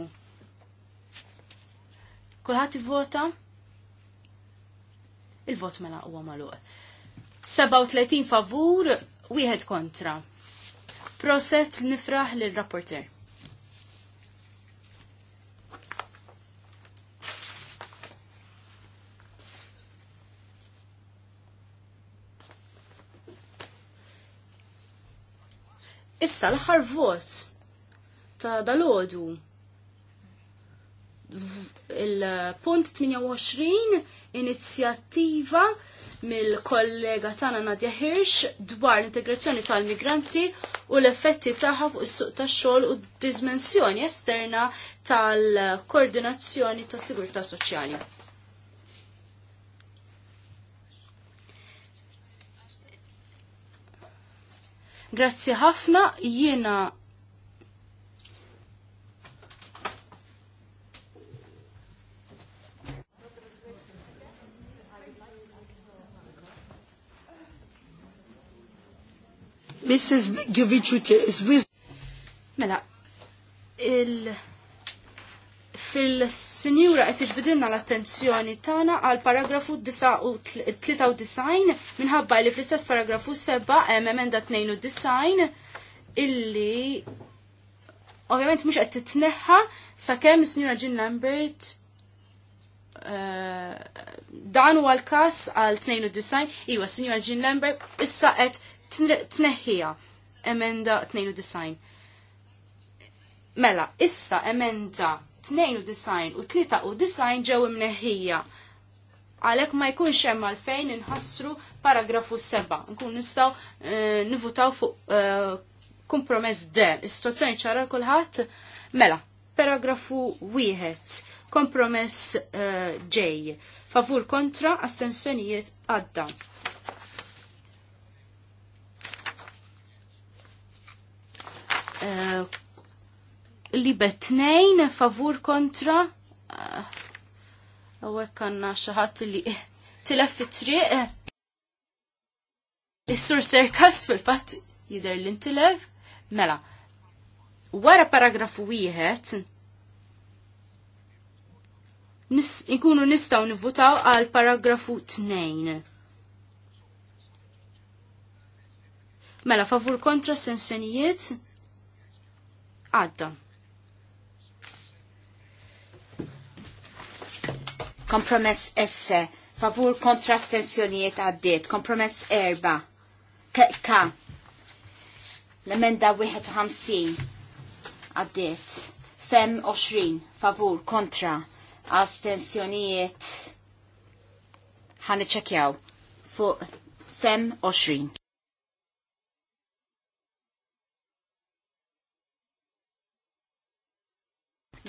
[SPEAKER 4] Kulħadd ivvota? Il-vot mela u magħluq. 37 favur, wieħed kontra. Proset nifraħ lill-rapporter. Issa l-ħar vot ta' dalodu il-punt 28 inizjattiva mill-kollega Tana Nadja Hirsch dwar l-integrazzjoni tal-migranti u l-effetti tagħha fuq is-suq tax-xogħol u d-dimensjoni esterna tal-koordinazzjoni tas-sigurtà soċjali. Grazzi ħafna jiena
[SPEAKER 1] Mrs. Givichute is with
[SPEAKER 4] Mela, il- fil-sinjura qed tiġbidilna l-attenzjoni tagħna għal paragrafu 93 minħabba li fl-istess paragrafu 7 hemm emenda 92 illi ovvjament mhux qed titneħħa sakemm is-sinjura Jean Lambert eh, dan huwa l-każ għal 92 iwa sinjura Jean Lambert issa qed tneħħija emenda 92. Mela, issa emenda Tnejn u u 93 ġew imneħħija. Għalek ma jkunx hemm għalfejn inħassru paragrafu 7. Nkun nistgħu eh, nivutaw fuq eh, kompromess D. Is-sitwazzjoni ċara kulħadd mela. Paragrafu 1. Kompromess eh, J. Favur kontra astensjonijiet għadda. Uh, li betnejn favur kontra ah. għawek għanna xaħat li tilef fit-triq Is-sur serkas fil-fat jider l-intilef mela wara paragrafu wieħed nis, ikunu nistaw nivvutaw għal paragrafu 2. Mela favur kontra sensjonijiet għadda. Kompromess esse,
[SPEAKER 2] Favur kontra astensjonijiet għaddiet. Kompromess erba. ka, L-emenda 51 għaddiet. Fem 20. Favur kontra astensjonijiet ħaniċċekjaw fuq fem 20.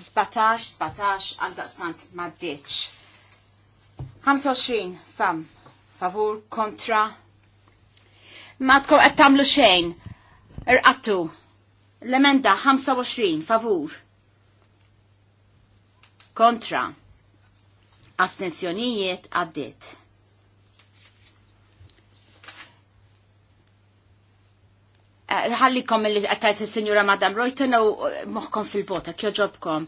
[SPEAKER 2] Zbatax, zbatax, għal daqsmant maddiċ. 25 fam favur kontra ma tkun qed tagħmlu xejn irqattu l-emenda 25 favur kontra astensjonijiet għaddit. Eh, ħallikom li għattajt il-Sinjura Madam Rojten u moħkom fil-vota, kjo ġobkom.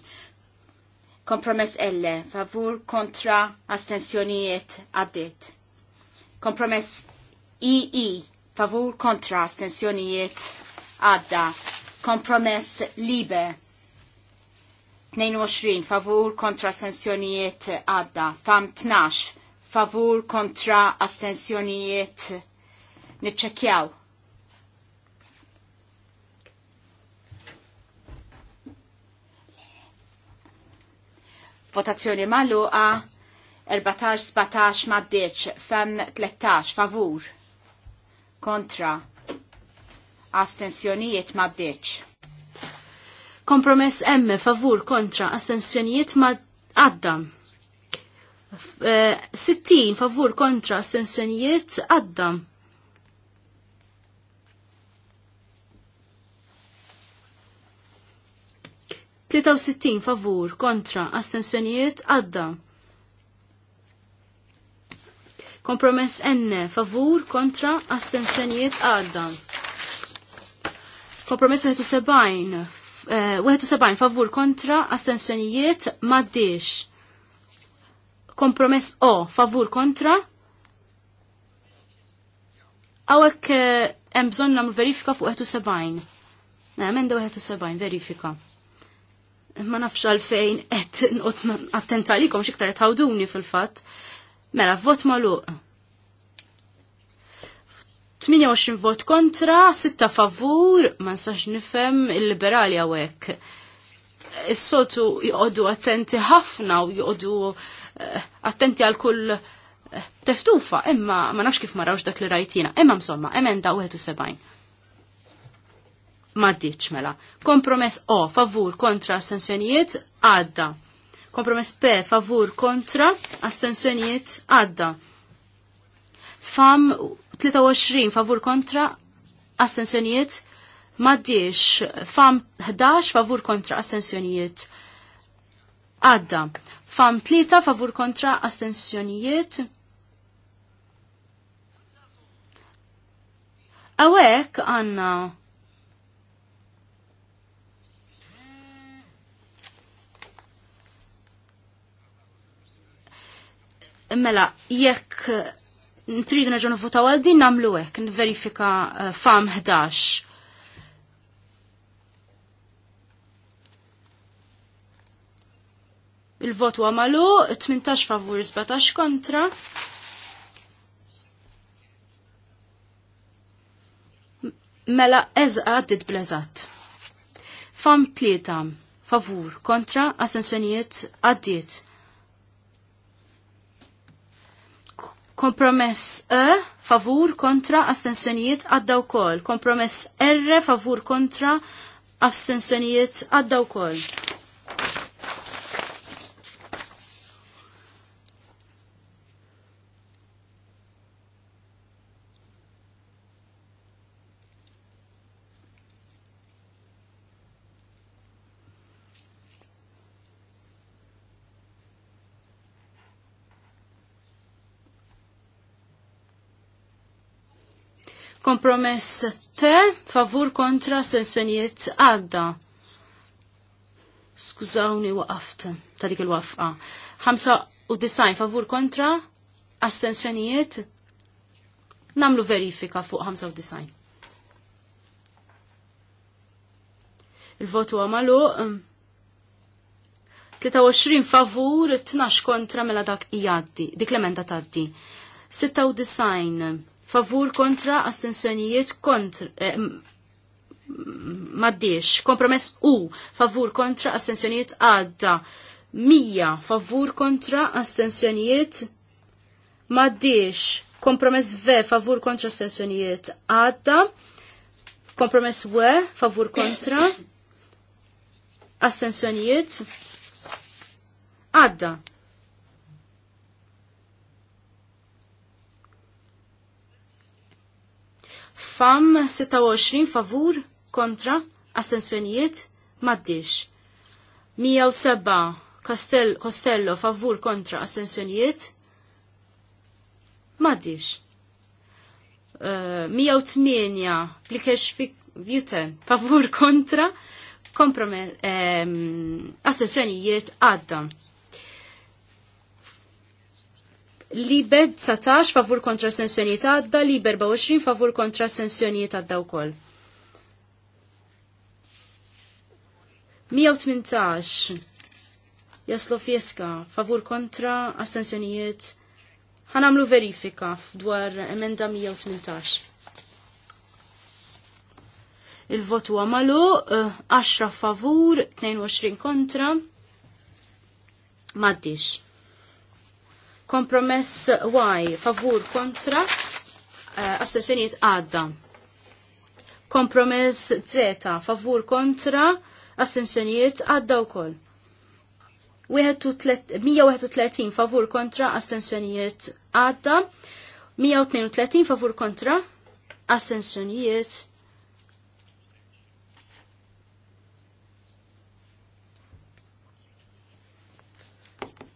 [SPEAKER 2] Kompromess L, favur kontra astensjonijiet għaddit. Kompromess II, favur kontra astensjonijiet għadda. Kompromess Libe, 22 favur kontra astensjonijiet għadda. Fam 12 favur kontra astensjonijiet nitċekjaw. Votazzjoni maluqa 14-17 maddeċ, fem 13 favur. Kontra. Astensjonijiet maddeċ.
[SPEAKER 4] Kompromess M favur kontra astensjonijiet ma għadda. 60 eh, favur kontra astensjonijiet għadda. 63 favur kontra astensjonijiet għadda. Kompromess N favur kontra astensjonijiet għadda. Kompromess 71 eh, favur kontra astensjonijiet maddiex. Kompromess O favur kontra Għawek eh, hemm bżonn nagħmlu verifika fuq 71. da 71 verifika ma nafx għalfejn qed nqod attenta għalikom xiktar tawduni fil-fatt. Mela, vot maluq. 28 vot kontra, 6 favur, ma nsax nifhem il-liberali għawek. Is-sotu jqodu attenti ħafna u jqodu eh, attenti għal kull eh, teftufa, imma ma nafx kif ma dak li rajtina, imma msomma, emenda 71 maddiċ mela. Kompromess O, favur kontra astensjonijiet, għadda. Kompromess P, favur kontra astensjonijiet, għadda. Fam 23, favur kontra astensjonijiet, maddiċ. Fam 11, favur kontra astensjonijiet, għadda. Fam 3, favur kontra astensjonijiet, Awek għanna mela jekk n neġu nifutaw għal din namlu hekk nverifika eh, fam 11. Il-vot huwa malu 18 favur 17 kontra. Mela eżqa għaddit blezat. Fam tlieta favur kontra astensjonijiet għaddiet Kompromess E, favur kontra astensjonijiet għadda wkoll. Kompromess R, favur kontra astensjonijiet għadda wkoll. Kompromess te favur kontra sensenijiet għadda. Skużawni waqaft ta' dik il-wafqa. 95 favur kontra astensjonijiet namlu verifika fuq 95. Il-votu għamalu 23 um, favur, 12 kontra mela dak jaddi, dik l-emenda taddi. 96 favur kontra astensjonijiet kontra eh, maddiex. Kompromess U favur kontra astensjonijiet għadda. Mija favur kontra astensjonijiet maddiex. Kompromess V favur kontra astensjonijiet għadda. Kompromess W favur kontra astensjonijiet għadda. Fam 26 favur kontra astensjonijiet maddix. 107 kostello favur kontra assenzjonijiet maddix. Uh, eh, 108 Blikesh Vjuten favur kontra kompromet um, astensjonijiet għadda. liber 19 favur kontra sensjonijiet għadda, liber 24 favur kontra sensjonijiet għadda u koll. 118 Jaslo Fieska favur kontra astensjonijiet ħanamlu verifika dwar emenda 118. Il-vot huwa 10 eh, favur, 22 kontra, maddix. Kompromess Y, favur kontra, eh, assessjoniet għadda. Kompromess Z, favur kontra, assessjoniet għadda u koll. 131 favur kontra, assessjoniet għadda. 132 favur kontra, għadda.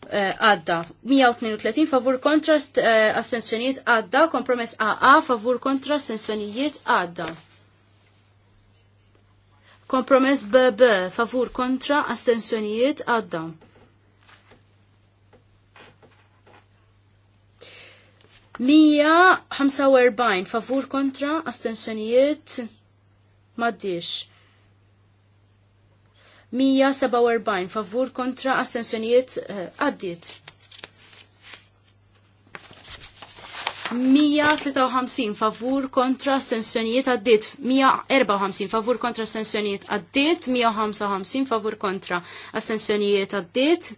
[SPEAKER 4] Eh, għadda. 132 eh, favur kontra astensjonijiet għadda, kompromess AA favur kontra astensjonijiet għadda. Kompromess BB favur kontra astensjonijiet għadda. Mija 45. favur kontra astensjonijiet maddiex. 147 favur kontra astensjonijiet eh, għaddit. 153 favur kontra astensjonijiet għaddit. 154 favur kontra astensjonijiet għaddit. 155 favur kontra astensjonijiet għaddit.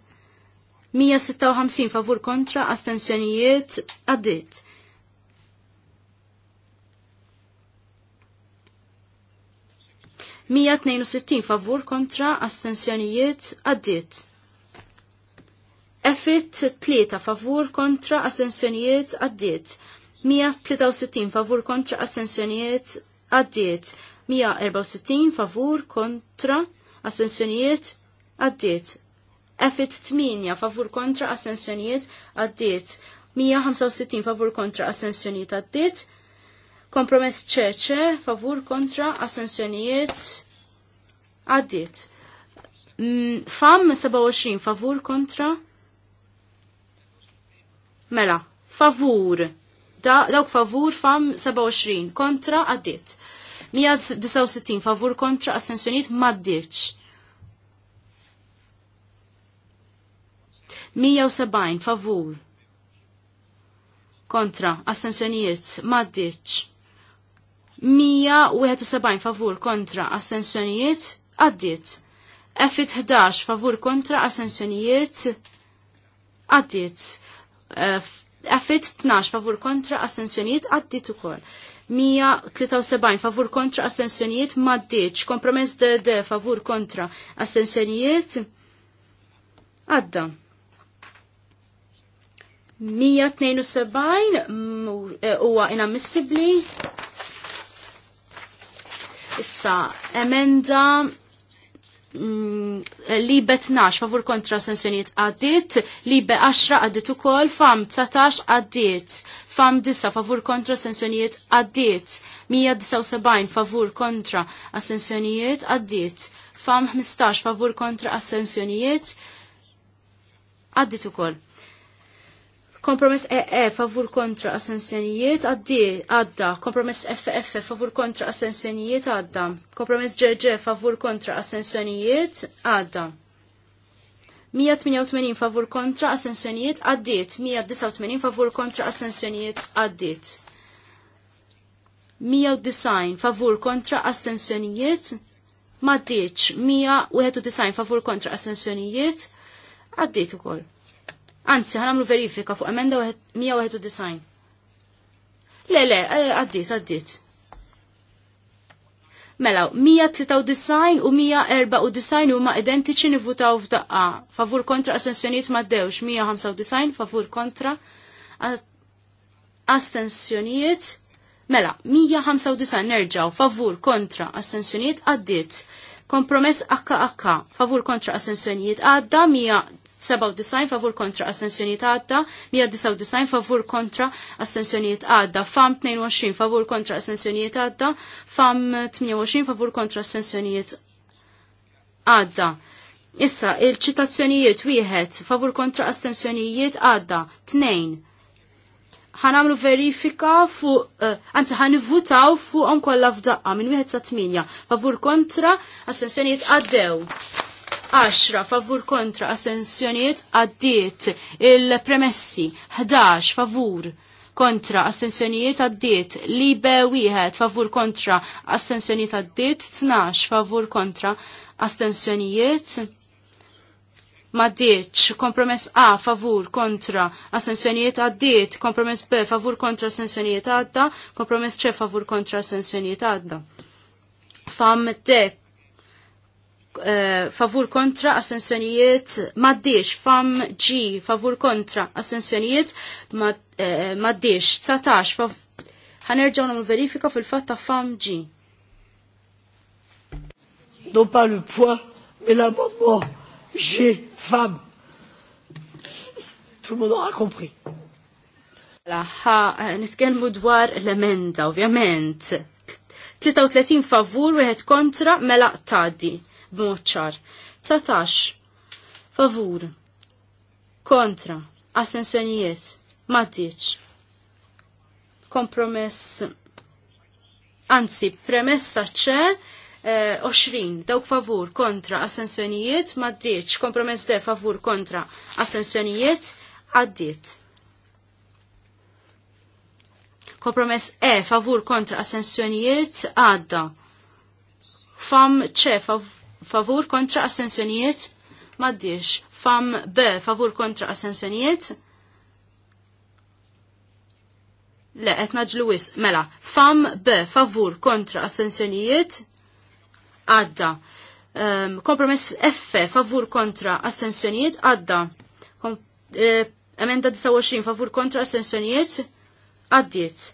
[SPEAKER 4] 156 favur kontra astensjonijiet għaddit. 162 favur kontra astensjonijiet għaddiet. Effit 3 favur kontra astensjonijiet għaddit. 163 favur kontra astensjonijiet għaddiet. 164 favur kontra astensjonijiet għaddit. Effit 8 favur kontra astensjonijiet għaddiet. 165 favur kontra astensjonijiet għaddiet. Kompromess ċeċe, favur kontra assenzjonijiet għaddit. Mm, fam 27, favur kontra? Mela, favur. Da, dawk favur fam 27, kontra għaddit. 169, favur kontra assenzjonijiet maddiċ. 170, favur. Kontra, assenzjonijiet maddiċ. 171 favur kontra assenzjonijiet għaddiet. Effit 11 favur kontra assenzjonijiet għaddiet. Effit 12 favur kontra assenzjonijiet għaddiet ukoll. 173 favur kontra assenzjonijiet maddiċ, kompromess de favur kontra assenzjonijiet għadda. 172 eh, huwa inammissibli Issa, emenda mm, li 12 favur kontra sensjoniet għaddit, li be 10 għaddit u kol, fam 19 għaddit, fam 10 favur kontra sensjoniet għaddit, 179 favur kontra assenzjoniet għaddit, fam 15 favur kontra assenzjoniet għaddit u kol. Kompromess EE e, e favur kontra assenzjonijiet għadda. Kompromess FF favur kontra assenzjonijiet għadda. Kompromess GG favur kontra assenzjonijiet għadda. 188 favur kontra assenzjonijiet għaddiet. 189 favur kontra assenzjonijiet għaddiet. 190 favur kontra assenzjonijiet maddiċ. 191 favur kontra assenzjonijiet għaddiet ukoll. Anzi, ħanamlu verifika fuq emenda 191. Le, le, eh, għaddit, għaddit. Mela, 193 u 194 huma identiċi nivutaw f'daqqa. Favur kontra assenzjonijiet dewx. 195 favur kontra ascensjoniet. Mela, 195 nerġaw favur kontra ascensjoniet għaddit. Kompromess akka, favur kontra assenzjonijiet għadda, 197 favur kontra assenzjonijiet għadda, 199 favur kontra assenzjonijiet għadda, FAM 22 favur kontra assenzjonijiet għadda, FAM 28 favur kontra assenzjonijiet għadda. Issa, il-ċitazzjonijiet wieħed favur kontra assenzjonijiet għadda, tnejn ħanamlu verifika fuq, eh, anzi ħanivvutaw fuqhom kollha f'daqqa minn wieħed sa tminja. Favur kontra, assenzjonijiet għaddew. 10 favur kontra assenzjonijiet għaddiet il-premessi 11 favur kontra assenzjonijiet għaddiet libe wieħed favur kontra assenzjonijiet għaddiet 12 favur kontra assenzjoniet ma kompromess A favur kontra assenzjonijiet għaddiet, kompromess B favur kontra assenzjonijiet għadda, kompromess C favur kontra assenzjonijiet għadda. Fam D uh, favur kontra assenzjonijiet maddiex, fam G favur kontra assenzjonijiet uh, eh, 19 fav... ħanerġaw namlu verifika fil-fatta fam G.
[SPEAKER 1] Non pas le poids, mais l'amendement
[SPEAKER 4] j'ai femme. Tout le monde aura compris. Laħħa, niskelmu dwar l-emenda, ovvjament. 33 favur, wieħed kontra, mela taddi, b'moċċar. 19 favur, kontra, assenzjonijiet, maddiċ. Kompromess, anzi, premessa ċe, 20 eh, dawk favur kontra assenzjonijiet ma ddiċ kompromess de favur kontra assenzjonijiet għaddiet. Kompromess E favur kontra assenzjonijiet għadda. Fam C favur kontra assenzjonijiet ma ddiċ. Fam B favur kontra assenzjonijiet Le, etnaġluwis, mela, fam B favur kontra assenzjonijiet għadda. Um, kompromess F favur kontra astensjonijiet għadda. Kom, eh, emenda 29 favur kontra astensjonijiet għaddiet.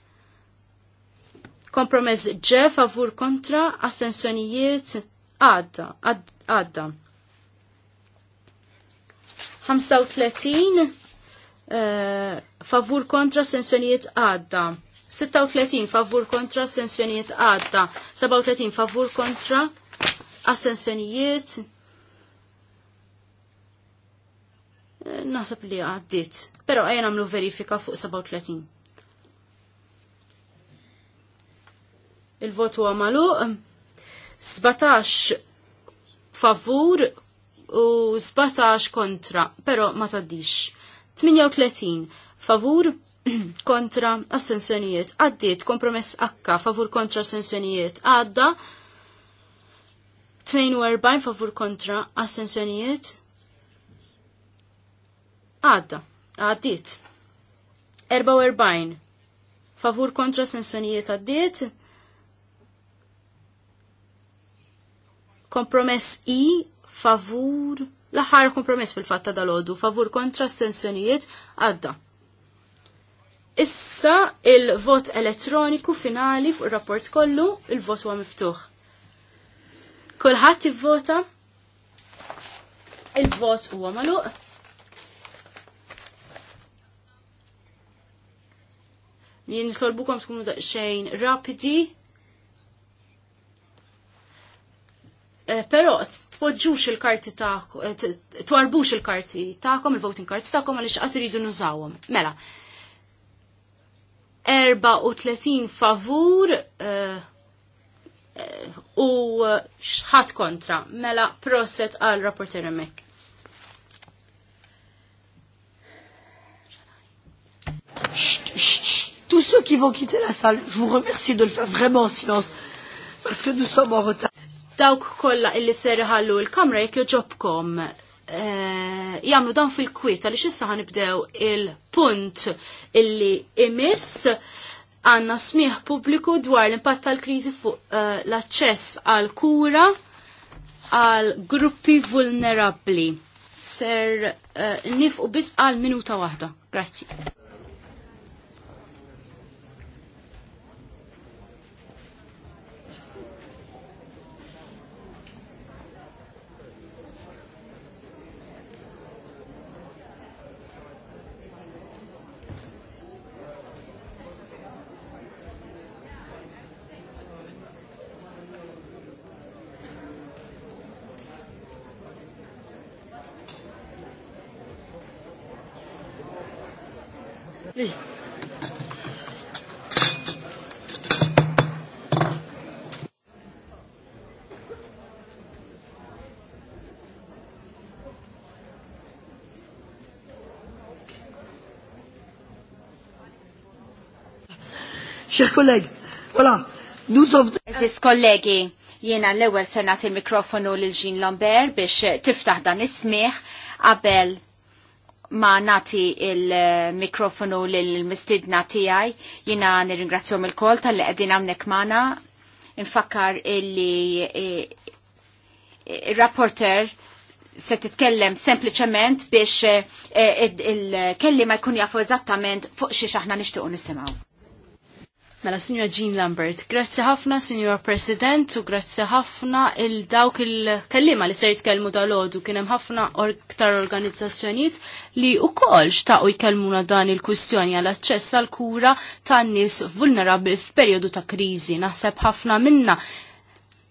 [SPEAKER 4] Kompromess G favur kontra astensjonijiet għadda. għadda. 35 eh, favur kontra astensjonijiet għadda. 36 favur kontra astensjonijiet għadda. 37 favur kontra assenzjonijiet. Eh, naħseb li għaddit, pero għajna għamlu verifika fuq 37. Il-votu għamalu 17 eh, favur u 17 kontra, pero ma taddix. 38 favur kontra assenzjonijiet, għaddiet kompromess akka favur kontra assenzjonijiet, għadda 42 favur kontra assenzjonijiet għadda, għaddit. 44 favur kontra assenzjonijiet għaddit. Kompromess I favur l-ħar kompromess fil-fatta dal-ħodu, favur kontra astensjonijiet għadda. Issa il-vot elettroniku finali fuq il-rapport kollu, il-vot huwa miftuħ. Kulħadd ivvota. Il-vot huwa magħluq. Jien nitolbukom tkunu daqsxejn rapidi. Eh, però tpoġġux il-karti eh, t-warbux il-karti tagħkom, il-voting karti tagħkom għaliex qatt iridu nużawhom. Mela, 34 favur, uh, u eh, xħat kontra. Mela proset għal rapporter emmek.
[SPEAKER 1] Tous ceux qui vont quitter la salle, je vous remercie de le faire vraiment en silence,
[SPEAKER 4] parce que nous sommes en retard. Dawk kolla illi serħallu il-kamra jek joġobkom eh, jamlu dan fil-kwita li xissa ħanibdew il-punt illi imiss għanna smieħ pubbliku dwar l-impatt tal-kriżi fuq uh, l-aċċess għal kura għal gruppi vulnerabli. Ser uh, nifqu bis għal minuta waħda. Grazzi.
[SPEAKER 2] Chers collègues, voilà, nous offrons... Aziz kollegi, jiena l-ewel senat il-mikrofonu l-ġin Lambert biex tiftaħ dan ismiħ qabel ma nati il-mikrofonu l-mistidna tijaj, jina nirringrazzjom il-kol tal-li għedin għamnek mana, nfakkar illi il-rapporter se titkellem sempliciment biex il-kelli ma jkun jafu eżattament fuq xie
[SPEAKER 4] xaħna nishtuqu nisimaw. Mela, Signora Jean Lambert, grazzi ħafna, Signora President, u grazzi ħafna il-dawk il-kellima li sejt kelmu dal-ħodu. Kienem ħafna or ktar organizzazzjoniet li u kol xtaqu jkellmuna dan il-kwistjoni għal aċċess għal kura tan nis vulnerabli f'periodu ta' krizi. Naħseb ħafna minna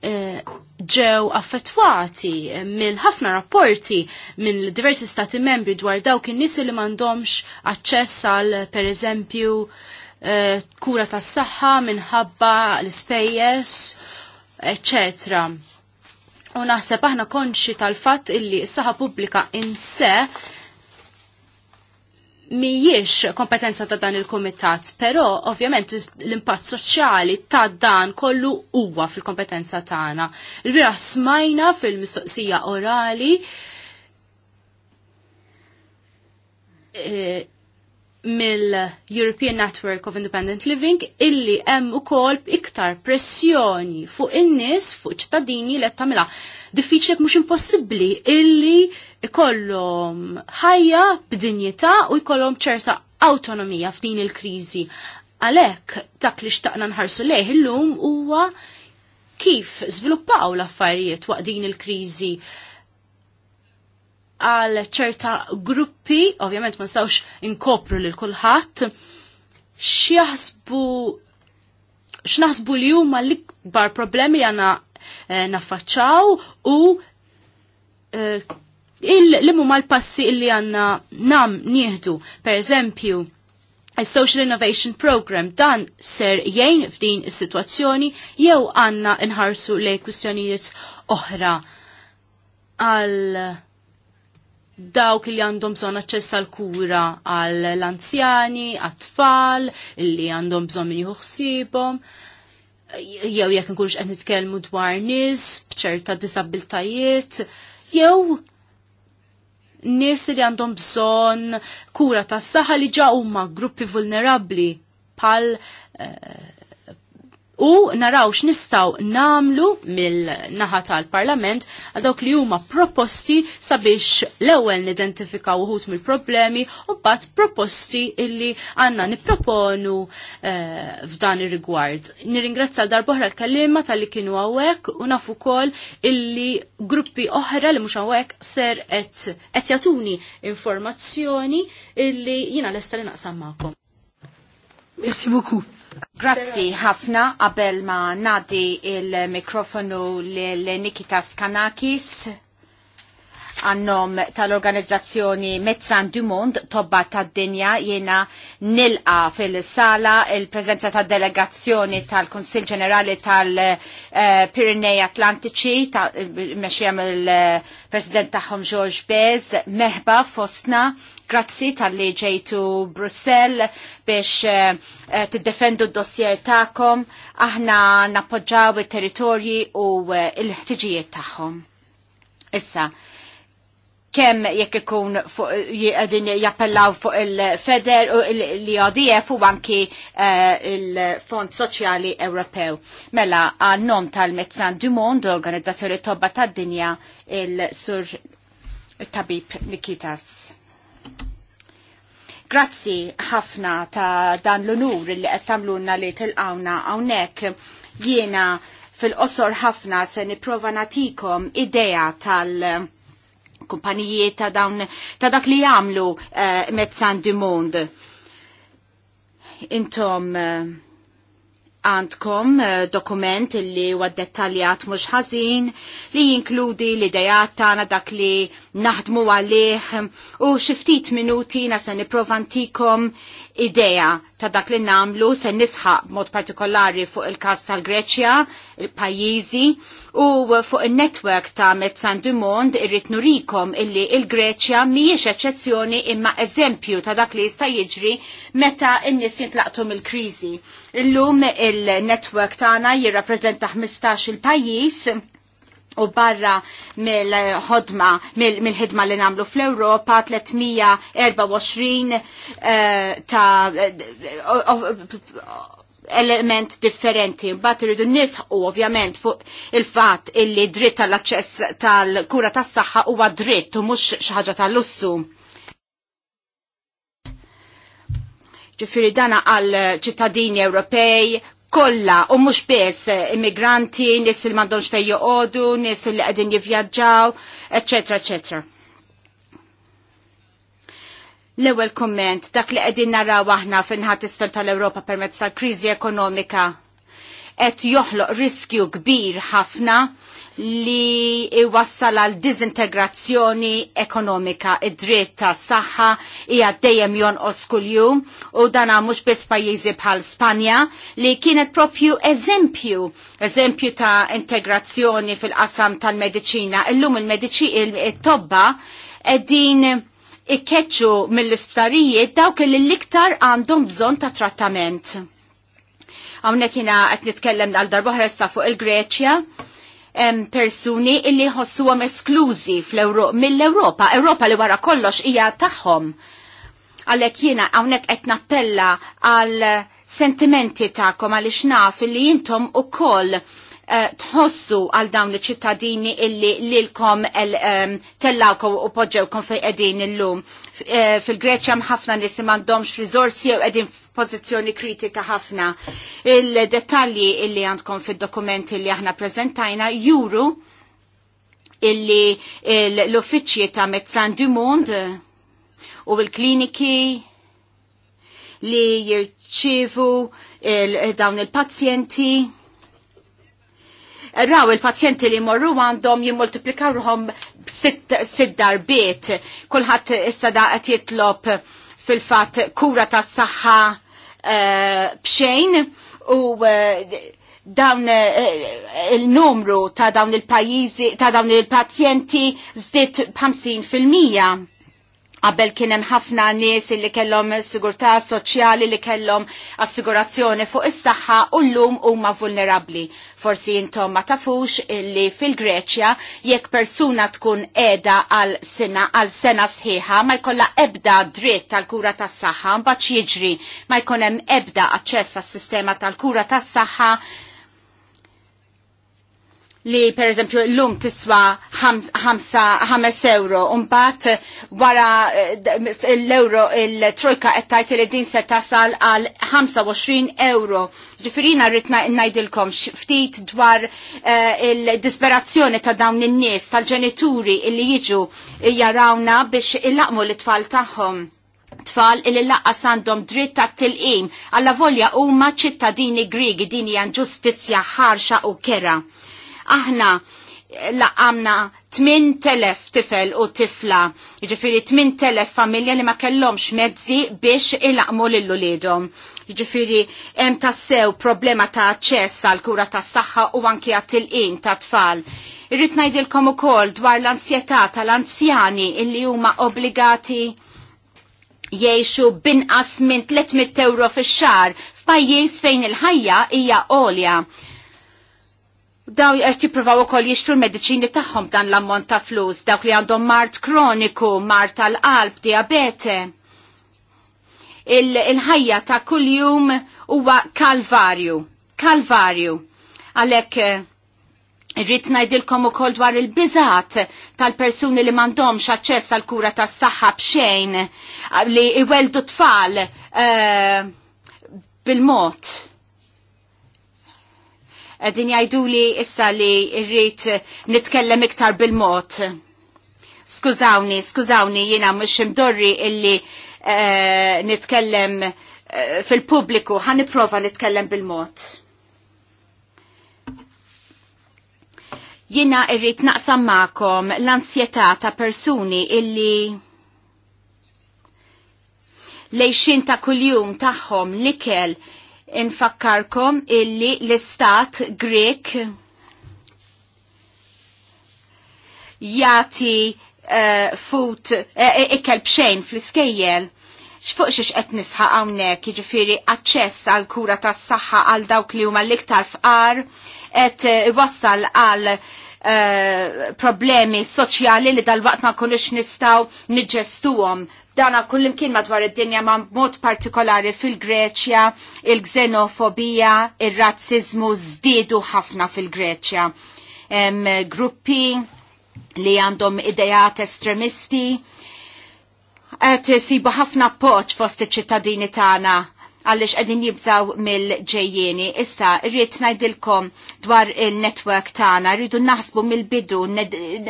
[SPEAKER 4] e, ġew affettwati mill ħafna rapporti minn diversi stati membri dwar dawk in-nies li m'għandhomx aċċess għal pereżempju Eh, kura tas saħħa minħabba l-spejjes, etc. U naħseb aħna konxi tal-fatt illi s-saħħa pubblika inse mijiex kompetenza ta' dan il-komitat, però ovvjament l-impatt soċjali ta' dan kollu huwa fil-kompetenza tagħna. Il-bira smajna fil-mistoqsija orali e, mill-European Network of Independent Living illi hemm ukoll iktar pressjoni fuq in-nies fuq ċittadini li qed tagħmilha diffiċli mhux impossibbli illi ikollhom ħajja b'dinjità u jkollhom ċerta autonomija f'din il-kriżi. Għalhekk dak li xtaqna nħarsu lejh illum huwa kif żviluppaw l-affarijiet waqt din il-kriżi. il il kriżi għal ċerta gruppi, ovvjament ma nistawx inkopru lil kulħadd, x'jaħsbu x'naħsbu li huma l-ikbar problemi għana għandna eh, u eh, il-li huma passi li għandna nam nieħdu. Per eżempju, Social Innovation Program dan ser jgħin f'din is-sitwazzjoni jew għanna nħarsu le kwistjonijiet oħra għal dawk li għandhom bżon aċċess għal kura għal l-anzjani, għat-tfal, li għandhom bżon minn juħsibom, jew jekk nkunx qed nitkellmu dwar nies b'ċerta disabbiltajiet, jew nis li għandhom bżon kura tas saħħa li ġaw huma gruppi vulnerabbli pal uh, eh, u naraw x'nistgħu namlu mill-naħa tal-Parlament għal dawk li huma proposti sabiex l-ewwel nidentifikaw uħut mill-problemi u mbagħad proposti illi għandna nipproponu eh, f'dan ir-rigward. Nirringrazzja darb'oħra l kelliema tal-li kienu hawnhekk u naf ukoll illi gruppi oħra li mhux hawnhekk ser qed jagħtuni informazzjoni illi jiena lesta li naqsam magħkom.
[SPEAKER 1] Merci beaucoup. Grazzi
[SPEAKER 4] ħafna qabel ma nadi
[SPEAKER 2] il-mikrofonu l-Nikita Skanakis għannom tal-organizzazzjoni Mezzan du Mond tobba tad dinja jena nilqa fil-sala il-prezenza ta' delegazzjoni tal-Konsil Ġenerali tal-Pirinei Atlantiċi ta' meċjem il-President eh, taħħom George Bez merħba fostna Grazzi tal-li ġejtu Brussell biex t eh, eh, tiddefendu d-dossier ta'kom, aħna nappoġġaw il-territorji u eh, il-ħtiġijiet tagħhom. Issa, kemm jekk ikun jgħadin jappellaw fuq il-Feder u l-IODF u anki il-Fond Soċjali Ewropew. Mela għal nom tal-Mezzan du Mond, organizzazzjoni tobba tad-dinja il-Sur Tabib Nikitas. Grazzi ħafna ta' dan l-unur li qed tagħmluna li tilqawna hawnhekk jiena fil-qosor ħafna se nipprova natikom idea tal- kumpanijiet ta' dawn ta' dak li jagħmlu uh, eh, Mezzan du mond. Intom uh, għandkom eh, dokument li huwa dettaljat mhux ħażin li jinkludi l dejat tagħna dak li naħdmu għalih u xi ftit minuti na se nipprovantikom idea ta' dak li namlu se nisħaq mod partikolari fuq il-kas tal-Greċja, il-pajjiżi u fuq il-netwerk ta' Mezzan Mond irrit nurikom illi il-Greċja miex eccezzjoni imma eżempju ta' dak li jista' jiġri meta n-nies jintlaqtu mill-kriżi. Illum il-netwerk tagħna jirrappreżenta 15 il-pajjiż u barra mill-ħodma, mill-ħidma li namlu fl-Europa, 324 eh, ta' eh, element differenti. Mbagħad iridu nisħu ovvjament fuq il-fatt illi dritt tal-aċċess tal-kura tas-saħħa huwa dritt u mhux xi ħaġa tal-lussu. Ġifieri dana għal ċittadini Ewropej kolla u mux bes immigranti, nis il mandonx fej joqodu, nis il għedin jivjaġġaw, etc. etc. L-ewel komment, dak li għedin naraw aħna finħat isfel tal-Europa permezz tal-krizi ekonomika, et joħloq riskju kbir ħafna li iwassal għal dizintegrazzjoni ekonomika. Id-dritt ta' saħħa hija dejjem jonqos kuljum u dana mhux biss pajjiżi bħal Spanja li kienet propju eżempju, eżempju ta' integrazzjoni fil-qasam tal-mediċina. Illum il medici il-tobba qegħdin ikkeċċu mill-isptarijiet dawk li l-iktar għandhom bżonn ta' trattament. Hawnhekk jiena qed nitkellem għal darba ħressa fuq il-Greċja persuni illi ħossuhom esklużi mill-Ewropa, Ewropa li wara kollox hija tagħhom. Għalhekk jiena hawnhekk qed nappella għal sentimenti tagħkom għaliex naf illi intom ukoll eh, tħossu għal dawn li ċittadini illi lilkom tellawkom u podġewkom fej edin illum. Eh, Fil-Greċja mħafna nisim għandhomx rizorsi u edin pozizjoni kritika ħafna. Il-detalji illi għandkom fil-dokumenti li aħna prezentajna juru illi l-uffiċji ta' Mezzan du Monde u l-kliniki li jirċivu dawn il-pazjenti raw il-pazjenti li morru għandhom jimmultiplikawhom sid sitt darbiet. Kulħadd issa da qed jitlob fil-fatt kura tas saħħa Eh, bxejn u eh, dawn eh, il-numru ta' dawn il-pajizi, ta' dawn il-pazjenti zdit 50 fil-mija Qabel kien hemm ħafna nies li kellhom sigurtà soċjali li kellhom assigurazzjoni fuq is-saħħa u llum huma vulnerabbli. Forsi intom ma tafux li fil-Greċja jekk persuna tkun qiegħda għal sena għal sena sħiħa ma jkollha ebda dritt tal-kura tas-saħħa mbagħad jiġri ma jkun hemm ebda aċċess għas-sistema tal-kura tas-saħħa li per eżempju l-lum tiswa 5 euro bat eh, wara eh, l-euro il-trojka għettajt li din se tasal għal 25 euro. Ġifirina rritna najdilkom ftit dwar eh, il-disperazzjoni ta' dawn in-nies tal-ġenituri illi jiġu jarawna biex illaqmu l-tfal tagħhom tfal illi laqqas għandhom dritt ta' til-im għalla volja huma ċittadini grigi din hija ġustizja ħarxa u kera Aħna laqamna 8,000 tifel u tifla, ġifiri 8,000 familja li ma kellomx mezzi biex ilaqmu l-lulidom. Ġifiri, hemm tassew problema ta' ċess għal kura ta' saħħa u anki għat il-in ta' tfal. Irrit najdilkom u kol dwar l-ansjetà tal-anzjani illi huma obbligati jiexu binqas minn 300 euro fix-xar f'pajjiż fejn il-ħajja hija għolja daw qed jippruvaw ukoll jixtru l-mediċini tagħhom dan l-ammont ta' flus, dawk li għandhom mart kroniku, mart tal-qalb, diabete. Il-ħajja ta' kuljum huwa kalvarju, kalvarju. Għalhekk eh, irrid najdilkom u dwar il-bizat tal-persuni li mandom aċċess għal kura tas saħħa bxejn li iweldu tfal uh, eh, bil mod din jajdu li issa li rrit nitkellem iktar bil-mot. Skużawni, skużawni, jina mux imdorri illi uh, nitkellem uh, eh, fil-publiku, għan niprofa nitkellem bil-mot. Jina irrit naqsam ma'kom l-ansjetà ta' persuni illi lejxin ta' kuljum taħħom likel infakkarkom illi l-istat Grek jati uh, eh, fut uh, eh, eh, ikkel bxejn fl-iskejjel. Xfuq xiex qed nisħa hawnhekk, jiġifieri aċċess għal kura tas-saħħa għal dawk li huma l-iktar fqar qed iwassal għal uh, problemi soċjali li dal-waqt ma kunux nistgħu niġġestuhom dana kullimkien madwar id-dinja ma' mod partikolari fil-Greċja, il xenofobija il-razzizmu żdiedu ħafna fil-Greċja. Gruppi li għandhom idejat estremisti, għet sibu ħafna poċ fost iċ-ċittadini tagħna għallix għedin jibżaw mill-ġejjeni. Issa, rrit najdilkom dwar il-network tana, rridu naħsbu mill-bidu,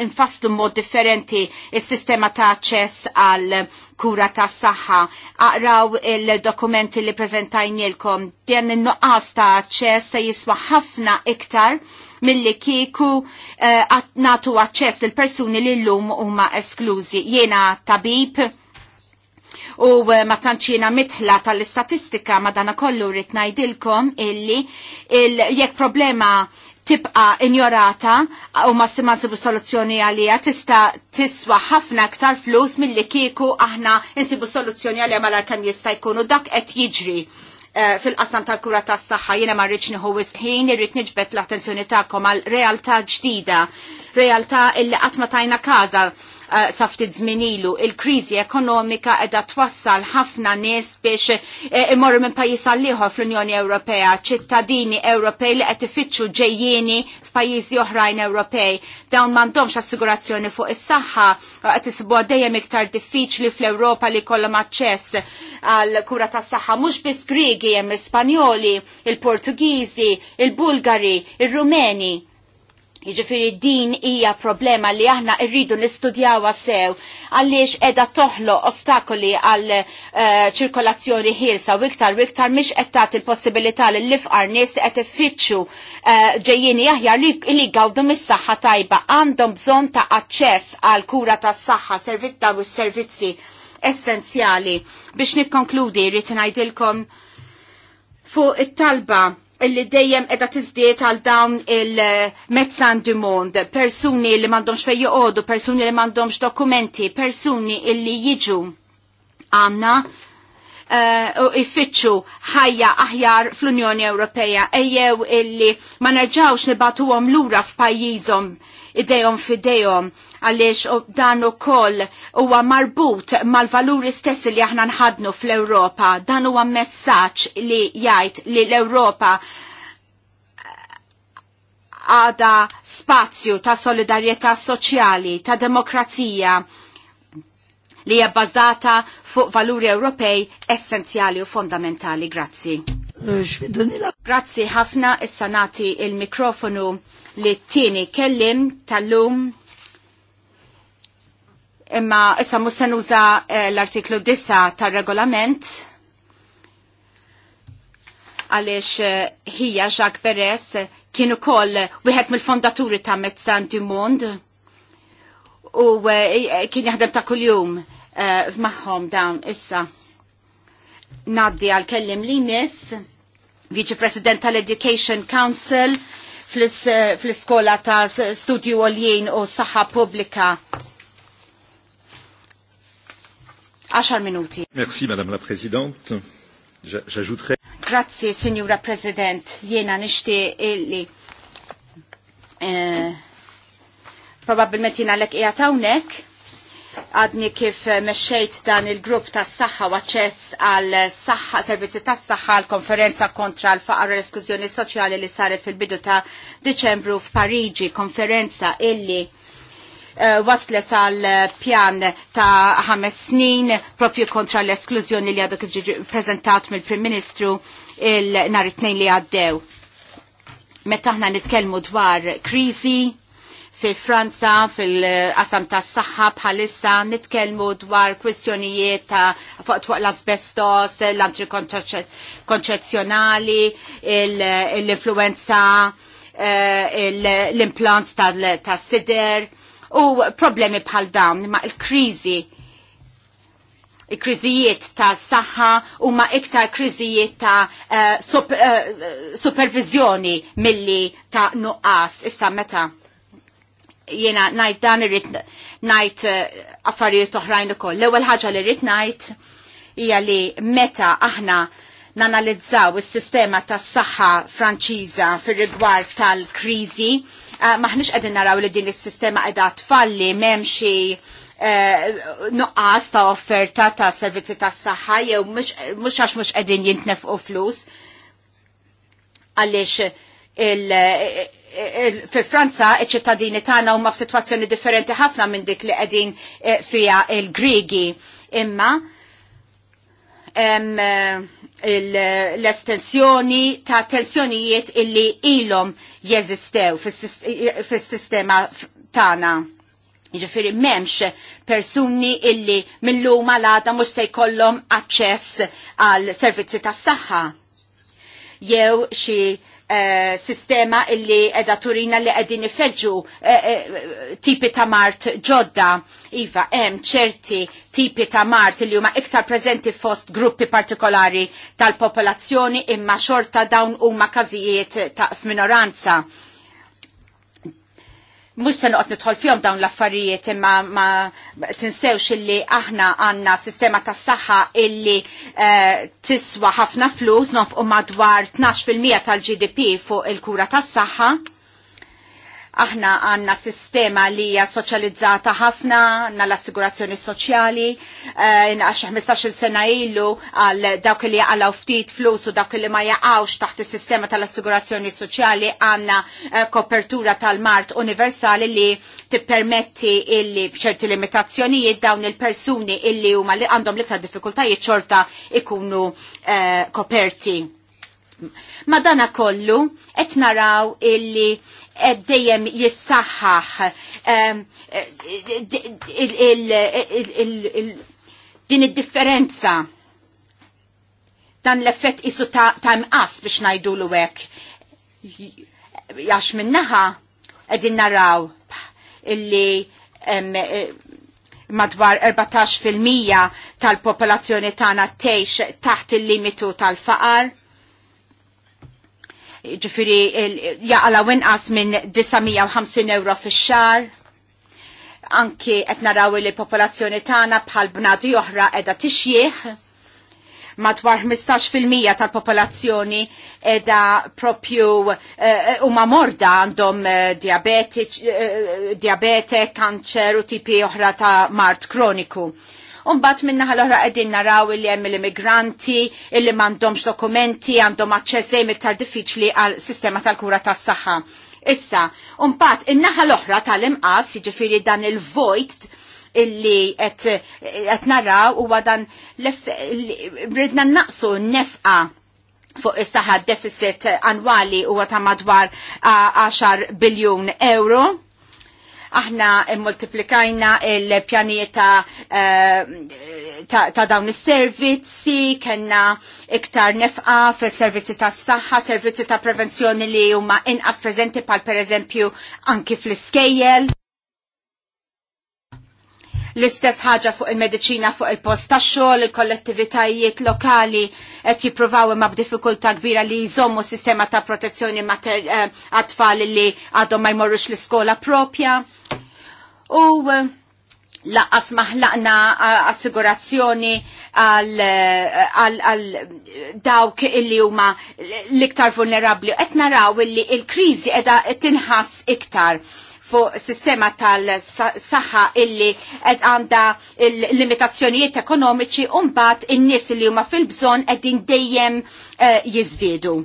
[SPEAKER 2] nfasslu mod differenti il-sistema ta' ċess għal kura ta' saħħa. Aqraw il-dokumenti li prezentajnilkom, dan il-nuqqas ta' ċess se jiswa ħafna iktar mill-li kiku uh, eh, natu għacċess l-persuni li l-lum huma esklużi. Jena tabib, u eh, ma tantxina mitħla tal-istatistika ma dana kollu rrit najdilkom illi jekk problema tibqa injorata u ma sima nsibu soluzzjoni għalija tista tiswa ħafna ktar flus mill-li kieku aħna insibu soluzzjoni għalija l-arkan jista' u dak qed jiġri eh, fil-qasam tal-kura tas-saħħa jiena ma rridx nieħu ħin irrid niġbed l-attenzjoni tagħkom għal realtà ġdida, realtà illi qatt ma tajna każa uh, eh, saftit zminilu. Il-krizi ekonomika edha twassal ħafna nies biex eh, imorru minn pajis għalliħor fl-Unjoni Ewropea, ċittadini Ewropej li qed ifittxu ġejjieni f'pajjiżi oħrajn Ewropej. Dawn m'għandhomx assigurazzjoni fuq is-saħħa qed isibuha dejjem iktar diffiċli fl-Ewropa li kollom aċċess għal kura tas-saħħa mhux biss Griegi hemm Ispanjoli, il-Portugiżi, il-Bulgari, ir-Rumeni. il portugiżi il bulgari rumeni Jiġifieri din hija problema li aħna rridu nistudjawha sew għaliex qiegħda toħlo ostakoli għal eh, ċirkolazzjoni ħielsa u iktar u iktar mhix qed tagħti l-possibilità li l-ifqar nies qed iffittxu eh, ġejjieni aħjar li gawdu mis-saħħa tajba għandhom bżonn ta' aċċess għal kura tas-saħħa servizza u s-servizzi essenzjali. Biex nikkonkludi rrid ngħidilkom fuq it-talba illi dejjem edha tizdiet għal dawn il-mezzan du mond, persuni li mandomx fej joqodu, persuni li mandomx dokumenti, persuni illi jiġu għanna eh, u uh, ifittxu ħajja aħjar fl-Unjoni Ewropea ejjew illi ma nerġawx nibatu għom lura f'pajjiżhom idejhom f'idejhom għaliex dan ukoll huwa marbut mal-valuri stessi li aħna nħadnu fl-Ewropa. Dan huwa messaġġ li jgħid li l-Ewropa għada spazju ta' solidarjetà soċjali, ta' demokrazija li hija bbażata fuq valuri Ewropej essenzjali u fondamentali. Grazzi. Grazzi ħafna issa nagħti il-mikrofonu li t-tieni kellim tal-lum Imma issa mhux se nuża eh, l-artiklu 10 tar-regolament għaliex eh, hija Jacques Beres eh, kien ukoll wieħed mill-fondaturi ta' Mezzan du Mond u kien jaħdem ta' kuljum f'magħhom dawn issa. Naddi għal kellim li miss, Vice President tal-Education Council fl-iskola ta' studju għoljien u saħħa publika 10 minuti. Merci, Madame la présidente. J'ajouterai. Grazie, Signora President. Jena nishti illi. Eh, probabilment jina l-ek ijatawnek għadni kif meċċejt dan il-grupp ta' s-saxħa waċċess għal saħħa servizzi ta' s-saxħa għal konferenza kontra l-faqar l eskuzjoni soċjali li saret fil-bidu ta' Deċembru f'Pariġi, konferenza illi Eh, waslet għal pjan ta' ħames snin propju kontra l-esklużjoni li għadu kif ġiġi prezentat mill-Prim Ministru il-nar it-tnejn li għaddew. Meta ħna nitkellmu dwar kriżi, fi Franza, fil-qasam ta' s-saxħa bħalissa, nitkelmu dwar kwestjonijiet ta' fuq l-asbestos, l-antri konċezzjonali, l-influenza, eh, l-implants ta' sider u problemi bħal dawn ma il-krizi kriżijiet ta' saħħa u ma' iktar kriżijiet ta' uh, sup, uh, supervizjoni milli ta' nuqqas issa meta jena najt dan irrit najt uh, affarijiet oħrajn ukoll. L-ewwel ħaġa li rrit najt hija li meta aħna nanalizzaw is-sistema tas-saħħa Franċiża fir-rigward tal-kriżi Ah, maħniex qegħdin naraw li din is-sistema qiegħda tfalli m'hemm xi eh, nuqqas ta' offerta ta' servizzi tas saħħa jew mhux għax mhux qegħdin u flus. Għaliex fi Franza iċ-ċittadini tagħna huma f'sitwazzjoni differenti ħafna minn dik li qegħdin eh, fiha il-Griegi. Imma eh, l-estensjoni ta' tensjonijiet illi ilhom jeżistew fis-sistema tagħna. Ġifiri memx persuni illi mill-lum għal mux se jkollhom aċċess għal servizzi tas saħħa jew xie Eh, sistema illi edha turina li edin ifeġu eh, eh, tipi ta' mart ġodda. Iva, em ċerti tipi ta' mart li huma iktar prezenti fost gruppi partikolari tal-popolazzjoni imma xorta dawn huma każijiet ta' f'minoranza. minoranza mux se noqgħod fjom dawn l-affarijiet imma ma tinsewx illi aħna għandna sistema tas saħħa illi eh, tiswa ħafna flus nofqu madwar 12% tal-GDP fuq il-kura tas saħħa Aħna għanna sistema li hija soċjalizzata ħafna, għanna l-assigurazzjoni soċjali, eh, għax 15 il sena ilu għal dawk li jaqalgħu ftit flus u dawk li ma jaqgħux taħt is-sistema tal-assigurazzjoni soċjali għanna eh, kopertura tal-mart universali li tippermetti illi bċerti limitazzjonijiet dawn il-persuni illi huma li għandhom l-iktar diffikultajiet ċorta ikunu eh, koperti. Ma dana kollu, et naraw illi dejjem jissaħħaħ ehm, din id-differenza dan l-effett isu ta' imqas biex najdu l jax minnaħa edin naraw illi ehm, madwar 14% tal-popolazzjoni tagħna tgħix taħt il-limitu tal-faqar ġifiri jaqala winqas minn 950 euro fix xar anki qed naraw li popolazzjoni tagħna bħal bnadi oħra qiegħda tixjieħ madwar 15% tal-popolazzjoni edha propju eh, huma uh, morda għandhom uh, uh, diabete, kanċer u tipi oħra ta' mart kroniku. Umbat minna ħal-ohra għedin naraw li hemm l-immigranti, illi mandomx dokumenti, għandhom aċċess dejjem iktar diffiċli għal sistema tal-kura tas-saħħa. Issa, umbat in-naħa l-oħra tal-imqas, jiġifieri dan il-vojt illi qed naraw huwa dan ridna naqsu nefqa fuq is-saħħa deficit annwali huwa ta' madwar 10 biljun euro Aħna multiplikajna il-pjanijiet ta', eh, ta, ta dawn is-servizzi, kellna iktar nefqa fis-servizzi tas-saħħa, servizzi ta' prevenzjoni li huma inqas preżenti pal pereżempju anki fl-iskejjel. L-istess ħaġa fuq il-medicina fuq il-post tax-xogħol, il-kollettivitajiet lokali qed jippruvaw imma b'diffikultà kbira li jżommu sistema ta' protezzjoni mater eh, għat-tfal li għadhom ma jmorrux l-iskola propja. U eh, laqqas maħlaqna assigurazzjoni eh, għal dawk illi huma l-iktar vulnerabli. Qed naraw illi il-kriżi qiegħda tinħass iktar fuq sistema tal-saħħa illi qed għandha l-limitazzjonijiet ekonomiċi u mbagħad in-nies li huma fil-bżonn qegħdin dejjem eh, jiżdiedu.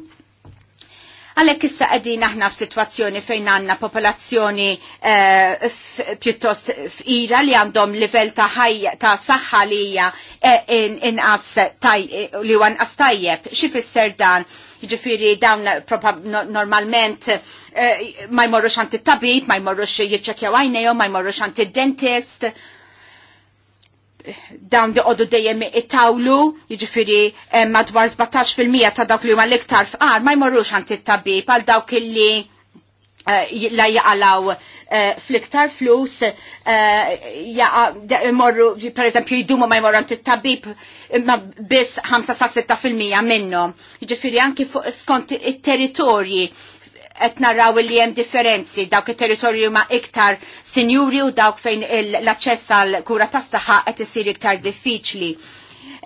[SPEAKER 2] Għalek issa għedin aħna f-situazzjoni fejn għanna popolazzjoni eh, pjuttost pjuttost ira li għandhom livell ta' ħajja ta' saħħa li hija eh, inqas li huwa inqas tajjeb. Xifisser dan? Ġifiri dawn normalment eh, ma jmorrux għant it-tabib, ma jmorrux jiċċekjaw għajnejo, ma jmorrux għant id-dentist dawn di għoddu dejjem it-tawlu, jġifiri eh, madwar 17% ta' dawk li huma l-iktar fqar, ma jmorrux għand it-tabib għal dawk li eh, la jgħalaw eh, fl-iktar flus, morru, per eżempju, jidumu ma jmorru għand it-tabib ma biss 5-6% minnom. Jiġifiri anki skont it-territorji qed naraw li hemm differenzi dawk it-territorju ma iktar sinjuri u dawk fejn l-aċċess għal kura tas-saħħa qed isir iktar diffiċli.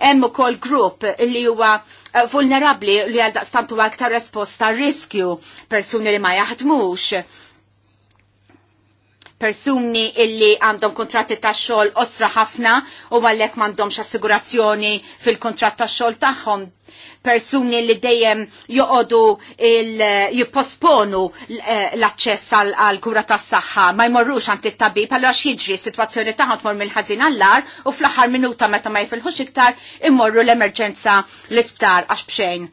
[SPEAKER 2] Hemm ukoll grupp li huwa eh, vulnerabbli li għal daqstant huwa iktar resposta riskju persuni li ma jaħdmux persuni illi għandhom kontratti ta' xol osra ħafna u għallek m'għandhomx assigurazzjoni fil-kontrat ta' xol tagħhom persuni li dejjem joqodu jipposponu eh, l-aċċess għal kura tas saħħa ma jmorrux għandi t tabib allura x'jiġri sitwazzjoni tagħhom tmor mill-ħażin għall għar u fl-aħħar minuta meta ma jfilħux iktar immorru l-emerġenza l-isptar għax bxejn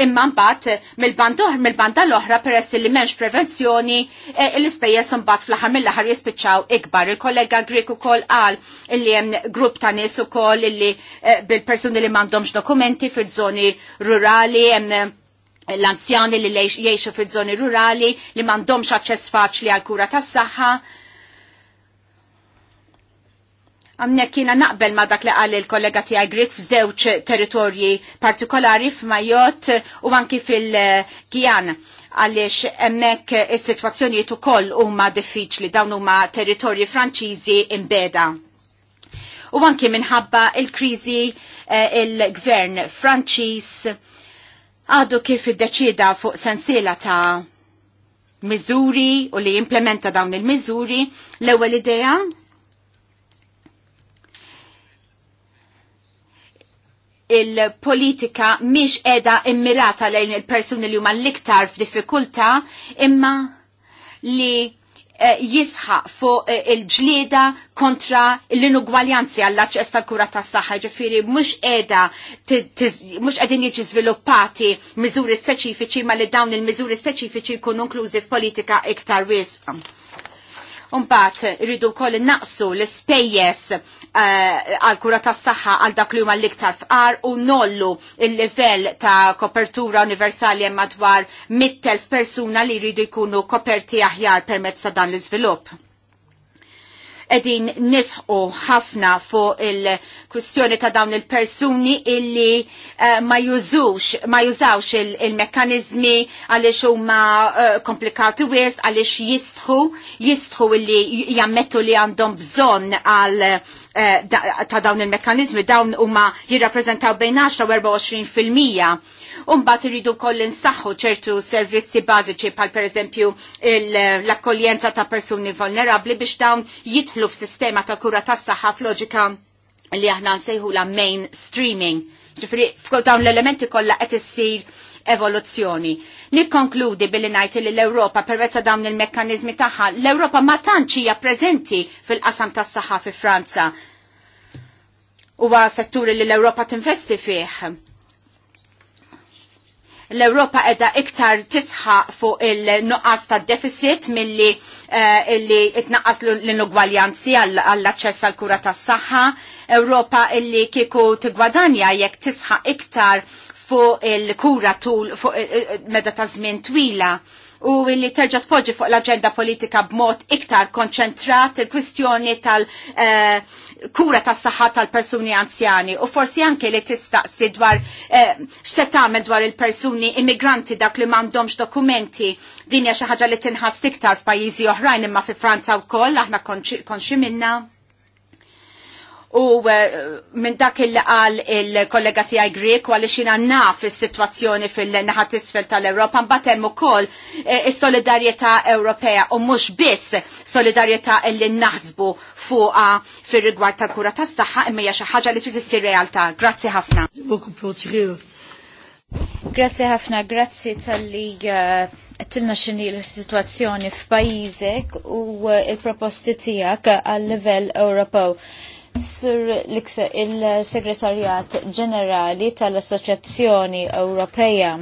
[SPEAKER 2] imma mbagħad mill mill-banda l-oħra peress li m'hemmx prevenzjoni eh, l-ispejjeż imbagħad fl-aħħar mill-aħħar jispiċċaw ikbar. Il-kollega Grek ukoll qal illi hemm grupp ta' nies ukoll illi eh, bil-persuni li m'għandhomx dokumenti fiż-żoni rurali hemm eh, l-anzjani li jiexu fi żoni rurali li mandomx aċċess faċli għal kura tas saħħa Għamnek kiena naqbel ma dak li għalli l-kollega ti għagrik f'żewċ territorji partikolari f'Majot u anki fil-Gijan għalix emmek il-situazzjoniet u koll huma diffiċli dawn huma territorji franċiżi imbeda. U anki minħabba il-krizi eh, il-gvern franċiż għadu kif id-deċida fuq sensila ta' miżuri u li implementa dawn il-miżuri l-ewwel idea il-politika miex edha immirata lejn il-persuni li huma l-iktar f'diffikultà imma li eh, jisħa fuq eh, il-ġlieda kontra l-inugwaljanzi għall-aċċess tal-kura tas-saħħa, ġifieri mhux qiegħda mhux qegħdin jiġi żviluppati miżuri speċifiċi ma li dawn il-miżuri speċifiċi jkunu inklużi f'politika iktar wisq. Umbat rridu koll naqsu l-spejjes eh, għal kura tas saħħa għal dak li huma l-iktar fqar u nollu il-livell ta' kopertura universali madwar mittelf persuna li jridu jkunu koperti aħjar permezz ta' dan l-iżvilupp edin nisħu ħafna fuq il-kwistjoni ta' dawn il-persuni illi eh, ma jużux, ma jużawx il-mekkanizmi għalix huma eh, komplikati wis, għalix jistħu, jistħu illi jammettu li għandhom bżon għal eh, ta' dawn il-mekkanizmi, dawn huma jirrappreżentaw bejn 10 u 24 fil-mija Umbat irridu koll insaħħu ċertu servizzi bażiċi pal per eżempju l-akkoljenza ta' persuni vulnerabli biex dawn jitħlu f'sistema ta' kura tas saħħa f'loġika li aħna nsejħu la mainstreaming. Ġifri, dawn l-elementi kollha qed issir evoluzzjoni. Nikkonkludi billi ngħid li l-Ewropa permezz dawn il-mekkaniżmi tagħha, l-Ewropa ma tantx hija preżenti fil-qasam tas-saħħa fi Franza. Huwa setturi li l-Ewropa tinvesti fih l-Europa edha iktar tisħa fuq il-nuqqas ta' deficit milli eh, illi itnaqqas l-inugwaljanzi għall-aċċess għal kura tas saħħa Europa illi kieku gwadanja jekk tisħa iktar fuq il-kura tul fuq eh, eh, meda ta' żmien twila u illi terġa tpoġġi fuq l-agenda politika b'mod iktar konċentrat il-kwistjoni tal- uh, kura tas saħħa tal-persuni anzjani u forsi anke li tistaqsi dwar eh, x'se tagħmel dwar il-persuni immigranti dak li m'għandhomx dokumenti din hija xi ħaġa li tinħass iktar f'pajjiżi oħrajn imma fi Franza wkoll aħna konxi minna. U eh, minn dak il qal il-kollega tiegħi Grek għal xina naf is-sitwazzjoni fil-naħat isfil tal europa mbagħad hemm ukoll eh, is solidarieta Ewropea u mhux biss solidarjetà li naħsbu fuqa fir-rigward tal-kura tas-saħħa imma hija xi ħaġa li trid issir realtà. Grazzi ħafna. Grazzi ħafna, grazzi tal-li għattilna eh, xini l-situazzjoni f'pajizek
[SPEAKER 3] u il-proposti tijak għal-level Ewropew. Sur il-Segretarjat Ġenerali tal-Assoċjazzjoni Ewropeja.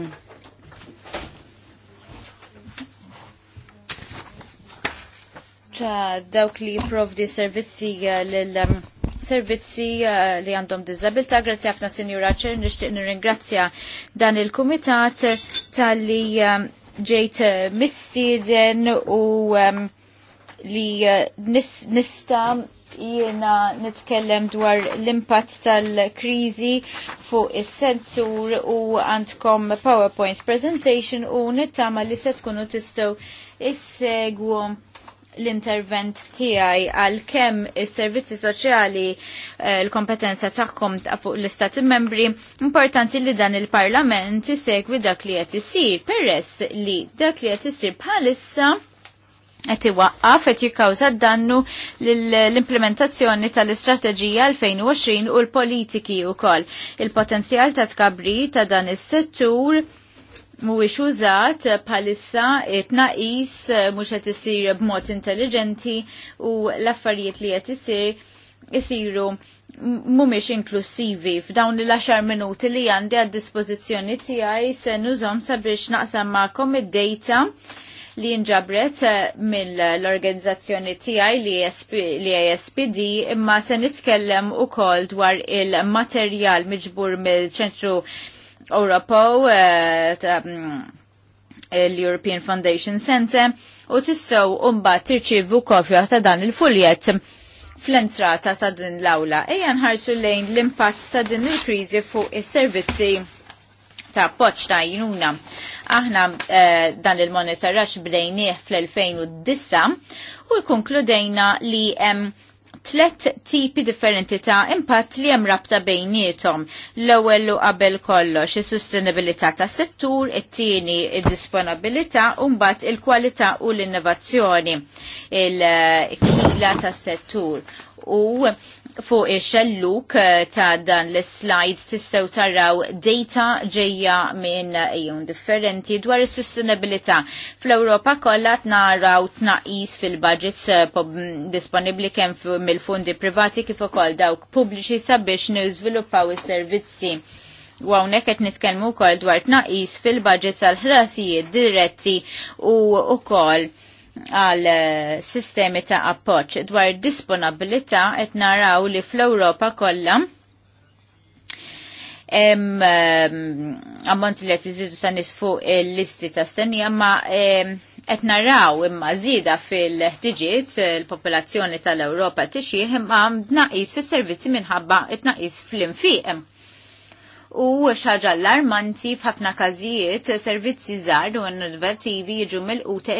[SPEAKER 3] ta' dawk li jiprovdi servizzi eh, lil um, servizzi eh, li għandhom dizabilta. Grazzi ħafna Sinjura Ċer, nishtiq nirringrazzja dan il-Kumitat tal-li um, ġejt eh, mistieden u um, li nista' jiena nitkellem dwar l-impatt tal-krizi fuq is-sensur u għandkom PowerPoint presentation u nittama li se tkunu tistgħu issegwu l-intervent tiegħi għal kemm is-servizzi soċjali eh, l-kompetenza tagħhom fuq l-istati membri importanti li dan il-Parlament isegwi dak li qed isir peress li dak li qed isir bħalissa qed iwaqqaf qed jikkawża dannu l-implementazzjoni tal-istrateġija 2020 u l-politiki wkoll. Il-potenzjal ta' tkabri ta' dan is-settur mhuwiex użat bħalissa tnaqis mhux qed isir b'mod intelligenti u l-affarijiet li qed isir isiru mhumiex inklusivi f'dawn l-10 minuti li għandi għad dispożizzjoni tiegħi se nużhom sabiex naqsam magħkom id-data li nġabret eh, mill-organizzazzjoni tiegħi li ASPD imma se nitkellem ukoll dwar il-materjal miġbur mill-ċentru Europo eh, mm, l-European Foundation Center u tistgħu mbagħad tirċievu kopja ta' dan il-fuljet fl-entrata ta' din l-awla. Ejja nħarsu lejn l-impatt ta' din il-kriżi fuq is-servizzi ta' poċ ta' jinuna. Aħna eh, dan il-monitoraċ bdejnieh fl-2009 u jkunkludejna li hemm tlet tipi differenti ta' impatt li hemm rabta bejnietom. L-ewwel u qabel kollox is-sustenibilità ta' settur, it-tieni id-disponibilità u mbagħad il-kwalità u l-innovazzjoni il-kila ta' settur. U fuq ix-xelluk eh, ta' dan l-slides tistgħu taraw data ġejja minn ejjun differenti dwar is-sustenabilità. Fl-Ewropa kollha naraw tnaqis fil-budgets eh, disponibbli kemm mill-fondi privati kif ukoll dawk pubbliċi sabiex niżviluppaw is-servizzi. U hawnhekk qed nitkellmu wkoll dwar tnaqis fil-budgets għall ħlasijiet diretti u wkoll għal eh, sistemi ta' appoċ dwar disponabilità et naraw li fl-Europa kollha hemm ammont li qed iżidu ta' nisfu l listi ta' stennija ma qed naraw imma żieda fil ħtiġijiet il-popolazzjoni tal-Ewropa tixjih imma naqis fis-servizzi minħabba tnaqis fl-infiq u xaġa allarmanti f'ħafna każijiet servizzi żgħar u innovattivi jiġu mill-quta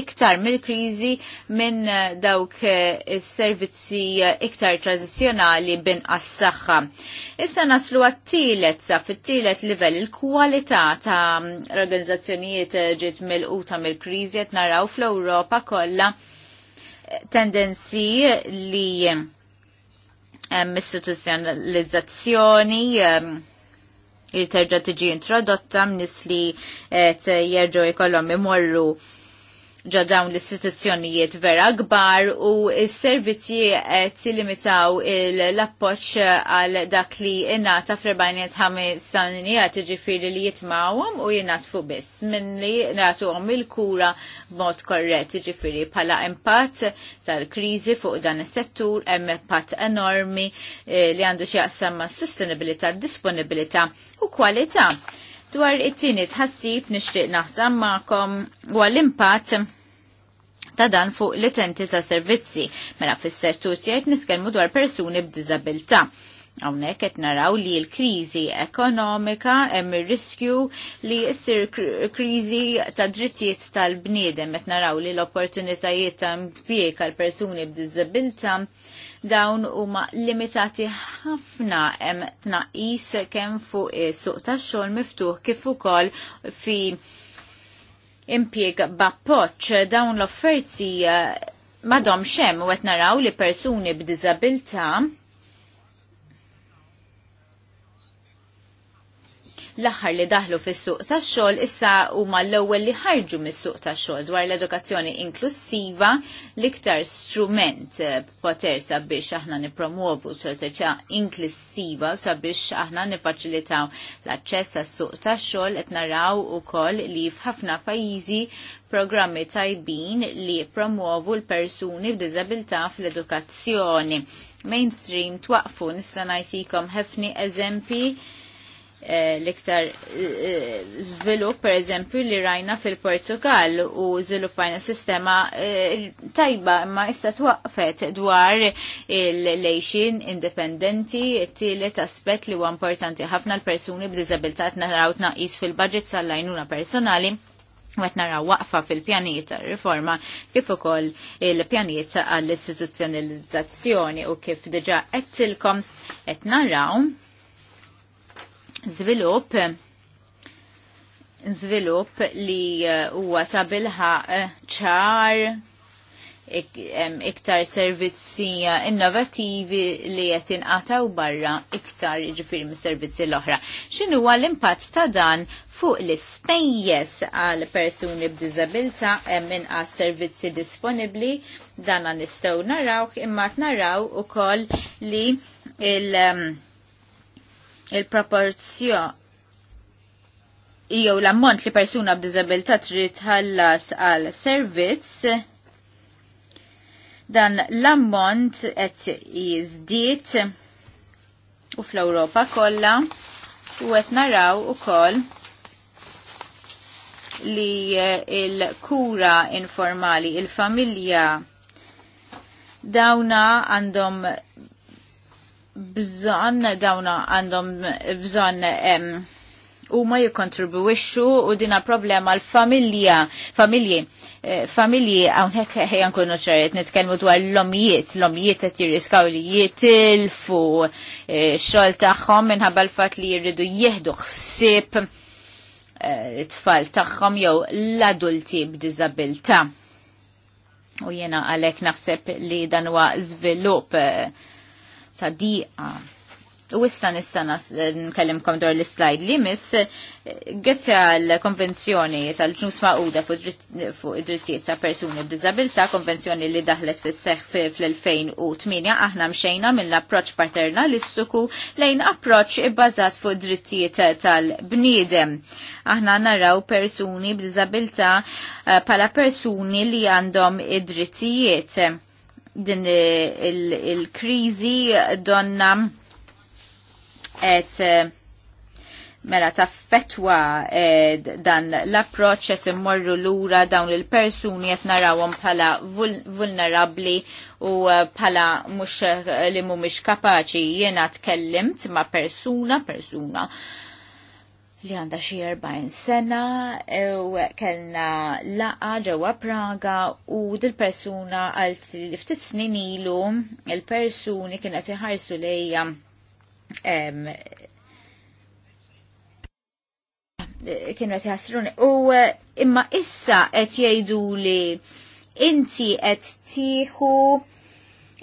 [SPEAKER 3] iktar mill-kriżi minn eh, dawk eh, is-servizzi eh, iktar tradizzjonali binqas saħħa. Issa naslu għat-tielet sa fit-tielet livell il-kwalità ta' organizzazzjonijiet ġiet mill-quta mill-kriżi qed naraw fl-Ewropa kollha tendenzi li um, istituzjonalizzazzjoni um, li terġa tiġi introdotta mnis li jerġgħu jkollhom imorru ġa dawn l-istituzzjonijiet vera kbar u s-servizzi qed limitaw l-appoġġ għal dak li ingħata fl-40 ħames sanijat ġifieri li jitmawhom u jingħatfu biss minn li nagħtuhom il-kura b'mod korrett ġifiri bħala impatt tal-kriżi fuq dan is-settur hemm impatt enormi eh, li għandu x'jaqsam ma' sustenibilità, disponibilità u kwalità. Dwar it-tieni tħassib nixtieq naħsam ma'kom huwa l-impatt ta' dan fuq l itenti ta' servizzi. Mela fis-settur tiegħek nitkellmu dwar persuni b'diżabilità. Hawnhekk qed naraw li l-kriżi ekonomika hemm ir-riskju li ssir kriżi ta' drittijiet tal-bniedem qed naraw li l-opportunitajiet ta' impjieg għal persuni b'diżabilità dawn huma limitati ħafna hemm tnaqqis kemm fuq is-suq tax-xogħol miftuħ kif ukoll fi impjieg b'appoġġ dawn l-offerti eh, madhom xem u qed naraw li persuni b'diżabilità l-aħħar li daħlu fis-suq tax-xogħol issa huma l-ewwel li ħarġu mis-suq tax-xogħol dwar l-edukazzjoni inklusiva l-iktar strument eh, poter sabiex aħna nippromuovu sorteċa inklusiva u sabiex aħna nifaċilitaw l-aċċess għas-suq tax-xogħol qed naraw ukoll li f'ħafna pajjiżi programmi tajbin li promuovu l-persuni b'diżabilità fl-edukazzjoni mainstream twaqfu nista' ngħidilkom ħefni eżempi Eh, l-iktar
[SPEAKER 4] eh,
[SPEAKER 3] zvilup, per eżempju, li rajna fil-Portugal u zviluppajna sistema eh, tajba imma issa twaqfet dwar il-lejxin indipendenti, t tillet aspet li huwa importanti ħafna l-persuni b'diżabilitat naraw tnaqis fil-budget sal-lajnuna personali għet naraw waqfa fil-pjaniet riforma kif ukoll il-pjaniet għall-istituzzjonalizzazzjoni u kif diġa għettilkom għet naraw Zvilup Zvilup li uh, huwa ta' bilħa uh, ċar iktar servizzi uh, innovativi li qed inqataw barra iktar jiġifieri mis-servizzi l-oħra. X'inhu huwa l-impatt ta' dan fuq l-ispejjeż għal persuni b'diżabilità hemm inqas servizzi disponibbli dan nistgħu naraw imma naraw ukoll li il- um, il-proporzjon jew l-ammont li persuna b'diżabilità trid ħallas għal servizz dan l-ammont qed jiżdied u fl-Ewropa kollha u qed naraw ukoll li il-kura informali, il-familja dawna għandhom bżon dawna għandhom bżon u ma jikontribuixxu u dina problema l-familja, familji, eh, familji għawnek ħejan kunu ċarret, nitkelmu dwar l-omijiet, l-omijiet għet jirriskaw li jitilfu eh, xol taħħom minħabba l-fat li jirridu jihdu xsib eh, tfal taħħom jew l-adulti b'dizabilta. U jena għalek naħseb li dan huwa żvilupp uh, ta' diqa. U issa nissa nkellimkom dwar l slide li miss għetja għal konvenzjoni tal-ġnus maquda fuq id-drittijiet ta' persuni b'dizabilta, konvenzjoni li daħlet fis seħħ fl-2008, aħna mxejna mill-approċċ paternalistiku lejn approċċ bazat fuq id-drittijiet tal-bniedem. Aħna naraw persuni b'diżabilità bħala eh, persuni li għandhom id-drittijiet din il-krizi il donna et eh, mela ta' fetwa eh, dan l-approċ qed immorru lura dawn il-persuni qed narawhom bħala vul vulnerabbli u bħala eh, mhux li mhumiex kapaċi jiena tkellimt ma' persuna persuna li għanda xie 40 sena u kellna laqa ġewwa Praga u dil-persuna għalt li ftit snin ilu il-persuni kienet iħarsu lejja kienu qed jaħsruni u imma issa qed jgħidu li inti qed tieħu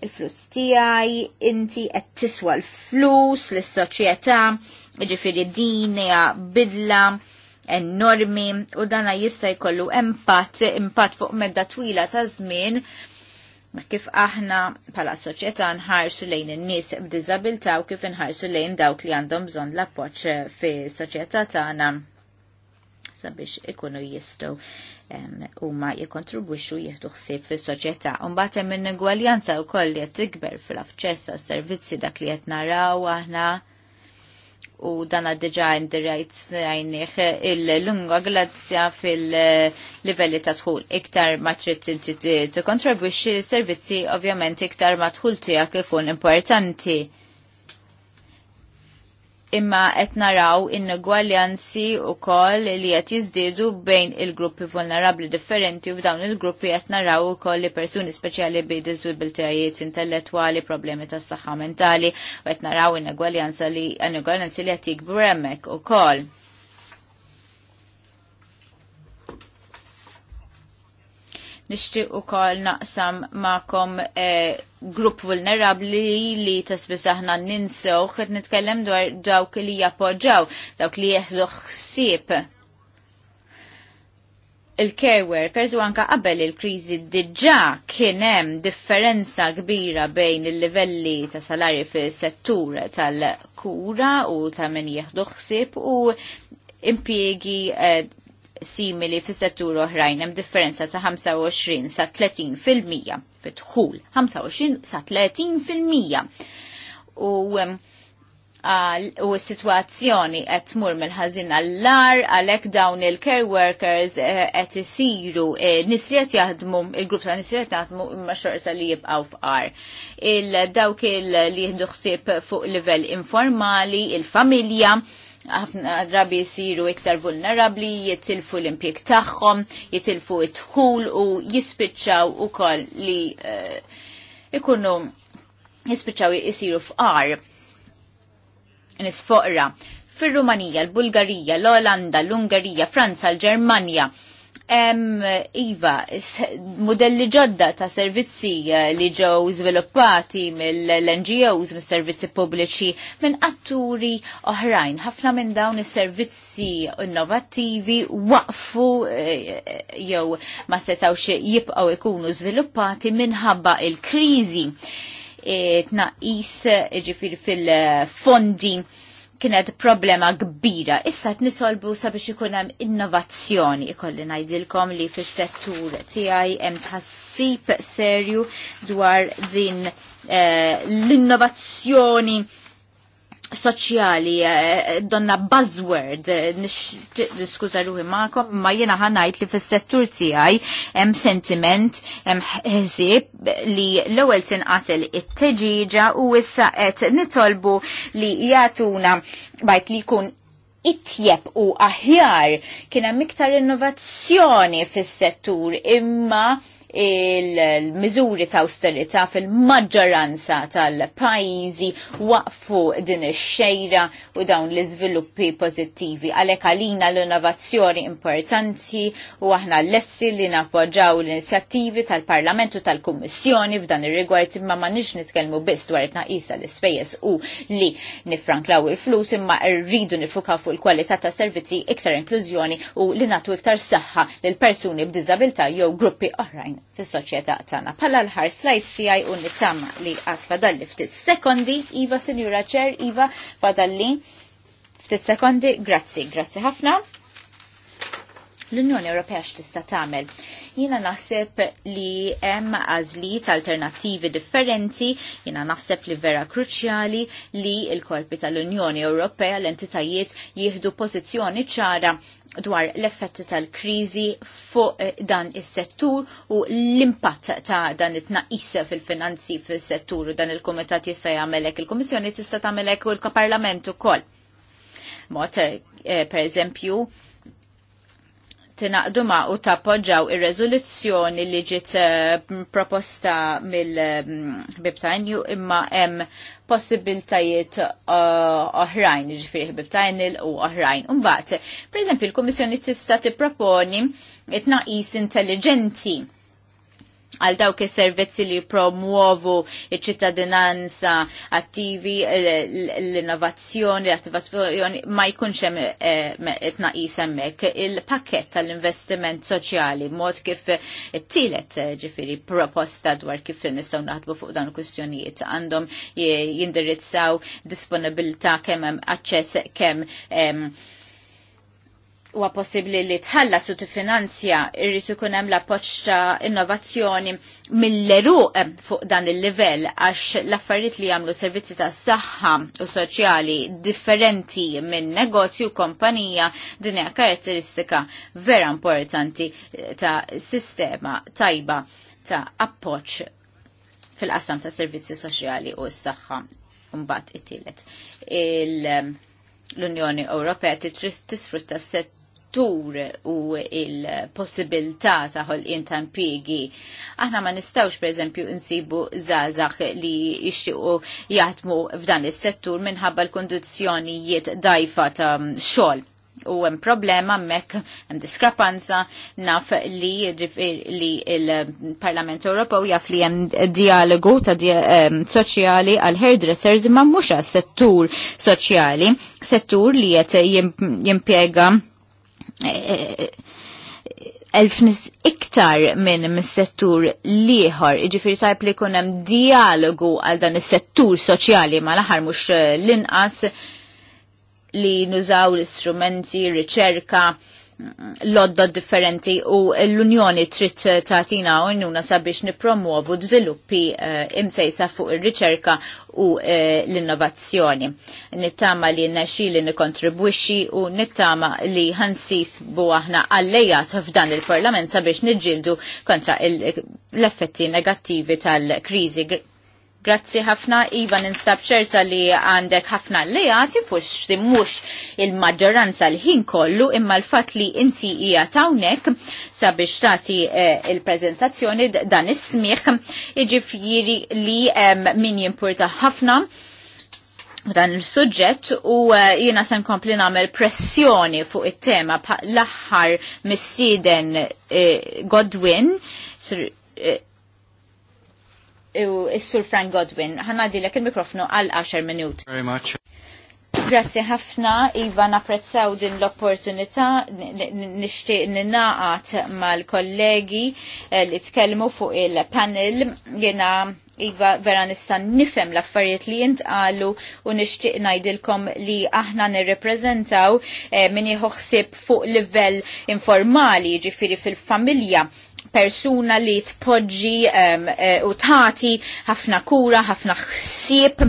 [SPEAKER 3] il-flus tiegħi, inti qed tiswa l-flus lis-soċjetà Ġifiri din hija bidla enormi u dana jista' jkollu impatt impatt fuq medda twila ta' żmien kif aħna pala soċjetà nħarsu lejn in-nies b'diżabilità u kif inħarsu lejn dawk li għandhom bżonn l-appoġġ fi soċjetà tagħna sabiex ikunu jistgħu huma jikkontribwixxu jieħdu ħsieb fis-soċjetà. Imbagħad hemm in gwaljanza wkoll li qed tikber fil afċessa għas-servizzi dak li qed naraw aħna u dan għaddeġa indirajt għajniħ il-lunga glazzja fil-livelli ta' tħul. Iktar ma trid kontribuċi kontribwixi servizzi ovvjament iktar ma tħul tijak ikun importanti imma qed naraw in-negwaljanzi wkoll li qed jiżdiedu bejn il-gruppi vulnerabbli differenti u f'dawn il-gruppi qed naraw ukoll li persuni speċjali bi disabilitajiet intellettwali, problemi tas saħħa mentali u qed naraw in-negwaljanza li n negwaljanzi li qed jikbru hemmhekk ukoll. u ukoll naqsam ma'kom eh, grupp vulnerabli li tasbis aħna u qed nitkellem dwar dawk li jappoġġaw, dawk li jeħdu ħsieb il-care workers u anka qabel il-kriżi diġà kien hemm differenza kbira bejn il-livelli ta' salari fis-settur tal-kura u ta' min jieħdu ħsieb u impjiegi eh, simili fis settur oħrajn hemm differenza ta' 25 sa 30 fil-mija fid-dħul 25 sa 30 fil-mija. U u s-situazzjoni qed tmur mill-ħażin għall-lar għalhekk dawn il-care workers eh, qed isiru eh, nies li qed jaħdmu il-grupp ta' nies li qed jaħdmu imma xorta li jibqgħu fqar. Il dawk il li jieħdu ħsieb fuq livell informali, il-familja, il familja ħafna drabi jisiru iktar vulnerabli, jitilfu l-impjeg tagħhom, jitilfu it-tħul u jispiċċaw ukoll li uh, ikunu jispiċċaw jisiru f'qar nisfoqra. Fir-Rumanija, l-Bulgarija, l-Olanda, l-Ungarija, Franza, l-Ġermanja, Em, iva, modelli ġodda ta' servizzi eh, li ġew żviluppati mill-NGOs, mill-servizzi pubbliċi, minn atturi oħrajn. Ħafna minn dawn is-servizzi innovattivi waqfu eh, jew ma setawx jibqgħu ikunu żviluppati minħabba il-kriżi eh, tnaqis ġifiri fil-fondi kienet problema kbira. Issa nitolbu sabiex ikun hemm innovazzjoni. Ikolli ngħidilkom li fis-settur tiegħi hemm tħassib serju dwar din eh, l-innovazzjoni soċjali, eh, eh, donna buzzword, eh, niskuza ruħi ma'kom, ma jena ħanajt li fil-settur tijaj, em sentiment, em ħzib li l-ewel tinqatel it-teġiġa u issa qed nitolbu li jatuna bajt li kun itjeb u aħjar kien hemm iktar innovazzjoni fis-settur imma il-miżuri ta' austerità fil-maġġoranza tal-pajjiżi waqfu din ix-xejra u dawn l-iżviluppi pożittivi. Għalhekk għalina l-innovazzjoni importanti u aħna lessi li nappoġġaw l-inizjattivi tal-Parlamentu tal-Kummissjoni f'dan ir-rigward imma ma nix nitkellmu biss dwar it l tal-ispejjeż u li nifranklaw il-flus imma rridu nifukaw fuq il-kwalità ta' servizzi iktar inklużjoni u li nagħtu iktar saħħa lil persuni b'diżabilità jew gruppi oħrajn fis-soċjetà tagħna. Palla l-ħar slide tiegħi u nittama li qatt fadalli ftit sekondi, Iva Sinjura Ċer, Iva fadalli ftit sekondi, grazzi, grazzi ħafna l-Unjoni Ewropea x'tista' tagħmel. Jiena naħseb li hemm għażliet alternattivi differenti, jiena naħseb li vera kruċjali li l-korpi tal-Unjoni Ewropea l-entitajiet jieħdu pożizzjoni ċara dwar l-effetti tal-kriżi fuq eh, dan is-settur u l-impatt ta' dan it-tnaqqis fil-finanzi fis-settur u dan il-Kumitat jista' jagħmelek, il-Kummissjoni tista' tagħmelek u l-Parlament ukoll. Mod, eh, per eżempju, tinaqdu ma' u tappoġġaw ir-reżoluzzjoni li ġiet eh, proposta mill-bibtajn mm, imma hemm possibiltajiet eh, oħrajn, ġifieri bibtajn u oħrajn. Imbagħad, pereżempju, il-Kummissjoni tista' tipproponi tnaqis intelligenti għal dawk is-servizzi li promuovu iċ-ċittadinanza attivi l-innovazzjoni, l-attivazzjoni ma jkunx hemm eh, tnaqis hemmhekk il-pakkett tal-investiment soċjali mod kif it-tielet eh, ġifieri proposta dwar kif nistgħu naħdmu fuq dan il-kwistjonijiet għandhom eh, jindirizzaw disponibilità kemm hemm aċċess kemm huwa possibbli li tħallas u tifinanzja irrid ikun hemm l-appoġġ ta' innovazzjoni mill-eruq fuq dan il-livell għax l-affarijiet li jagħmlu servizzi tas saħħa u soċjali differenti minn negozju kompanija din hija karatteristika vera importanti ta' sistema tajba ta' appoġġ fil-qasam ta' servizzi soċjali u s-saħħa mbagħad it-tielet. l-Unjoni Ewropea tisfrutta s-sett settur u il-possibilità ta' ħolqien ta' impjiegi. Aħna ma nistawx pereżempju insibu żgħażagħ li jixtiequ jaħdmu f'dan is-settur minħabba l-kondizzjonijiet dajfa ta' xogħol u hemm problema mek hemm diskrepanza naf li li il-Parlament Ewropew jaf li hemm dialogu ta' soċjali għal hairdressers imma mhux għas settur soċjali, settur li qed jimpjega jim elf nis iktar minn mis-settur liħor, iġifiri tajp li kunem dialogu għal dan is-settur soċjali ma laħar mux eh, l-inqas li nużaw l-istrumenti, riċerka, l-odda differenti u l-Unjoni trid tagħtina għajnuna sabiex nippromuovu dviluppi eh, imsejsa fuq ir-riċerka u eh, l-innovazzjoni. Nittama li n-naxi li nikontribwixi u nittama li ħansif bu aħna għallejat f'dan il-parlament sabiex nġildu kontra l-effetti negattivi tal-krizi. Grazzi ħafna, Iva ninsab ċerta li għandek ħafna alleati, fux li mux il-maġġoranza l-ħin kollu, imma l-fat li inti hija tawnek sabiex tati eh, il-prezentazzjoni dan is-smieħ, iġifjiri li min jimpurta ħafna dan il-sujġett u eh, jiena sen kompli namel pressjoni fuq it-tema l-aħħar missiden eh, Godwin, u s-sur Frank Godwin. Ħanadilek il-mikrofonu għal 10 minut. Very much. Grazie ħafna, Iva, napprezzaw din l-opportunità, nishtiq ninaqat mal-kollegi eh, li tkellmu fuq il-panel jena Iva vera nista nifem l-affarijiet li jintqalu u nixtieq ngħidilkom li aħna nirreprezentaw minni eh, min ħsieb fuq livell informali ġifiri fil-familja persuna li tpoġġi um, u tati ħafna kura, ħafna ħsieb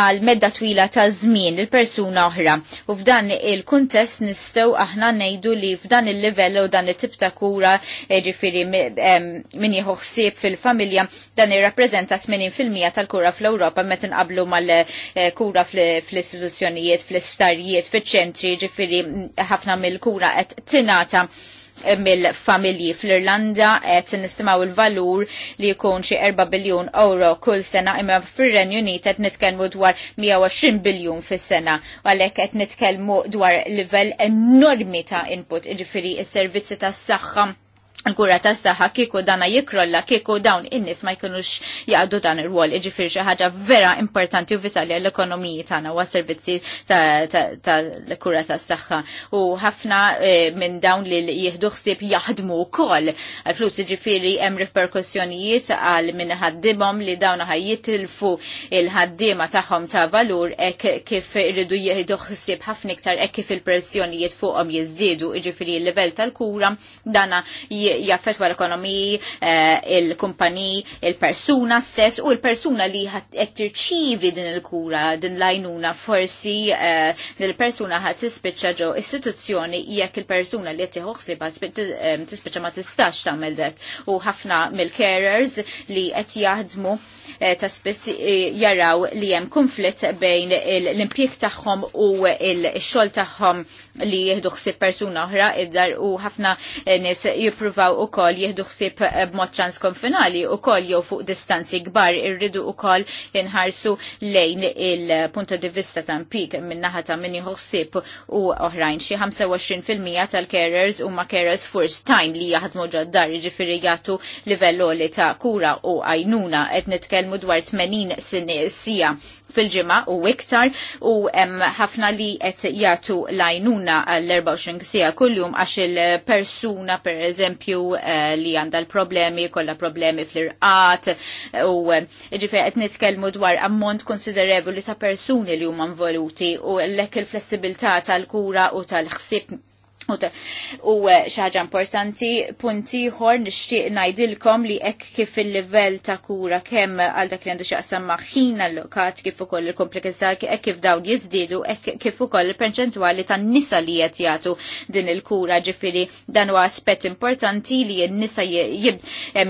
[SPEAKER 3] għal medda twila ta' żmien il-persuna oħra. U f'dan il-kuntest nistgħu aħna ngħidu li f'dan il-livell u dan it-tip ta' kura e, ġifieri min jieħu ħsieb fil-familja dan irrappreżenta 80% tal-kura fl-Ewropa meta nqablu mal-kura e, fl-istituzzjonijiet, fl-isptarijiet, fiċ-ċentri, ġifieri ħafna mill-kura qed tingħata mill-familji fl-Irlanda qed nistimaw il-valur li jkun xi 4 biljun euro kull sena imma fir-Renju Unit qed nitkellmu dwar 120 biljun fis-sena għalhekk qed nitkellmu dwar livell enormi ta' input, iġifiri s-servizzi tas-saħħa l-kura ta' saħħa kieku dana jikrolla kieku dawn innis ma jkunux jaqdu dan ir-rwol iġifieri xi ħaġa vera importanti u vitali għall-ekonomiji tagħna u għas-servizzi tal-kura ta' saħħa. U ħafna eh, minn dawn li jieħdu ħsieb jaħdmu wkoll għall-flus iġifieri hemm riperkussjonijiet għal minn ħaddimhom li dawn ħaj jitilfu il-ħaddiema tagħhom ta' valur hekk kif iridu jieħdu ħsieb ħafna iktar hekk kif il-pressjonijiet fuqhom jiżdiedu iġifieri l-livell tal-kura dana jaffetwa l-ekonomi, eh, il-kumpani, il-persuna stess u l-persuna li qed tirċivi din il-kura, din lajnuna forsi il eh, persuna ħat tispiċċa ġo istituzzjoni jekk il-persuna li qed tieħuħsibha eh, tispiċċa ma tistax tagħmel dek. U ħafna mill-carers li qed jaħdmu ta' spiss jaraw li hemm konflitt bejn l-impjieg tagħhom u l-xogħol tagħhom li jieħdu ħsieb persuna oħra id-dar u ħafna nis jippruvaw jippruvaw ukoll jieħdu ħsieb eh, b'mod transkonfinali ukoll jew fuq distanzi kbar irridu ukoll inħarsu lejn il-punto di vista ta' Mpik minnaħa naħa ta' min jieħu ħsieb u oħrajn xi 25% tal-carers huma carers first time li jaħdmu ġoddar jiġifieri jagħtu livell li ta' kura u għajnuna qed nitkellmu dwar 80 sija fil-ġimgħa u iktar u ħafna li qed jagħtu lajnuna għall-24 sija kuljum għax il-persuna pereżempju eh, li għandha l-problemi, kollha problemi fl-irqat u eh, ġifier qed nitkellmu dwar ammont konsiderevoli ta' persuni li huma involuti u l-lek il-flessibilità tal-kura u tal-ħsieb Dartmouth. U eh, xaġa importanti, punti ħor nishtiq najdilkom li ek kif il-level ta' kura kem għal dak li għandu xaqsam l-lokat kif ukoll il komplikazza ek kif dawn jizdidu, ek kif ukoll il-perċentuali ta' nisa li jett din il-kura ġifiri dan huwa aspett importanti li n-nisa jem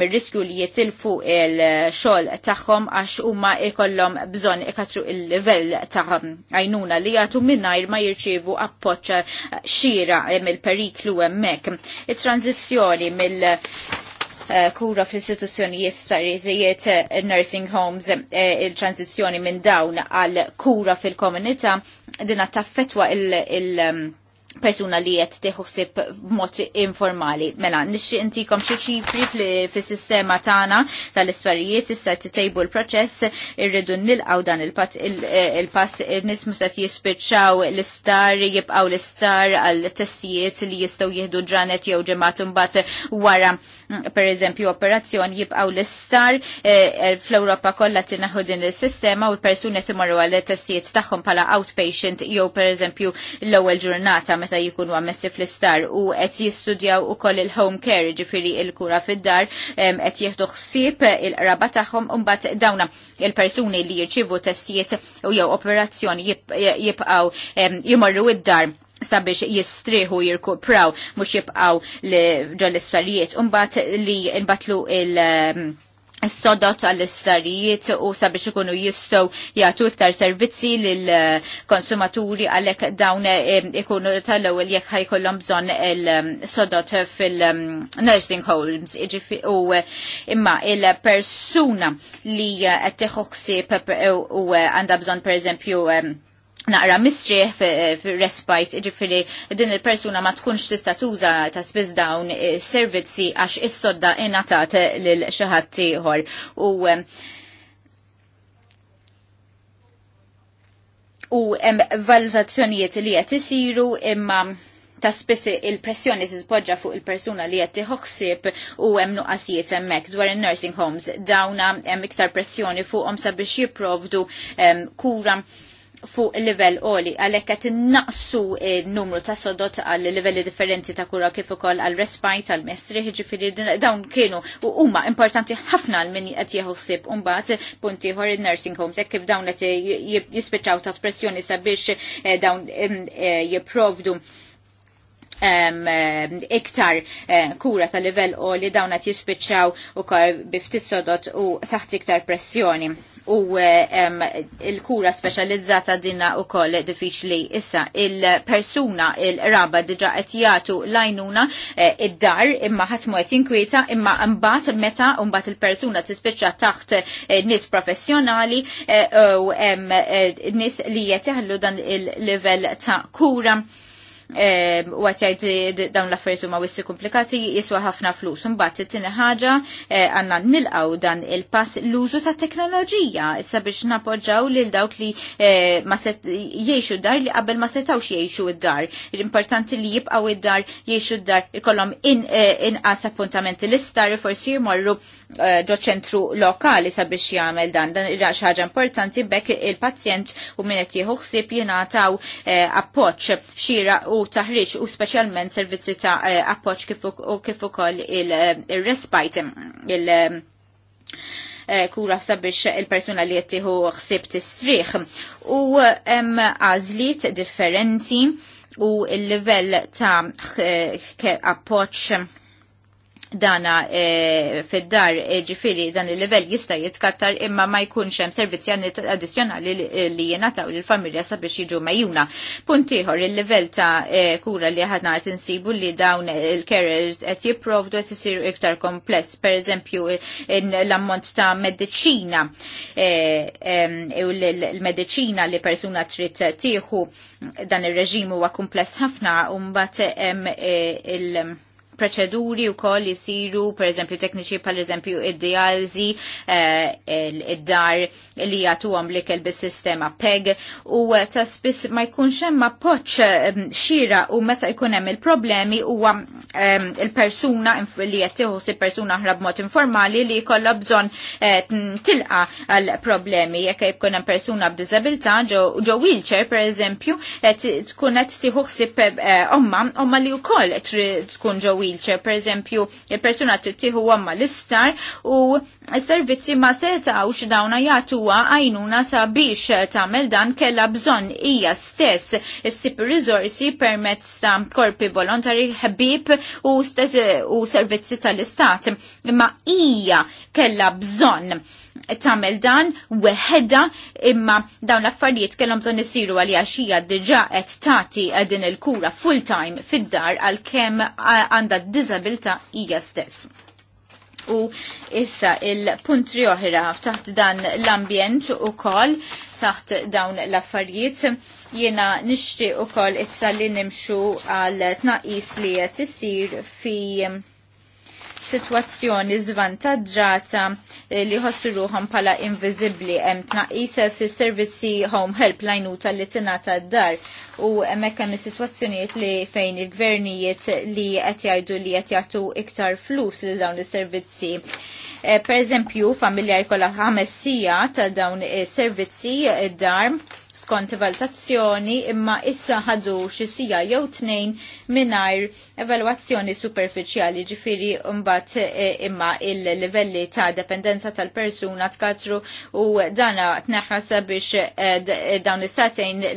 [SPEAKER 3] il-riskju li jitilfu il-xol taħħom għax huma ikollom bżonn ikatru il-level ta' għajnuna li jatu minnajr ma jirċivu appoċ xira eh, mill il-periklu hemmhekk. It-tranzizzjoni mill eh, kura fl-istituzzjonijiet stariżijiet eh, nursing homes eh, il-tranzizjoni minn dawn għal kura fil-komunità dina taffetwa il um, persuna li jett teħuħsib mot informali. Mela, nix intikom xie ċifri fil-sistema tana tal isfarijiet issa t-tejbu l-proċess, irridu nil-għaw dan il-pass, nismu musat jispiċċaw l-istar, jibqaw l-istar għal-testijiet li jistaw jihdu ġranet jew ġematum bat wara Mm. per eżempju operazzjoni jibqaw l-istar eh, eh, fl-Europa kollha tinaħu din il-sistema u l-persuni timorru għal testijiet tagħhom bħala outpatient jew per eżempju l-ewwel ġurnata meta jkunu ammessi fl-istar u qed jistudjaw ukoll il-home care ġifieri il-kura fid-dar qed jieħdu ħsieb il-qraba tagħhom u mbagħad dawna il-persuni li jirċivu testijiet u jew operazzjoni jibqaw jimorru id-dar sabiex jistriħu jirkupraw mux jibqaw li ġal-istarijiet unbat li nbatlu il- um, s-sodot għall-istarijiet u sabiex ikunu jistow jgħatu iktar servizzi lill-konsumaturi uh, għalek dawn um, ikunu tal ewwel il jekk ħajkollhom bżonn il-sodot um, fil-nursing homes u uh, imma il-persuna li uh, qed tieħu ħsieb u għandha bżonn pereżempju naqra mistrieħ fil-respite, ġifiri din il-persuna ma tkunx tista' tuża ta' spiss dawn eh, servizzi għax is-sodda ingħatat lil xi ħadd ieħor. U u hemm valutazzjonijiet li qed isiru imma ta' spiss il-pressjoni titpoġġa fuq il-persuna li qed tiħoħsib u hemm nuqqasijiet hemmhekk dwar in-nursing homes dawna hemm iktar pressjoni fuqhom sabiex jipprovdu kura fuq il-level oli, għalek għet naqsu il-numru ta' sodot għal livelli differenti ta' kura kif ukoll għal respite, għal mestri, ġifiri dawn kienu u huma importanti ħafna għal min qed jieħu ħsieb mbagħad punti ħor il-nursing homes hekk kif dawn qed jispiċċaw ta' pressjoni sabiex eh, dawn eh, jipprovdu Eh, iktar eh, kura tal livell u li dawn qed u ukoll biftit sodot u taħt iktar pressjoni. U eh, il-kura speċjalizzata dinna ukoll diffiċli issa il-persuna il-raba diġa qed jagħtu uh, id-dar imma ħatmu qed jinkwieta imma mbagħad meta mbagħad il-persuna tispiċċa taħt nies professjonali u nis li jeteħlu dan il-livell ta' kura u għatjajt dawn l-affarijiet huma wissi komplikati jiswa ħafna flus. Mbagħad it tini ħaġa eh, għandna nilqgħu dan il-pass l-użu ta' teknoloġija issa biex napoġġaw lil dawk li eh, ma set jgħixu dar li qabel ma setawx jgħixu id-dar. L-importanti li jibqgħu id-dar jgħixu id-dar ikollhom eh, inqas appuntamenti l-istar forsi jmorru ġo ċentru lokali sabiex jagħmel dan. Dan xi ħaġa importanti bekk il-pazjent u min qed jieħu ħsieb jingħataw appoġġ xira u u taħriġ u speċjalment servizzi ta' eh, appoġġ kif ukoll il-respite il, eh, eh, kura sabiex il-persuna li jettiħu xsib tisriħ u għazliet differenti u il-level ta' appoċ dana e, fid-dar e, ġifiri dan il-level jista jitkattar imma ma jkunx hemm servizzi addizzjonali li jingħataw lill-familja sabiex jiġu majjuna. Punt ieħor il-level ta' e, kura li ħadna qed insibu li dawn il-carers qed jipprovdu qed isiru iktar kompless, pereżempju l-ammont ta' mediċina e, e, u l-mediċina li persuna trid tieħu dan ir-reġim huwa kumpless ħafna u mbagħad hemm e, il- proċeduri u koll jisiru, per eżempju, tekniċi pal eżempju id-dialzi, eh, id-dar li jgħatu għamlik il-sistema PEG u eh, ta' spiss ma jkunx hemm poċ ehm, xira u meta jkun hemm il-problemi u ehm, il-persuna li qed tieħu persuna ħrab mod informali li jkollha bżonn eh, tilqa għal-problemi jekk jkun hemm persuna b'diżabilità ġo wheelchair per eżempju tkun qed tieħu omma, omma li wkoll tkun ġo wheelchair, per eżempju, il-persuna t-tiħu għamma l-istar u s-servizzi ma setawx dawna jatuwa għajnuna sabiex tamel dan kella bżon ija stess s-sip rizorsi permezz ta' korpi volontari ħbib u, u servizzi tal-istat. Ma ija kella bżon tamel dan weħeda imma dawn l-affarijiet kellhom bżonn isiru għal għaxija diġà qed tagħti din il-kura full time fid-dar għal kemm għandha d-diżabilità hija stess. U issa il-puntri oħra taħt dan l-ambjent u kol taħt dawn l-affarijiet jena nixti u kol issa li nimxu għal tnaqis li jtisir fi situazzjoni zvantaġġata eh, li ħossu pala invizibli hemm tnaqisa eh, fis-servizzi home help lajnuta li tingħata d-dar u hemmhekk hemm is-sitwazzjonijiet li fejn il-gvernijiet li qed jgħidu li qed jagħtu iktar flus lil dawn is-servizzi. Eh, per eżempju, familja jkollha ħames sija ta' dawn is-servizzi id-dar skont valutazzjoni imma issa ħadu xi sija jew tnejn mingħajr evalwazzjoni superfiċjali ġifieri mbagħad e, imma il-livelli ta' dependenza tal-persuna tkatru u dana tneħħas biex e, e, dawn is-satejn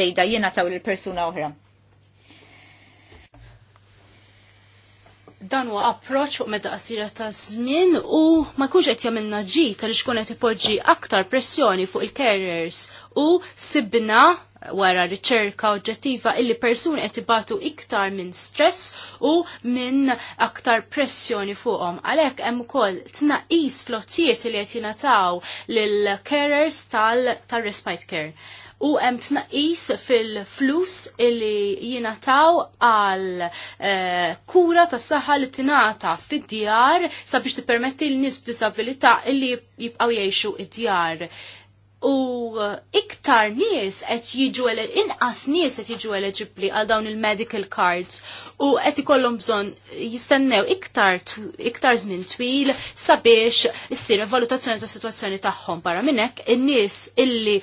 [SPEAKER 4] żejda jiena taw il-persuna oħra. dan huwa approċċ fuq meta qasira ta' żmien u ma jkunx qed jagħmilna ġid għaliex kun qed ipoġġi aktar pressjoni fuq il-carriers u sibna wara riċerka oġġettiva illi persuni qed ibatu iktar minn stress u minn aktar pressjoni fuqhom. Għalhekk hemm ukoll tnaqis flottijiet li qed jingħataw lil carers tal-respite care u hemm tnaqis fil-flus illi jingħataw għal eh, kura tas saħħa li tingħata fid-djar sabiex tippermetti l nies b'disabilità illi jibqgħu jgħixu id-djar u uh, iktar nies qed jiġu inqas nies qed jiġu eligibbli għal dawn il-medical cards u qed ikollhom bżonn jistennew iktar iktar żmien twil sabiex issir valutazzjoni ta' sitwazzjoni tagħhom barra minn hekk in-nies illi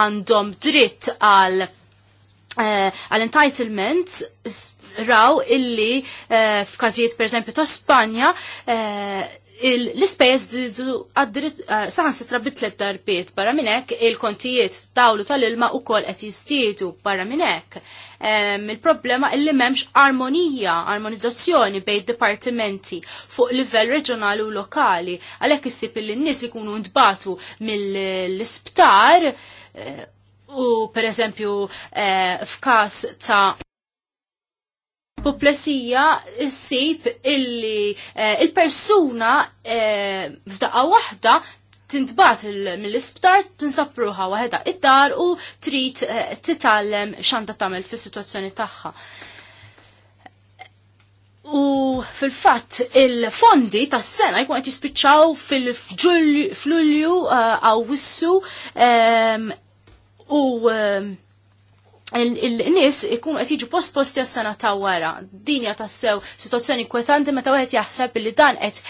[SPEAKER 4] għandhom dritt għal eh, għal entitlement raw illi eh, f'każijiet pereżempju ta' Spanja eh, l-ispejjeż eh, saħan sitra bitlet darbiet barra minnek il-kontijiet tawlu tal-ilma u kol qed jistietu barra minnek. Il-problema illi memx armonija, armonizzazzjoni bej dipartimenti fuq livell reġjonali u lokali, għalhekk issib li n-nies ikunu ntbatu mill-isptar eh, u per eżempju eh, f'każ ta' s-sip illi eh, il-persuna eh, f'daqqa waħda tintbat mill-isptar tinsapruħa waħda id-dar u trid eh, titgħallem x'għandha tagħmel fis-sitwazzjoni tagħha. U fil-fatt il-fondi tas sena jkun qed jispiċċaw fil-Lulju għaw Wissu ehm, u ehm, il-nis ikun qed jiġu posposti għas-sena ta' wara. Dinja tassew situazzjoni kwetanti meta wieħed jaħseb li dan qed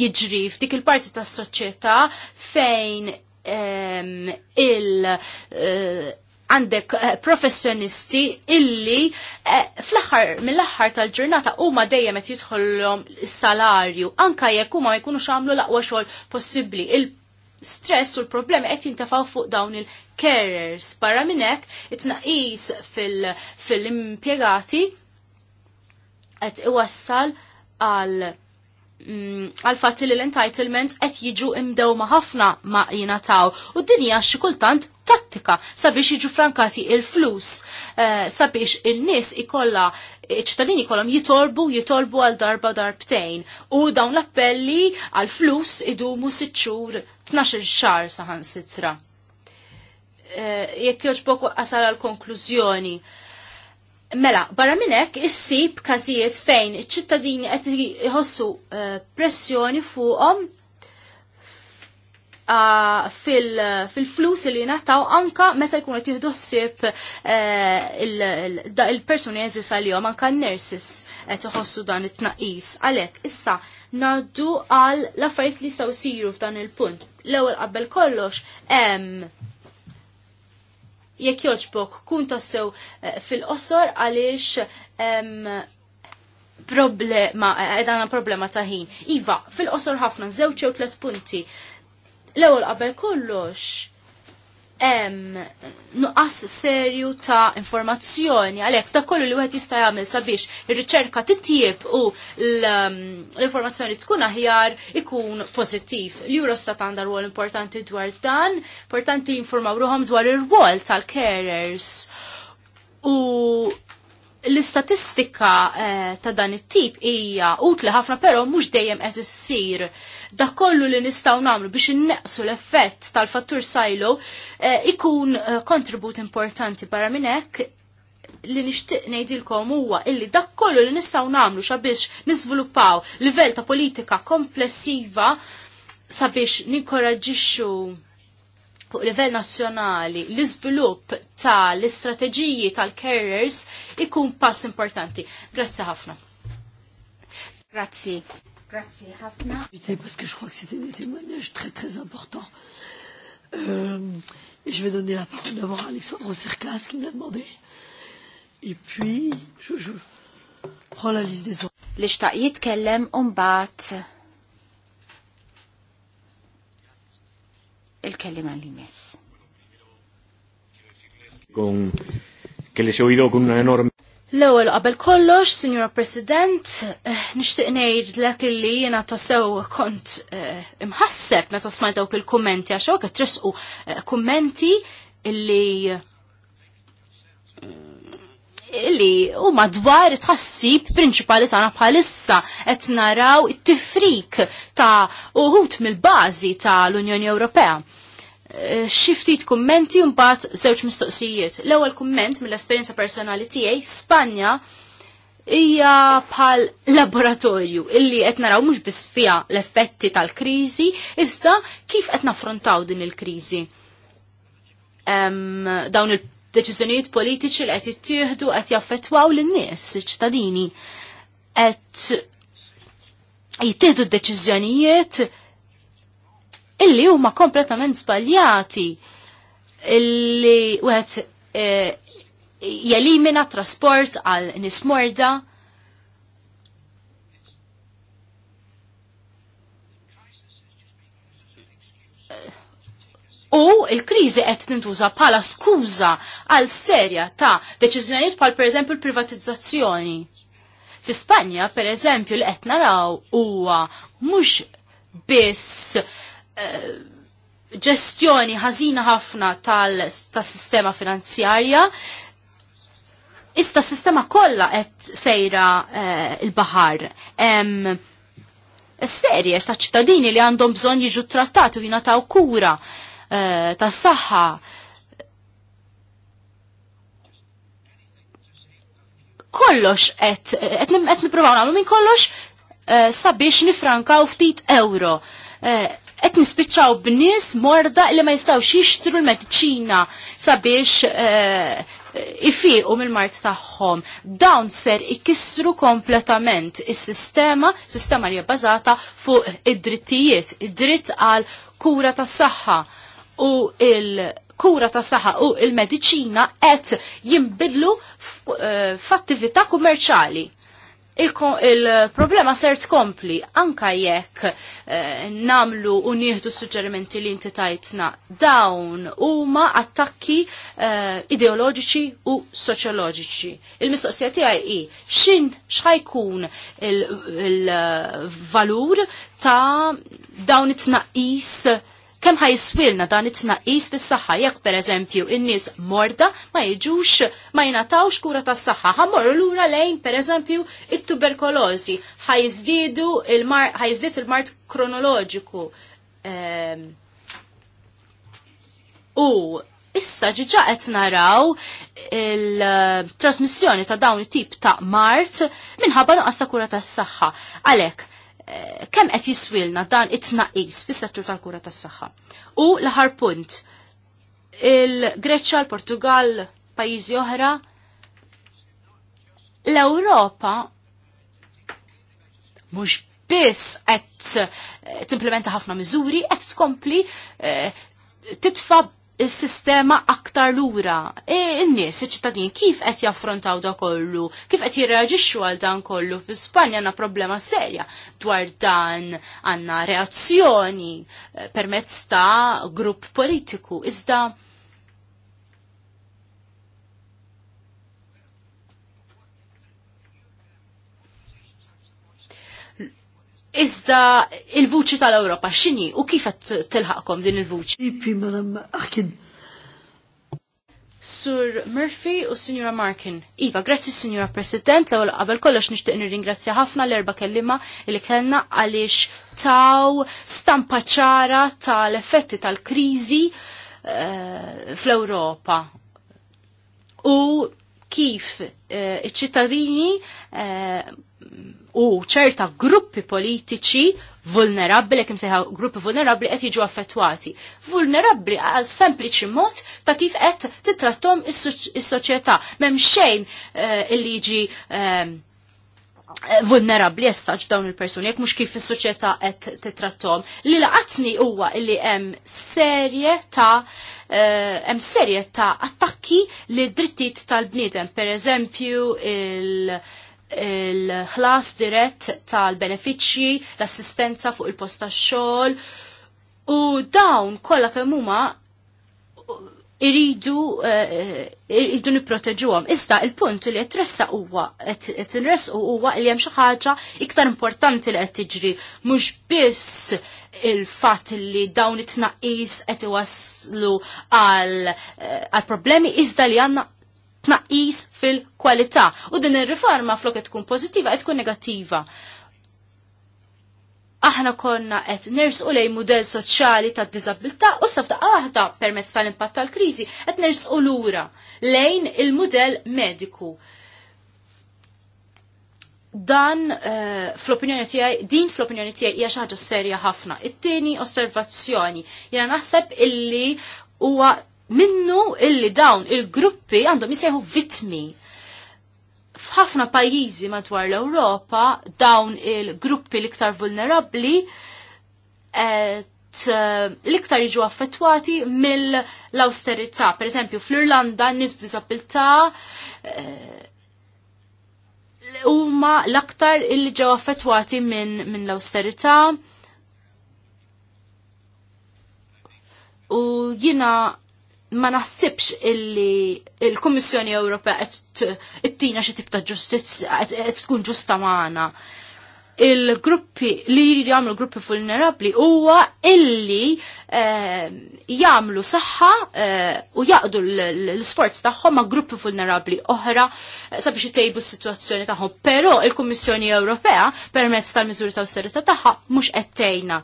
[SPEAKER 4] jiġri f'dik il-parti tas-soċjetà fejn ehm, il- eh, għandek eh, professjonisti illi eh, fl-aħħar mill-aħħar tal-ġurnata huma dejjem qed jidħolhom salarju anka jekk huma ma jkunux xamlu l-aqwa xogħol possibbli stress u l-problemi qed jintafaw fuq dawn il-carers. Barra minn hekk, it-tnaqis fil-impjegati qed iwassal għal mm, għal fatti li l-entitlements qed jiġu imdewma ħafna ma jingħataw u d-dinja xi kultant tattika sabiex jiġu frankati il-flus, eh, sabiex il-nis ikolla ċittadini kolom jitolbu, jitolbu għal darba darbtejn. U dawn l-appelli għal flus idumu sitxur 12 xar saħan sitra. Eh, jekk joġbok għasal għal konklużjoni. Mela, barra minnek, issib kazijiet fejn ċittadini qed jħossu eh, pressjoni fuqhom fil-flus li nataw anka meta jkunu qed jieħdu ħsieb e, il-persuni eżis għalihom anka n-nurses qed iħossu dan it-tnaqqis. Għalhekk issa naddu għal l-affarijiet li jistgħu jsiru f'dan il-punt. L-ewwel qabel kollox hemm jekk joġbok kun tassew e, fil-qosor għaliex problema, edana problema ta' ħin. Iva, fil-qosor ħafna, zewċ jew tlet punti l-ewwel qabel kollox hemm nuqqas serju ta' informazzjoni għalhekk ta' kollu li wieħed jista' jagħmel sabiex ir-riċerka titjieb u l-informazzjoni tkun aħjar ikun pożittiv. L-Eurostat għandha rwol importanti dwar dan, importanti jinformaw ruhom dwar ir-rwol tal-carers. U l-istatistika eh, ta' dan it-tip hija utli ħafna però mhux dejjem qed issir. Dak kollu li nistgħu nagħmlu biex inneqsu l-effett tal-fattur silo eh, ikun eh, kontribut importanti barra minn hekk li nixtieq ngħidilkom huwa illi dak kollu li nistgħu nagħmlu sabiex niżviluppaw livell ta' politika komplessiva sabiex ninkoraġixxu fuq livell nazzjonali l-iżvilupp tal-istrateġiji tal-carriers ikun pass importanti. Grazzi ħafna. Grazzi.
[SPEAKER 2] Grazzi ħafna.
[SPEAKER 4] Parce que je crois que c'était des témoignages très très importants.
[SPEAKER 1] Euh, je vais donner la parole d'abord à Alexandre Circas qui me l'a demandé.
[SPEAKER 2] Et puis, je, je prends la liste des autres. Li xtaq jitkellem
[SPEAKER 4] il-kellima li mess. Kun kelli xew ilu kun enormi. L-ewwel qabel kollox, Sinjura President, eh, nixtieq ngħidlek illi jiena tasew kont eh, imħasseb meta smajt dawk il-kummenti għax hawn qed trisqu eh, kummenti illi li huma dwar tħassib prinċipali tagħna bħalissa qed naraw it-tifrik ta' uħut mill-bażi tal-Unjoni Ewropea. Eh, xi ftit kummenti un mbagħad żewġ mistoqsijiet. L-ewwel kumment mill-esperjenza personali tiegħi Spanja hija bħal laboratorju illi qed naraw mhux biss fiha l-effetti tal-kriżi, iżda kif qed naffrontaw din il-kriżi. Um, dawn il deċiżjonijiet politiċi li qed jittieħdu qed jaffettwaw lin-nies, iċ-ċittadini qed jittieħdu d-deċiżjonijiet illi huma kompletament żbaljati illi wieħed eh, jelimina trasport għal nismorda U il-krizi qed tintuża bħala skuża għal serja ta' deċiżjonijiet bħal pereżempju l-privatizzazzjoni. Fi Spanja, pereżempju, li qed naraw huwa mhux biss eh, ġestjoni uh, ħażina ħafna tas-sistema finanzjarja, issa s-sistema kollha qed sejra uh, eh, il bahar Um, serje ta' ċittadini li għandhom bżonn jiġu trattati u jingħataw kura Eh, tas-saħħa. Kollox qed qed nippruvaw nagħmlu minn kollox eh, sabiex nifrankaw ftit euro. Eh, qed nispiċċaw b'nies morda li ma jistgħux jixtru l-mediċina sabiex ifiqu mill-mart tagħhom. Dawn ser ikissru kompletament is-sistema, sistema li hija bbażata fuq id-drittijiet, id-dritt għal kura tas-saħħa u il-kura ta' saħħa u il-medicina qed jimbidlu eh, f'attività kummerċali il-problema ser tkompli anka jekk eh, namlu u nieħdu suġġerimenti li inti tajtna dawn huma attakki eh, ideoloġiċi u soċjoloġiċi. Il-mistoqsija tiegħi hi x'in x'ħajkun il-valur ta' dawn it-tnaqqis Kem swilna dan it-tnaqqis fis-saħħa jekk pereżempju in-nies morda ma jiġux ma jingħatawx kura tas-saħħa. Ħammorru lura lejn pereżempju it-tuberkolosi, ħajżdiedu il-mar ħajżdied il-mart kronoloġiku. Ehm, u issa ġiġa qed naraw il-trasmissjoni ta' dawn it-tip ta' mart minħabba nuqqas ta' kura tas-saħħa. Għalhekk, kemm qed jiswilna dan it-tnaqqis fis-settur tal-kura tas-saħħa. U l-aħar punt, il-Greċċa, l-Portugal, pajjiżi oħra, l-Ewropa mhux biss qed timplementa ħafna miżuri, qed tkompli eh, titfa' il-sistema aktar lura. E, In-nies, iċ-ċittadin, kif qed jaffrontaw da kollu? Kif qed jirreaġixxu għal dan kollu? Fi Spanja għandna problema serja dwar dan għandna reazzjoni eh, permezz ta' grupp politiku. Iżda Iżda il-vuċi tal europa xini u kif qed tilħaqkom din il-vuċi? Sur Murphy u Signora Markin. Iva, grazzi Signora President, l qabel kollox nixtieq nirringrazzja ħafna l-erba kellima li kellna għaliex taw stampa ċara tal-effetti tal-kriżi eh, fl-Ewropa. U kif eh, iċ-ċittadini uh, u ċerta gruppi politiċi vulnerabli, kim seħa gruppi vulnerabli, qed jiġu affettwati. Vulnerabli għal sempliċi mod ta' kif qed titrattom is-soċjetà. Mem xejn uh, illi jiġi um, vulnerabli essa dawn il-persuni, jekk mhux kif is-soċjetà qed titrattom. Li laqatni huwa li hemm serje ta' eh, hemm serje ta' attakki li drittijiet tal-bniedem, pereżempju il- il-ħlas dirett tal-benefiċċji, l-assistenza fuq il posta xogħol u dawn kollha kemm huma iridu eh, iridu niproteġuhom. Iżda il-punt li qed tressa huwa qed inressqu huwa li hemm xi ħaġa iktar importanti li qed tiġri mhux biss il-fatt li dawn it-tnaqqis qed iwasslu għal eh, problemi iżda li għandna tnaqqis fil-kwalità. U din ir-riforma flok qed tkun pożittiva qed tkun negattiva. Aħna konna qed nersqu lej mudell soċjali ta' diżabilità u safta aħda permezz tal-impatt tal-kriżi qed nersqu lura lejn il-mudell mediku. Dan uh, fl-opinjoni tiegħi, din fl-opinjoni tiegħi hija xi ħaġa serja ħafna. It-tieni osservazzjoni jiena naħseb illi huwa minnu illi dawn il-gruppi għandhom jisejħu vitmi. F'ħafna pajjiżi madwar l-Ewropa dawn il-gruppi l-iktar vulnerabbli eh, l-iktar jiġu affettwati mill-austerità. Per eżempju, fl-Irlanda n-nies b'diżabilità eh, huma l-aktar illi ġew affettwati minn min l-austerità. U jina ma naħsibx illi il-Kummissjoni Ewropea qed tina xi tip ta' ġustizzja qed tkun ġusta magħna. Il-gruppi li jridu jagħmlu gruppi vulnerabbli huwa illi ehm, jagħmlu saħħa eh, u jaqdu l-sforz tagħhom ma' gruppi vulnerabbli oħra eh, sabiex itejbu s-sitwazzjoni tagħhom. Però il-Kummissjoni Ewropea permezz tal-miżuri ta' serita tagħha mhux qed tgħinha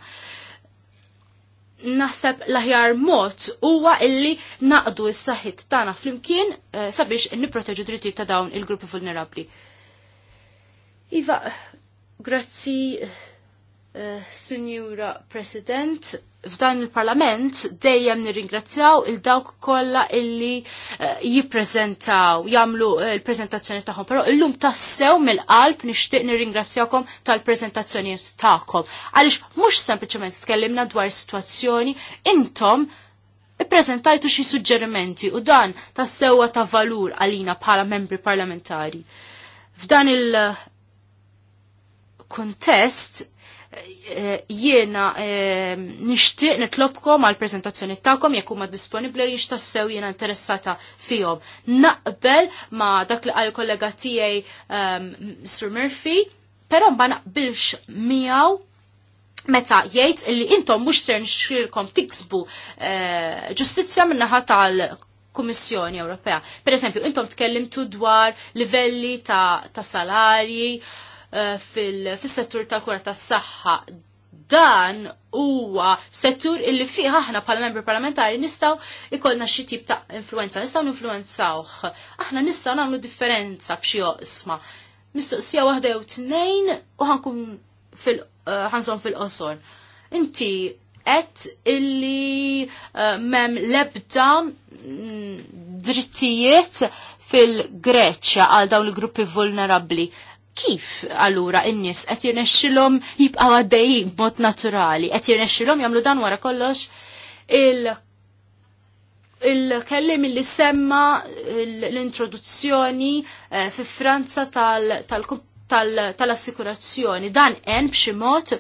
[SPEAKER 4] naħseb l-aħjar mod huwa illi naqdu s-saħħit tagħna flimkien eh, sabiex nipproteġu drittijiet ta' dawn il-gruppi vulnerabbli. Iva, grazzi, eh, eh, Signora President, f'dan il-parlament dejjem nirringrazzjaw il-dawk kollha illi eh, jippreżentaw, jagħmlu eh, l-preżentazzjoni tagħhom, però illum tassew mill-qalb nixtieq nirringrazzjawkom tal-preżentazzjoni tagħkom. Għaliex mhux sempliċement tkellimna dwar situazzjoni intom ippreżentajtu xi suġġerimenti u dan tassewwa ta' valur għalina bħala membri parlamentari. F'dan il-kontest eh, jiena ehm, nixtieq nitlobkom għal prezentazzjoni tagħkom jekk huma disponibbli li jixtassew jiena interessata fihom. Naqbel ma' dak li qal kollega tiegħi ehm, Sir Murphy, però ma naqbilx miegħu meta jgħid li intom mhux ser nxrilkom tiksbu eh, ġustizzja min-naħa tal Kummissjoni Ewropea. Per eżempju, intom tkellimtu dwar livelli ta', ta salarji, Eh, fil-settur tal-kura tas-saħħa dan huwa settur illi fih aħna bħala membri parlamentari nistaw ikollna xi tip ta' influenza, nistgħu ninfluenzawh. Aħna nistgħu nagħmlu differenza f'xi oqsma. Mistoqsija waħda jew tnejn u ħankun fil eh, ħanżon fil-qosor. Inti qed illi eh, mem lebda mm, drittijiet fil-Greċja għal dawn il-gruppi vulnerabbli kif allura in-nies qed jirnexxilhom jibqgħu għaddejjin b'mod naturali, qed jirnexxilhom jagħmlu dan wara kollox il il-kellim li semma l-introduzzjoni eh, fi Franza tal-assikurazzjoni. Dan en b'xi mod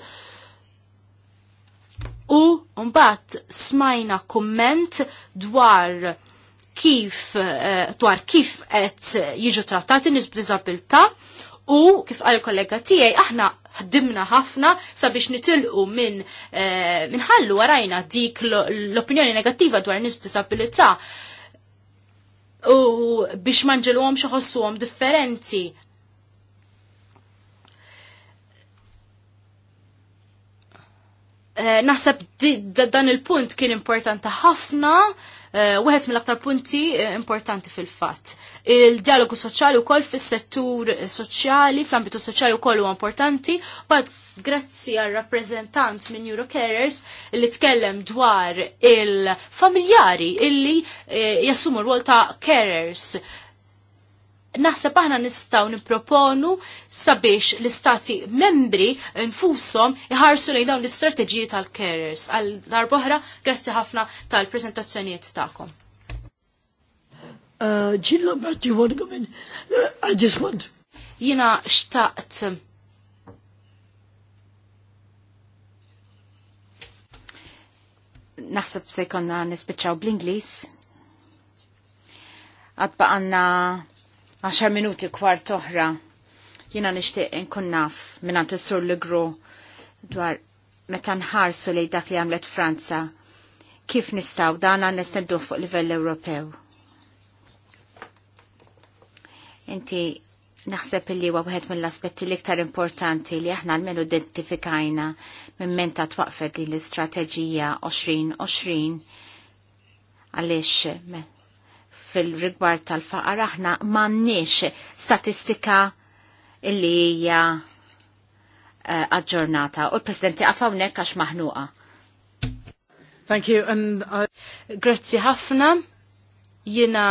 [SPEAKER 4] u mbagħad smajna komment dwar kif eh, dwar kif qed jiġu trattati nies b'diżabilità U kif għal kollega tiegħi aħna ħdimna ħafna sabiex nitilqu minn eh, min ħallu għarajna dik l-opinjoni negattiva dwar nies b'disabilità u biex għom xoħossu għom differenti. Eh, naħseb dan il-punt kien importanti ħafna uh, mill-aktar punti eh, importanti fil-fatt. Il-dialogu soċjali wkoll fis-settur soċjali, fl-ambitu soċjali wkoll huwa importanti, bad grazzi għal rappresentant minn Eurocarers li tkellem dwar il-familjari illi eh, jassumu r-rol ta' carers naħseb aħna nistgħu nipproponu sabiex l-istati membri nfushom iħarsu lejn dawn l-istrateġiji tal-carers għal darbohra grazzi ħafna tal-preżentazzjonijiet tagħkom. Ġilla uh, Berti, want to come uh, I just want. Jina xtaqt naħseb
[SPEAKER 2] se konna nispiċċaw bl-Inglis. Għadba għanna 10 minuti kwart oħra jina nishtiq nkun naf minna is-sur gru dwar meta nħarsu li dak li għamlet Franza kif nistaw dana nesteddu fuq livell Ewropew. Inti naħseb li huwa wieħed mill-aspetti l-iktar importanti li aħna l-menu identifikajna minn menta twaqfet li l-istrateġija 2020 għaliex fil-rigward tal-faqar aħna m'għandniex statistika illi hija eh, aġġornata u l-Presidenti għafawnek għax maħnuqa.
[SPEAKER 4] Thank you. And I... Grazzi ħafna. Jina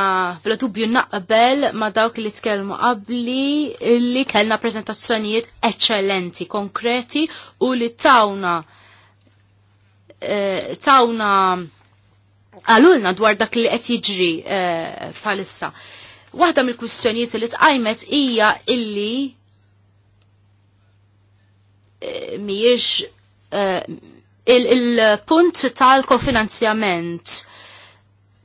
[SPEAKER 4] bla dubju naqbel ma dawk li tkellmu qabli li kellna prezentazzjonijiet eccellenti, konkreti u li tawna eh, tawna għalulna dwar dak li qed jiġri uh, eh, falissa. Waħda mill-kwistjonijiet li tqajmet hija illi miex eh, mhijiex eh, il punt tal kofinanzjament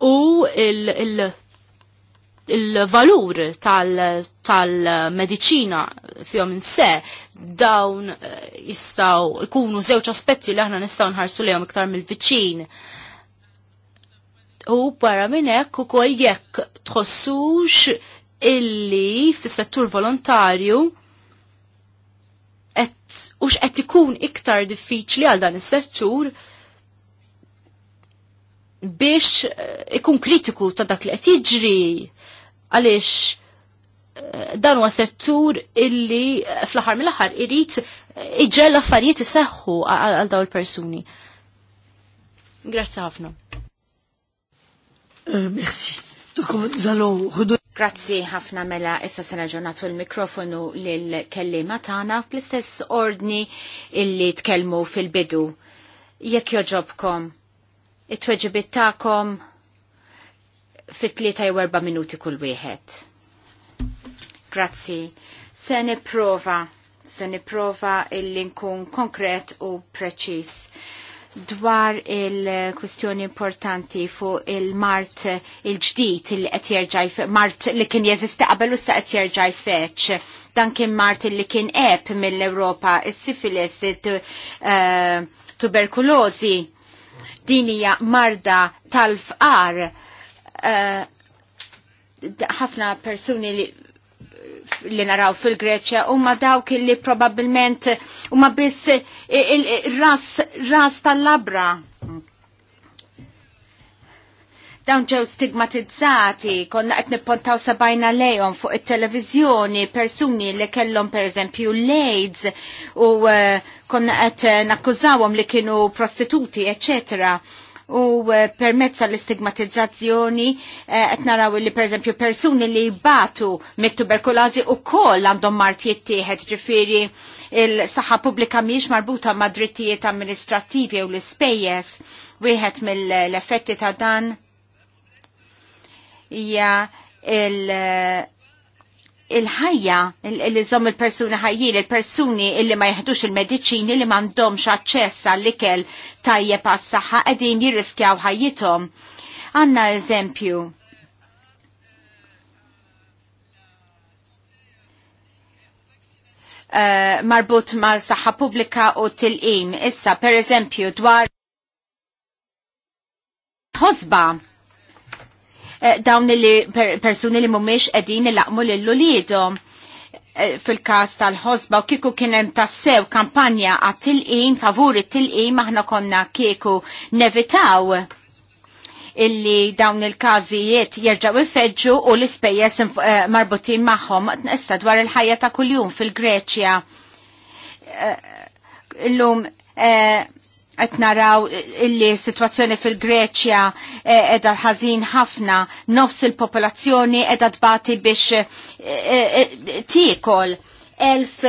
[SPEAKER 4] u il-valur tal-medicina tal in se dawn jistaw ikunu zewċ aspetti li aħna nistaw nħarsu lejhom iktar mill-viċin. U barra minn hekk ukoll jekk tħossux illi fis-settur volontarju qed ux qed ikun iktar diffiċli għal dan is-settur biex eh, ikun kritiku ta' dak li qed jiġri għaliex eh, dan huwa settur illi eh, fl-aħħar mill-aħħar irid iġġel affarijiet iseħħu għal dawn il-persuni. Grazzi ħafna. Euh, merci. Grazzi
[SPEAKER 2] ħafna mela issa se ġurnatu l-mikrofonu l kellima tagħna bl-istess ordni illi tkellmu fil-bidu. Jekk joġobkom, it-tweġibit tagħkom fit tlieta jew erba' minuti kull wieħed. Grazzi. Se nipprova, se nipprova illi nkun konkret u preċiż dwar il-kwistjoni importanti fuq il-mart il-ġdid il qed jerġa' mart li kien jeżisti qabel u sa qed jerġa' Dan kien mart li kien eb mill-Ewropa is-sifilis, eh, tuberkulosi, Din hija marda tal-fqar eh, ħafna persuni li li naraw fil-Greċja huma dawk li probabbilment huma biss ras ras tal-labra. Dawn ġew stigmatizzati, konna qed nippontaw sabajna lejhom fuq it-televiżjoni persuni li kellhom pereżempju l-AIDS u eh, konna qed nakkużawhom li kienu prostituti, eċċetera u eh, permezza l-istigmatizzazzjoni eh, qed naraw li pereżempju persuni li batu mit-tuberkulożi wkoll għandhom mart jittieħed ġifieri il-saħħa pubblika mhijiex marbuta ma' drittijiet amministrattivi u l-ispejjeż wieħed mill-effetti ta' dan hija il- il-ħajja, il-żom il-persuni ħajjin, il-persuni illi ma jħedux il-medicini li mandomx aċċess għall-ikel tajjeb għas-saħħa qegħdin jirriskjaw ħajjithom. Għanna eżempju. Eh, marbut mal-saħħa pubblika u til-im. Issa, per eżempju, dwar ħosba Eh, dawn li persuni li mumiex edin il-laqmu l-lulidom eh, fil-kas tal-ħosba u kiku kienem tassew kampanja għat tilqin favuri t-tilqin, aħna konna kiku nevitaw illi dawn il-kazijiet jerġaw ifeġġu u l-ispejjes eh, marbutin maħħom issa dwar il-ħajja ta' kuljum fil-Greċja. Illum eh, qed naraw illi situazzjoni fil-Greċja eh, edha ħażin ħafna nofs il-popolazzjoni edha tbati biex eh, eh, tiekol elf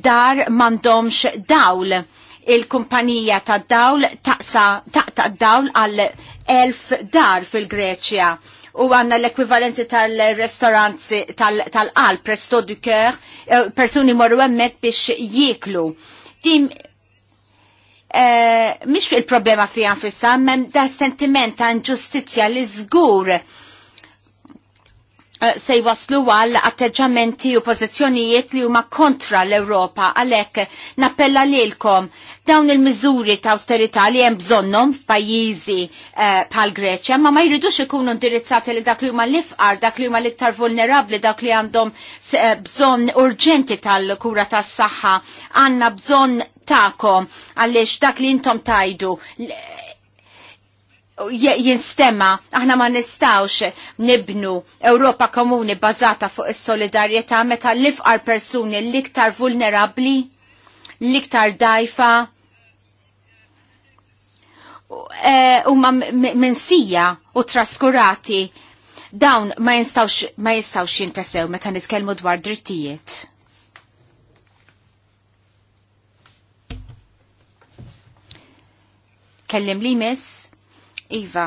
[SPEAKER 2] dar mandomx dawl il-kumpanija ta' dawl taqsa ta' dawl għal elf dar fil-Greċja u għanna l-ekwivalenzi tal-restoranzi tal-qalb, presto du cœur, persuni morru għemmek biex jieklu. Tim mish eh, il-problema fija nfissa, men da sentiment ta' ġustizja li zgur eh, se jwaslu għal atteġġamenti u pozizjonijiet li huma kontra l-Ewropa għalhekk nappella lilkom dawn il-miżuri ta' austerità li hemm bżonnhom f'pajjiżi eh, bħal Greċja, ma ma jridux ikunu indirizzati li dak li huma l-ifqar, dak li huma l-iktar vulnerabbli, dak li għandhom bżonn urġenti tal-kura tas-saħħa, għandna bżonn ta'kom għaliex dak li intom tajdu jinstema, aħna ma nistawx nibnu Ewropa komuni bazata fuq is-solidarjetà meta l-ifqar persuni l-iktar vulnerabli, l-iktar dajfa, u e, ma minsija u traskurati dawn ma jistawx jintesew meta nitkellmu dwar drittijiet. kellim li miss, Iva,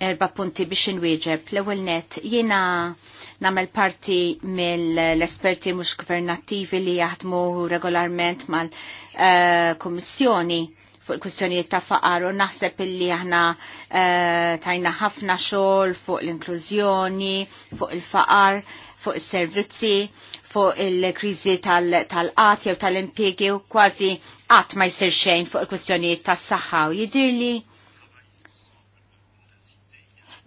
[SPEAKER 2] erba punti biex inwieġeb. L-ewel net, jena namel parti mill-esperti mux governattivi li jaħdmu regolarment mal-Komissjoni eh, fuq il kwistjonijiet ta' faqar u naħseb illi aħna eh, tajna ħafna xogħol fuq l-inklużjoni, fuq il-faqar, fuq is-servizzi, fuq il-kriżi tal-qat jew tal-impjegi u kważi qatt ma jsir xejn fuq il-kwistjonijiet tas-saħħa u jidirli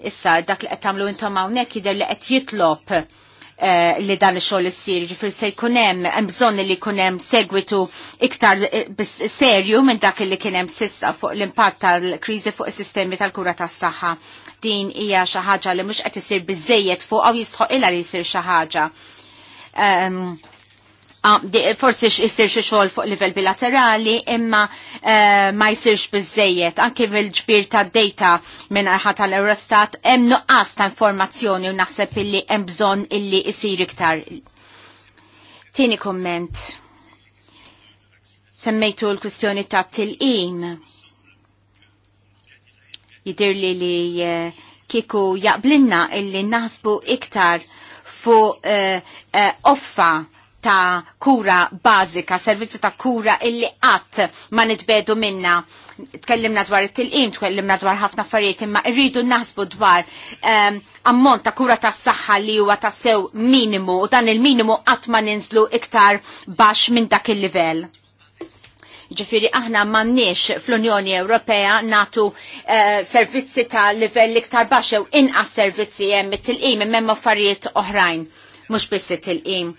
[SPEAKER 2] issa dak li qed tagħmlu intom hawnhekk jidher li qed jitlob eh, li dan ix-xogħol issir, jiġifier se jkun hemm hemm bżonn li jkun hemm segwitu iktar eh, serju minn dak li kien hemm sissa fuq l-impatt tal-kriżi fuq is-sistemi tal-kura tas-saħħa. Din hija xi ħaġa li mhux qed isir biżejjed fuq aw jistħoq ilha li jsir xi ħaġa. Ehm, Ah, forsi jisir xi xogħol fuq livell bilaterali imma eh, ma jsirx bizzejiet anke mill-ġbir ta' data minn arħat tal-Eurostat hemm nuqqas ta' informazzjoni u naħseb illi hemm bżonn illi jsir iktar. Tieni komment. Semmejtu l-kwistjoni ta' tilqim. Jidir li li eh, kiku jaqblinna illi naħsbu iktar fuq uh, uh, offa ta' kura bazika, servizzi ta' kura illi qatt ma nitbedu minna. Tkellimna dwar it-tilqim, tkellimna dwar ħafna affarijiet, imma rridu naħsbu dwar um, ammont ta' kura tas saħħa li huwa ta' sew minimu u dan il-minimu qatt ma ninżlu iktar baxx minn dak il-livell. Ġifiri, aħna mannix fl-Unjoni Ewropea natu uh, servizzi ta' livell iktar baxew inqas servizzi hemm it-tilqim imma affarijiet oħrajn mhux biss it-tilqim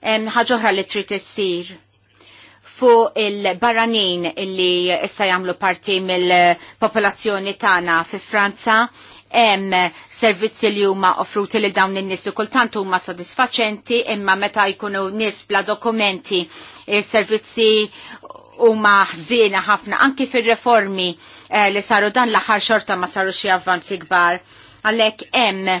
[SPEAKER 2] hemm ħaġa li trid issir fuq il-barranin li issa jagħmlu parti mill-popolazzjoni tagħna fi Franza hemm servizzi li huma offruti li dawn in-nies li kultant huma sodisfaċenti imma meta jkunu nies bla dokumenti servizzi huma ħżiena ħafna anki fir-reformi eh, li saru dan l-aħħar xorta ma saru xi avvanzi kbar. Għalhekk hemm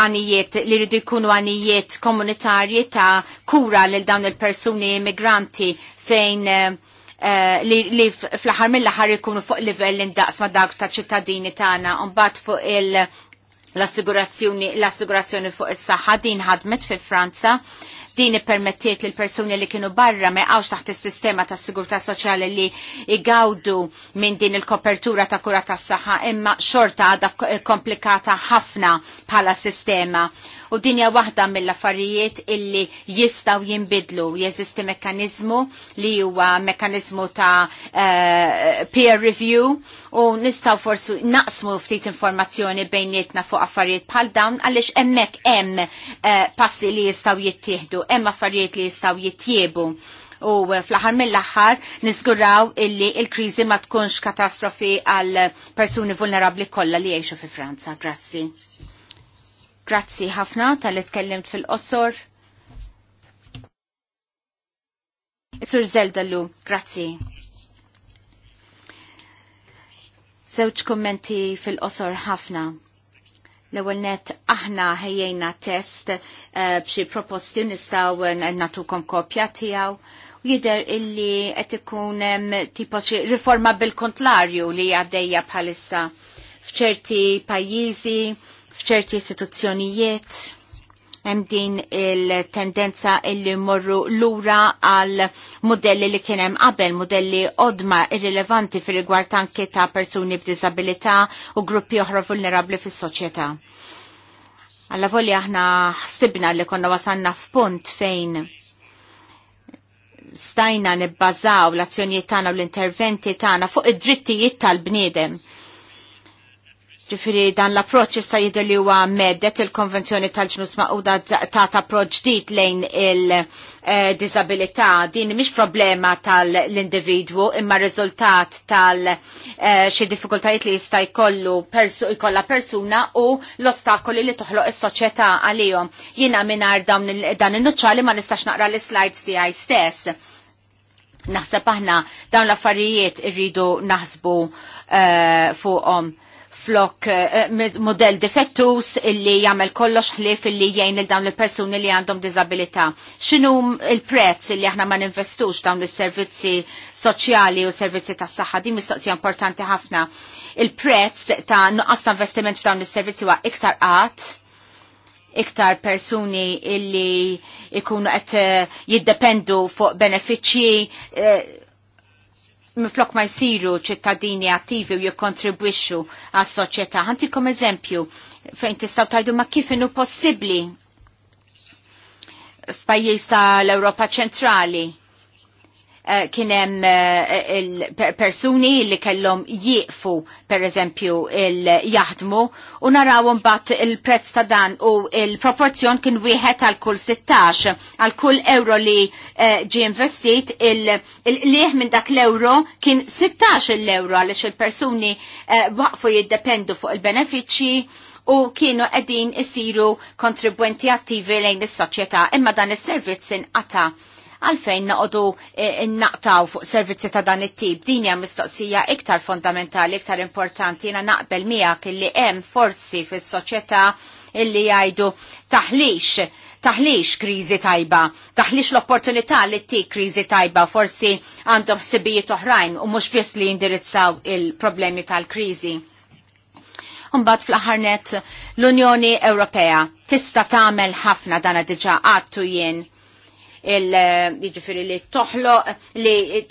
[SPEAKER 2] għanijiet li rridu jkunu għanijiet komunitarji ta' kura lil dawn il-persuni immigranti fejn Uh, li, li fl-ħar mill-ħar jkunu fuq livell indaqs ma dak ta' ċittadini tagħna u mbagħad fuq il- assigurazzjoni l-assigurazzjoni fuq is-saħħa din ħadmet fi Franza Din permettiet lil persuni li kienu barra me għawx taħt is-sistema ta' sigurtà soċjali li igawdu minn din il-kopertura ta' kura tas saħħa imma xorta għadha komplikata ħafna bħala sistema u dinja waħda mill-affarijiet illi jistaw jimbidlu. Jeżisti mekanizmu li huwa mekanizmu ta' uh, peer review u nistaw forsu naqsmu ftit informazzjoni bejnietna fuq affarijiet bħal dawn għaliex hemmhekk hemm uh, passi li jistaw jittieħdu, hemm affarijiet li jistaw jittiebu u eh, fl-aħħar mill-aħħar niżguraw illi il-kriżi ma tkunx katastrofi għal persuni vulnerabli kollha li jgħixu fi Franza. Grazzi. Grazzi ħafna tal-li tkellimt fil-qossor. Sur Zeldallu, grazzi. Zewċ kommenti fil-qosor ħafna. l ewwel net aħna ħejjejna test eh, b'xi proposti nistgħu eh, natukom kopja tiegħu jider illi qed ikun tipo xi riforma bil-kontlarju li għaddejja bħalissa f'ċerti pajjiżi f'ċerti istituzzjonijiet hemm din il-tendenza illi morru lura għal modelli li kien hemm qabel, modelli odma irrilevanti fir rigward anke ta' persuni b'disabilità u gruppi oħra vulnerabbli fis-soċjetà. Alla volja aħna ħsibna li konna wasanna f'punt fejn stajna nibbażaw l-azzjonijiet tagħna u l-interventi tagħna fuq id-drittijiet tal-bniedem Ġifiri dan l-approċ issa jidher li huwa meddet il-konvenzjoni tal-ġnus maquda ta' ta' approċ dit lejn il-disabilità. Eh, Din mhix problema tal-individwu imma riżultat tal- eh, xi diffikultajiet li jista' jkollu jkollha persuna u l-ostakoli li toħloq is-soċjetà għalihom. Jiena mingħajr dan in-nuċċali ma nistax naqra l-slides tiegħi stess. Naħseb aħna dawn l-affarijiet irridu naħsbu eh, fuqhom flok eh, model defettus illi jagħmel kollox ħlief illi jgħin il dawn il-persuni li għandhom disabilità. Xinu il-prezz illi aħna ma ninvestux dawn is-servizzi soċjali u servizzi tas-saħħa din mistoqsija importanti ħafna. Il-prezz ta' nuqqas ta' investiment f'dawn is-servizzi huwa iktar qatt iktar persuni illi ikunu qed eh, jiddependu fuq benefiċċji eh, miflok ma jisiru ċittadini attivi u jikontribwixu għas soċjetà kom eżempju fejn tistgħu tajdu ma kif inu possibbli f'pajjiż tal-Ewropa ċentrali Eh, kienem eh, il-persuni li kellhom jieqfu per eżempju il-jaħdmu u narawhom bat il-prezz ta' dan u il-proporzjon kien wieħed għal kull 16 għal kull euro li eh, ġie investit il-lieħ minn dak l-euro kien 16 l-euro għaliex il-persuni waqfu jiddependu fuq il-benefiċċji u kienu qegħdin isiru kontribwenti attivi lejn is-soċjetà imma dan is-servizz inqata' għalfejn naqdu e, naqtaw fuq servizzi ta' dan it-tip. Din hija mistoqsija iktar fondamentali, iktar importanti, jiena naqbel miegħek li hemm forzi fis-soċjetà illi jgħidu taħlix taħlix kriżi tajba, taħlix l-opportunità li t kriżi tajba, forsi għandhom ħsibijiet oħrajn u mhux biss li jindirizzaw il-problemi tal-kriżi. Umbat fl-ħarnet l-Unjoni Ewropea tista tagħmel ħafna dana diġa għattu jien il-ġifiri eh, li toħloq, li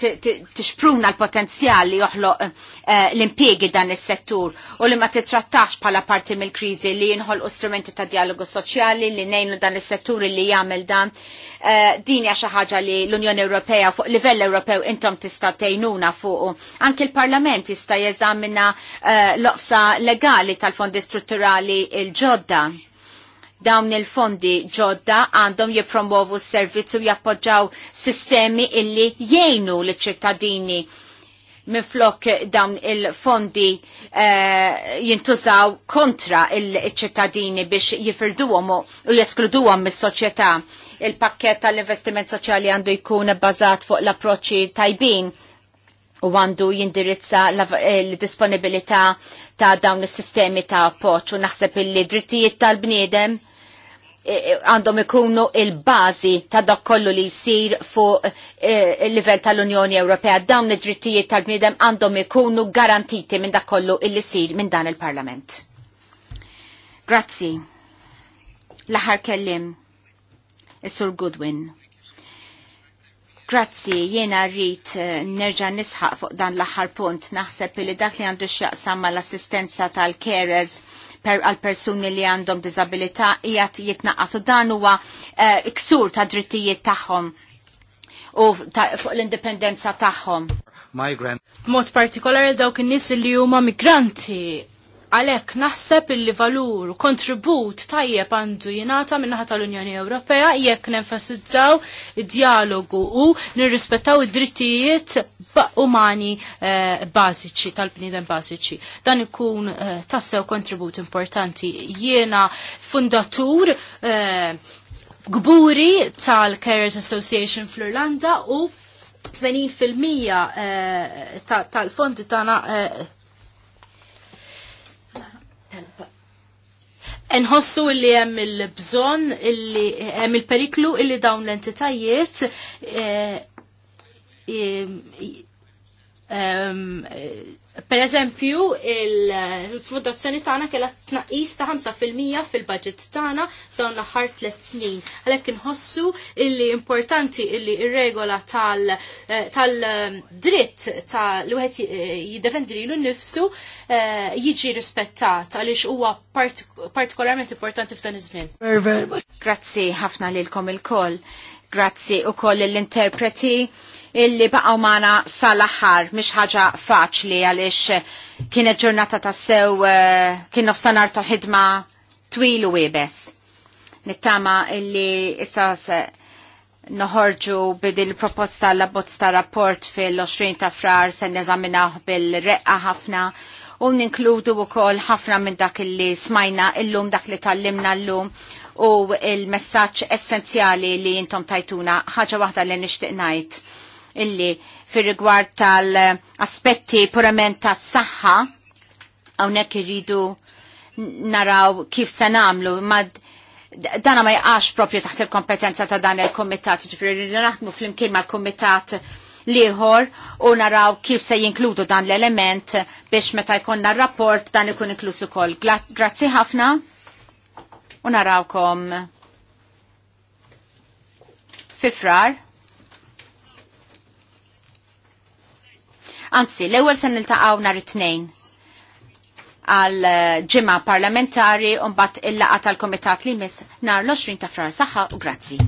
[SPEAKER 2] tixpruna l-potenzjal li joħloq eh, l-impiegi dan is settur u li ma titrattax pala parti mill-krizi li jinħol strumenti ta' dialogu soċjali li nejnu dan is settur li jagħmel dan. Eh, din hija xi ħaġa li l-Unjoni Ewropea fuq livell Ewropew intom tista' tgħinuna fuq. Anki l-Parlament jista' jeżamina l-oqsa legali tal-fondi strutturali il-ġodda Dawn il-fondi ġodda għandhom jipromovu s-servizzu jappoġġaw sistemi illi jgħinu l-ċittadini minflok dawn il-fondi uh, jintużaw kontra il-ċittadini biex jifirduhom u jeskluduhom mis-soċjetà. Il-pakket tal-investiment soċjali għandu jkun bazat fuq l-approċċi tajbin u għandu jindirizza l-disponibilità ta' dawn is-sistemi ta' appoġġ u naħseb li drittijiet tal-bniedem e, e, għandhom ikunu il-bażi ta' dak kollu li jsir fuq e, il-livell tal-Unjoni Ewropea. Dawn id-drittijiet tal-bniedem għandhom ikunu garantiti minn dak kollu li jsir minn dan il-Parlament. Grazzi. L-aħħar kellim. Is-Sur Goodwin. Grazzi, jiena rrit eh, nerġa nisħaq fuq dan l-aħħar punt. Naħseb li dak li għandu x'jaqsam mal-assistenza tal-keres għal persuni li għandhom disabilità jgħat jitnaqqas u dan huwa eh, iksur ta' drittijiet tagħhom u fuq
[SPEAKER 4] l-indipendenza tagħhom. Mod partikolari dawk in-nies li huma migranti Għalek naħseb illi valur kontribut tajjeb għandu jenata minnaħa tal-Unjoni Ewropea jekk nenfasizzaw dialogu u nirrispettaw id-drittijiet umani eh, bażiċi tal bnidem bażiċi. Dan ikun eh, tassew kontribut importanti. Jiena fundatur eh, gburi tal-Carers Association fl-Irlanda u 20% eh, tal-fondi tana eh, Nħossu illi hemm il-bżonn illi hemm il-periklu illi dawn l-entitajiet eh, eh, eh, Per eżempju, il-fondazzjoni tagħna kellha tnaqis ta' 5% fil-budget tagħna dawn l-aħħar tliet snin. Għalhekk inħossu illi importanti illi ir-regola eh, tal-dritt tal wieħed eh, jiddefendi lilu nnifsu eh, jiġi rispettat għaliex huwa partikolarment importanti f'dan iż-żmien.
[SPEAKER 2] Grazzi ħafna lilkom il-koll. Grazzi ukoll l-interpreti illi baqgħu mana sal axar mish ħaġa faċli għaliex kienet ġurnata ta' sew eh, kien nofsinhar ta' ħidma twil u Nittama illi issa noħorġu bidil proposta l abbozz ta' rapport fil-20 ta' frar se neżaminaħ bil-reqqa ħafna u ninkludu u kol ħafna minn dak li smajna illum dak li tallimna illum u il-messaċ essenzjali li jintom tajtuna ħaġa waħda li nishtiq najt illi fir rigward tal-aspetti purament tas-saħħa hawnhekk irridu naraw kif se nagħmlu ma dana ma jqax propju taħt il-kompetenza ta' dan il-komitat, ġifri rridu naħdmu fl-imkien kumitat komitat liħor u naraw kif se jinkludu dan l-element biex meta jkonna rapport dan ikun inklusu ukoll. Grazzi ħafna u narawkom fifrar. Anzi, l-ewwel se niltaqgħu nhar it-tnejn għal eh, ġimgħa parlamentari u mbagħad il-laqgħa tal-Kumitat li mis nhar l-20 ta' frar saħħa u grazzi.